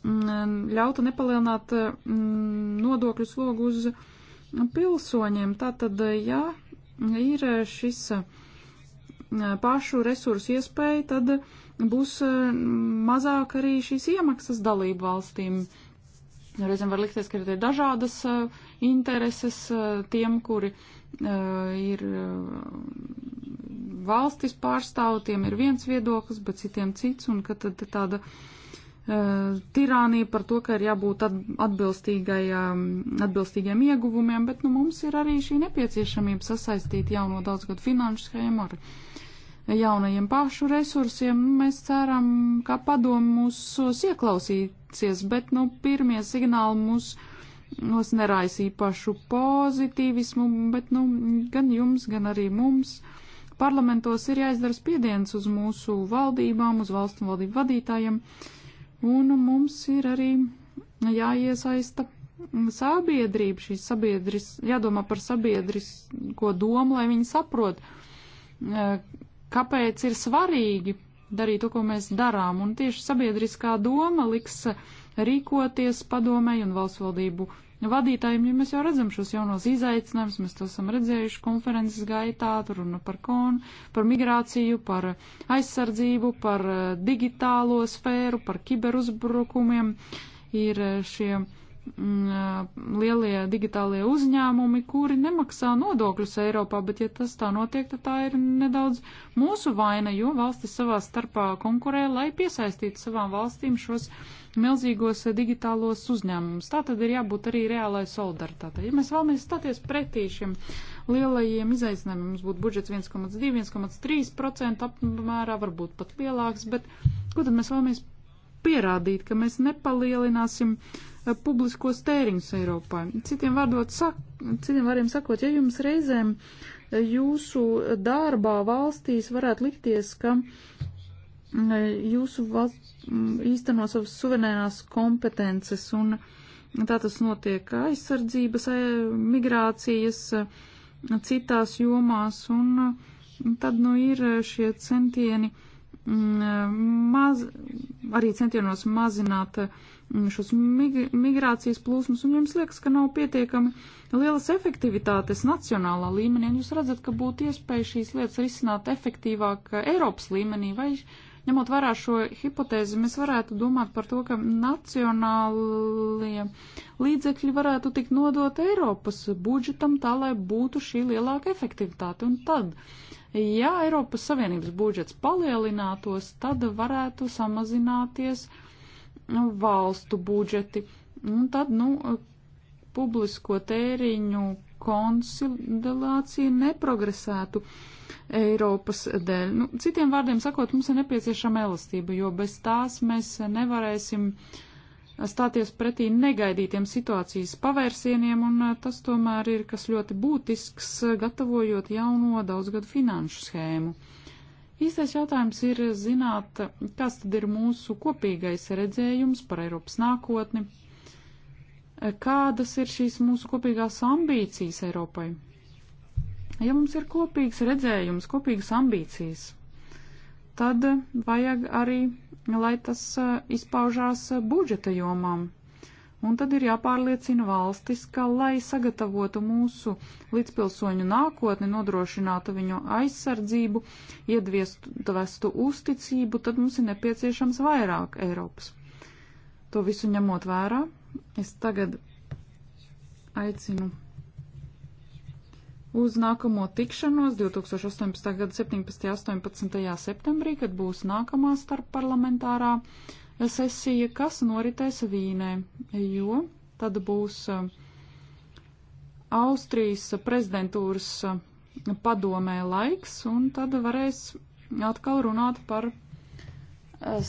Mm, ļautu nepalielināt mm, nodokļu slogu uz pilsoņiem. Tātad, ja ir šis mm, pašu resursu iespēja, tad būs mazāk arī šīs iemaksas dalību valstīm. Reizēm var likties, ka ir dažādas intereses tiem, kuri ir valstis pārstāv, tiem ir viens viedoklis, bet citiem cits, un ka tad tāda uh, Eh, tirānija par to, ka ir jābūt ehm, atbilstīgiem ieguvumiem, bet nu, mums ir arī šī nepieciešamība sasaistīt jauno daudzgadu finanšu schēmu ar jaunajiem pašu resursiem. Mēs ceram, ka padomu mūsos ieklausīsies, bet nu, pirmie signāli mūs nos neraisīja pašu pozitīvismu, bet nu, gan jums, gan arī mums parlamentos ir jāizdara spiediens uz mūsu valdībām, uz valstu un valdību vadītājiem. Uh, Un mums ir arī jāiesaista sabiedrība, šī sabiedris, jādomā par sabiedrisko domu, lai viņi saprot, eh, kāpēc ir svarīgi darīt to, ko mēs darām. Un tieši sabiedriskā doma liks rīkoties padomēji un valstsvaldību vadītājiem, jo mēs jau redzam šos jaunos izaicinājumus, mēs to esam redzējuši konferences gaitā, tur runa par konu, par migrāciju, par aizsardzību, par eh, digitālo sfēru, par kiberuzbrukumiem. Ir eh, šie mm, eh, lielie digitālie uzņēmumi, kuri nemaksā nodokļus Eiropā, bet ja tas tā notiek, tad tā ir nedaudz mūsu vaina, jo valstis savā starpā konkurē, lai piesaistītu savām valstīm šos uh, milzīgos eh, digitālos uzņēmumus. Tā tad ir jābūt arī reālai solidaritātei. Ja mēs vēlamies stāties pretī šiem lielajiem izaicinājumiem, mums būtu budžets 1,2, 1,3% apmērā, varbūt pat lielāks, bet ko tad mēs vēlamies pierādīt, ka mēs nepalielināsim eh, publiskos tēriņus Eiropā. Citiem, vārdot, sak, citiem vārdiem sakot, ja jums reizēm eh, jūsu darbā valstīs varētu likties, ka jūsu valsts īsteno savas suverēnās kompetences un tā tas notiek aizsardzības, migrācijas, citās jomās un tad nu ir šie centieni mm, maz, arī centienos mazināt mm, šos mig migrācijas plūsmas, un jums liekas, ka nav pietiekami lielas efektivitātes nacionālā līmenī, un jūs redzat, ka būtu iespēja šīs lietas risināt efektīvāk Eiropas līmenī, vai Ņemot vērā šo hipotēzi, mēs varētu domāt par to, ka nacionālie līdzekļi varētu tikt nodot Eiropas budžetam tā, lai būtu šī lielāka efektivitāte. Un tad, ja Eiropas Savienības budžets palielinātos, tad varētu samazināties valstu budžeti. Un tad, nu, publisko tēriņu konsolidācija neprogresētu Eiropas dēļ. Nu, citiem vārdiem sakot, mums ir nepieciešama elastība, jo bez tās mēs nevarēsim stāties pretī negaidītiem situācijas pavērsieniem, un tas tomēr ir kas ļoti būtisks, gatavojot jauno daudzgadu finanšu schēmu. Īstais jautājums ir zināt, kas tad ir mūsu kopīgais redzējums par Eiropas nākotni, kādas ir šīs mūsu kopīgās ambīcijas Eiropai. Ja mums ir kopīgs redzējums, kopīgas ambīcijas, tad vajag arī, lai tas e, izpaužās e, budžeta jomām. Un tad ir jāpārliecina valstis, ka, lai sagatavotu mūsu līdzpilsoņu nākotni, nodrošinātu viņu aizsardzību, iedviestu uzticību, tad mums ir nepieciešams vairāk Eiropas. To visu ņemot vērā, es tagad aicinu uz nākamo tikšanos 2018. gada 17. un 18. septembrī, kad būs nākamā starpparlamentārā sesija, kas noritēs Vīnē, jo tad būs eh, Austrijas prezidentūras eh, padomē laiks, un tad varēs atkal runāt par eh,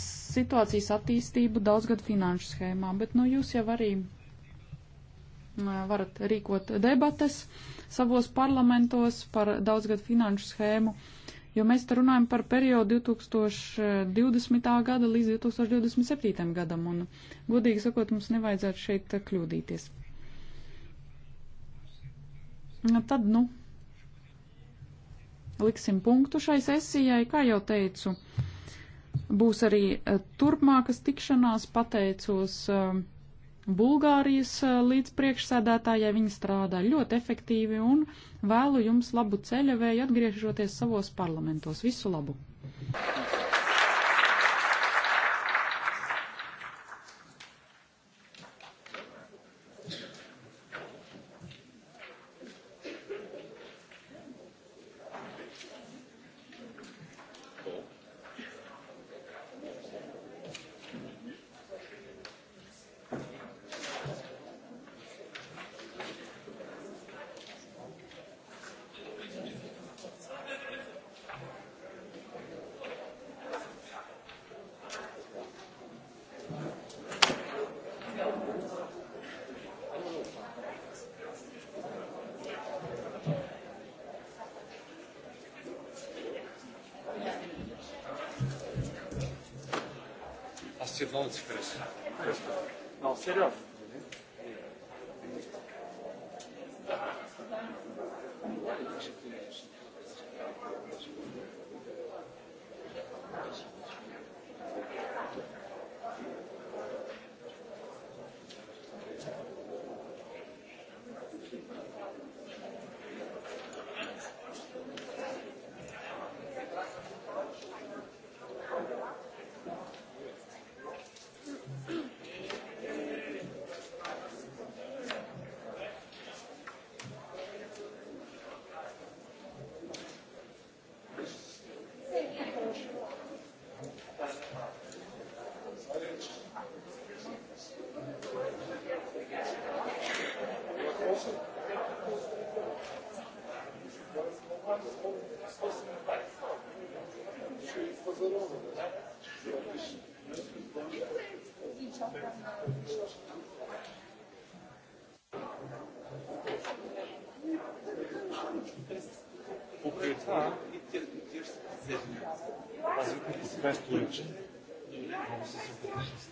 situācijas attīstību daudzgad finanšu schēmā, bet nu jūs jau arī varat rīkot debates savos parlamentos par daudzgadu finanšu schēmu, jo mēs te runājam par periodu 2020. gada līdz 2027. gadam, un godīgi sakot, mums nevajadzētu šeit kļūdīties. Tad, nu, liksim punktu šai sesijai, kā jau teicu, būs arī turpmākas tikšanās, pateicos. Uh, Bulgārijas eh, līdz priekšsēdētājai viņa strādā ļoti efektīvi un vēlu jums labu ceļavēju atgriežoties savos parlamentos. Visu labu! Thank you. proprietà Mas eu conheci mais cliente. Vamos se surpreender.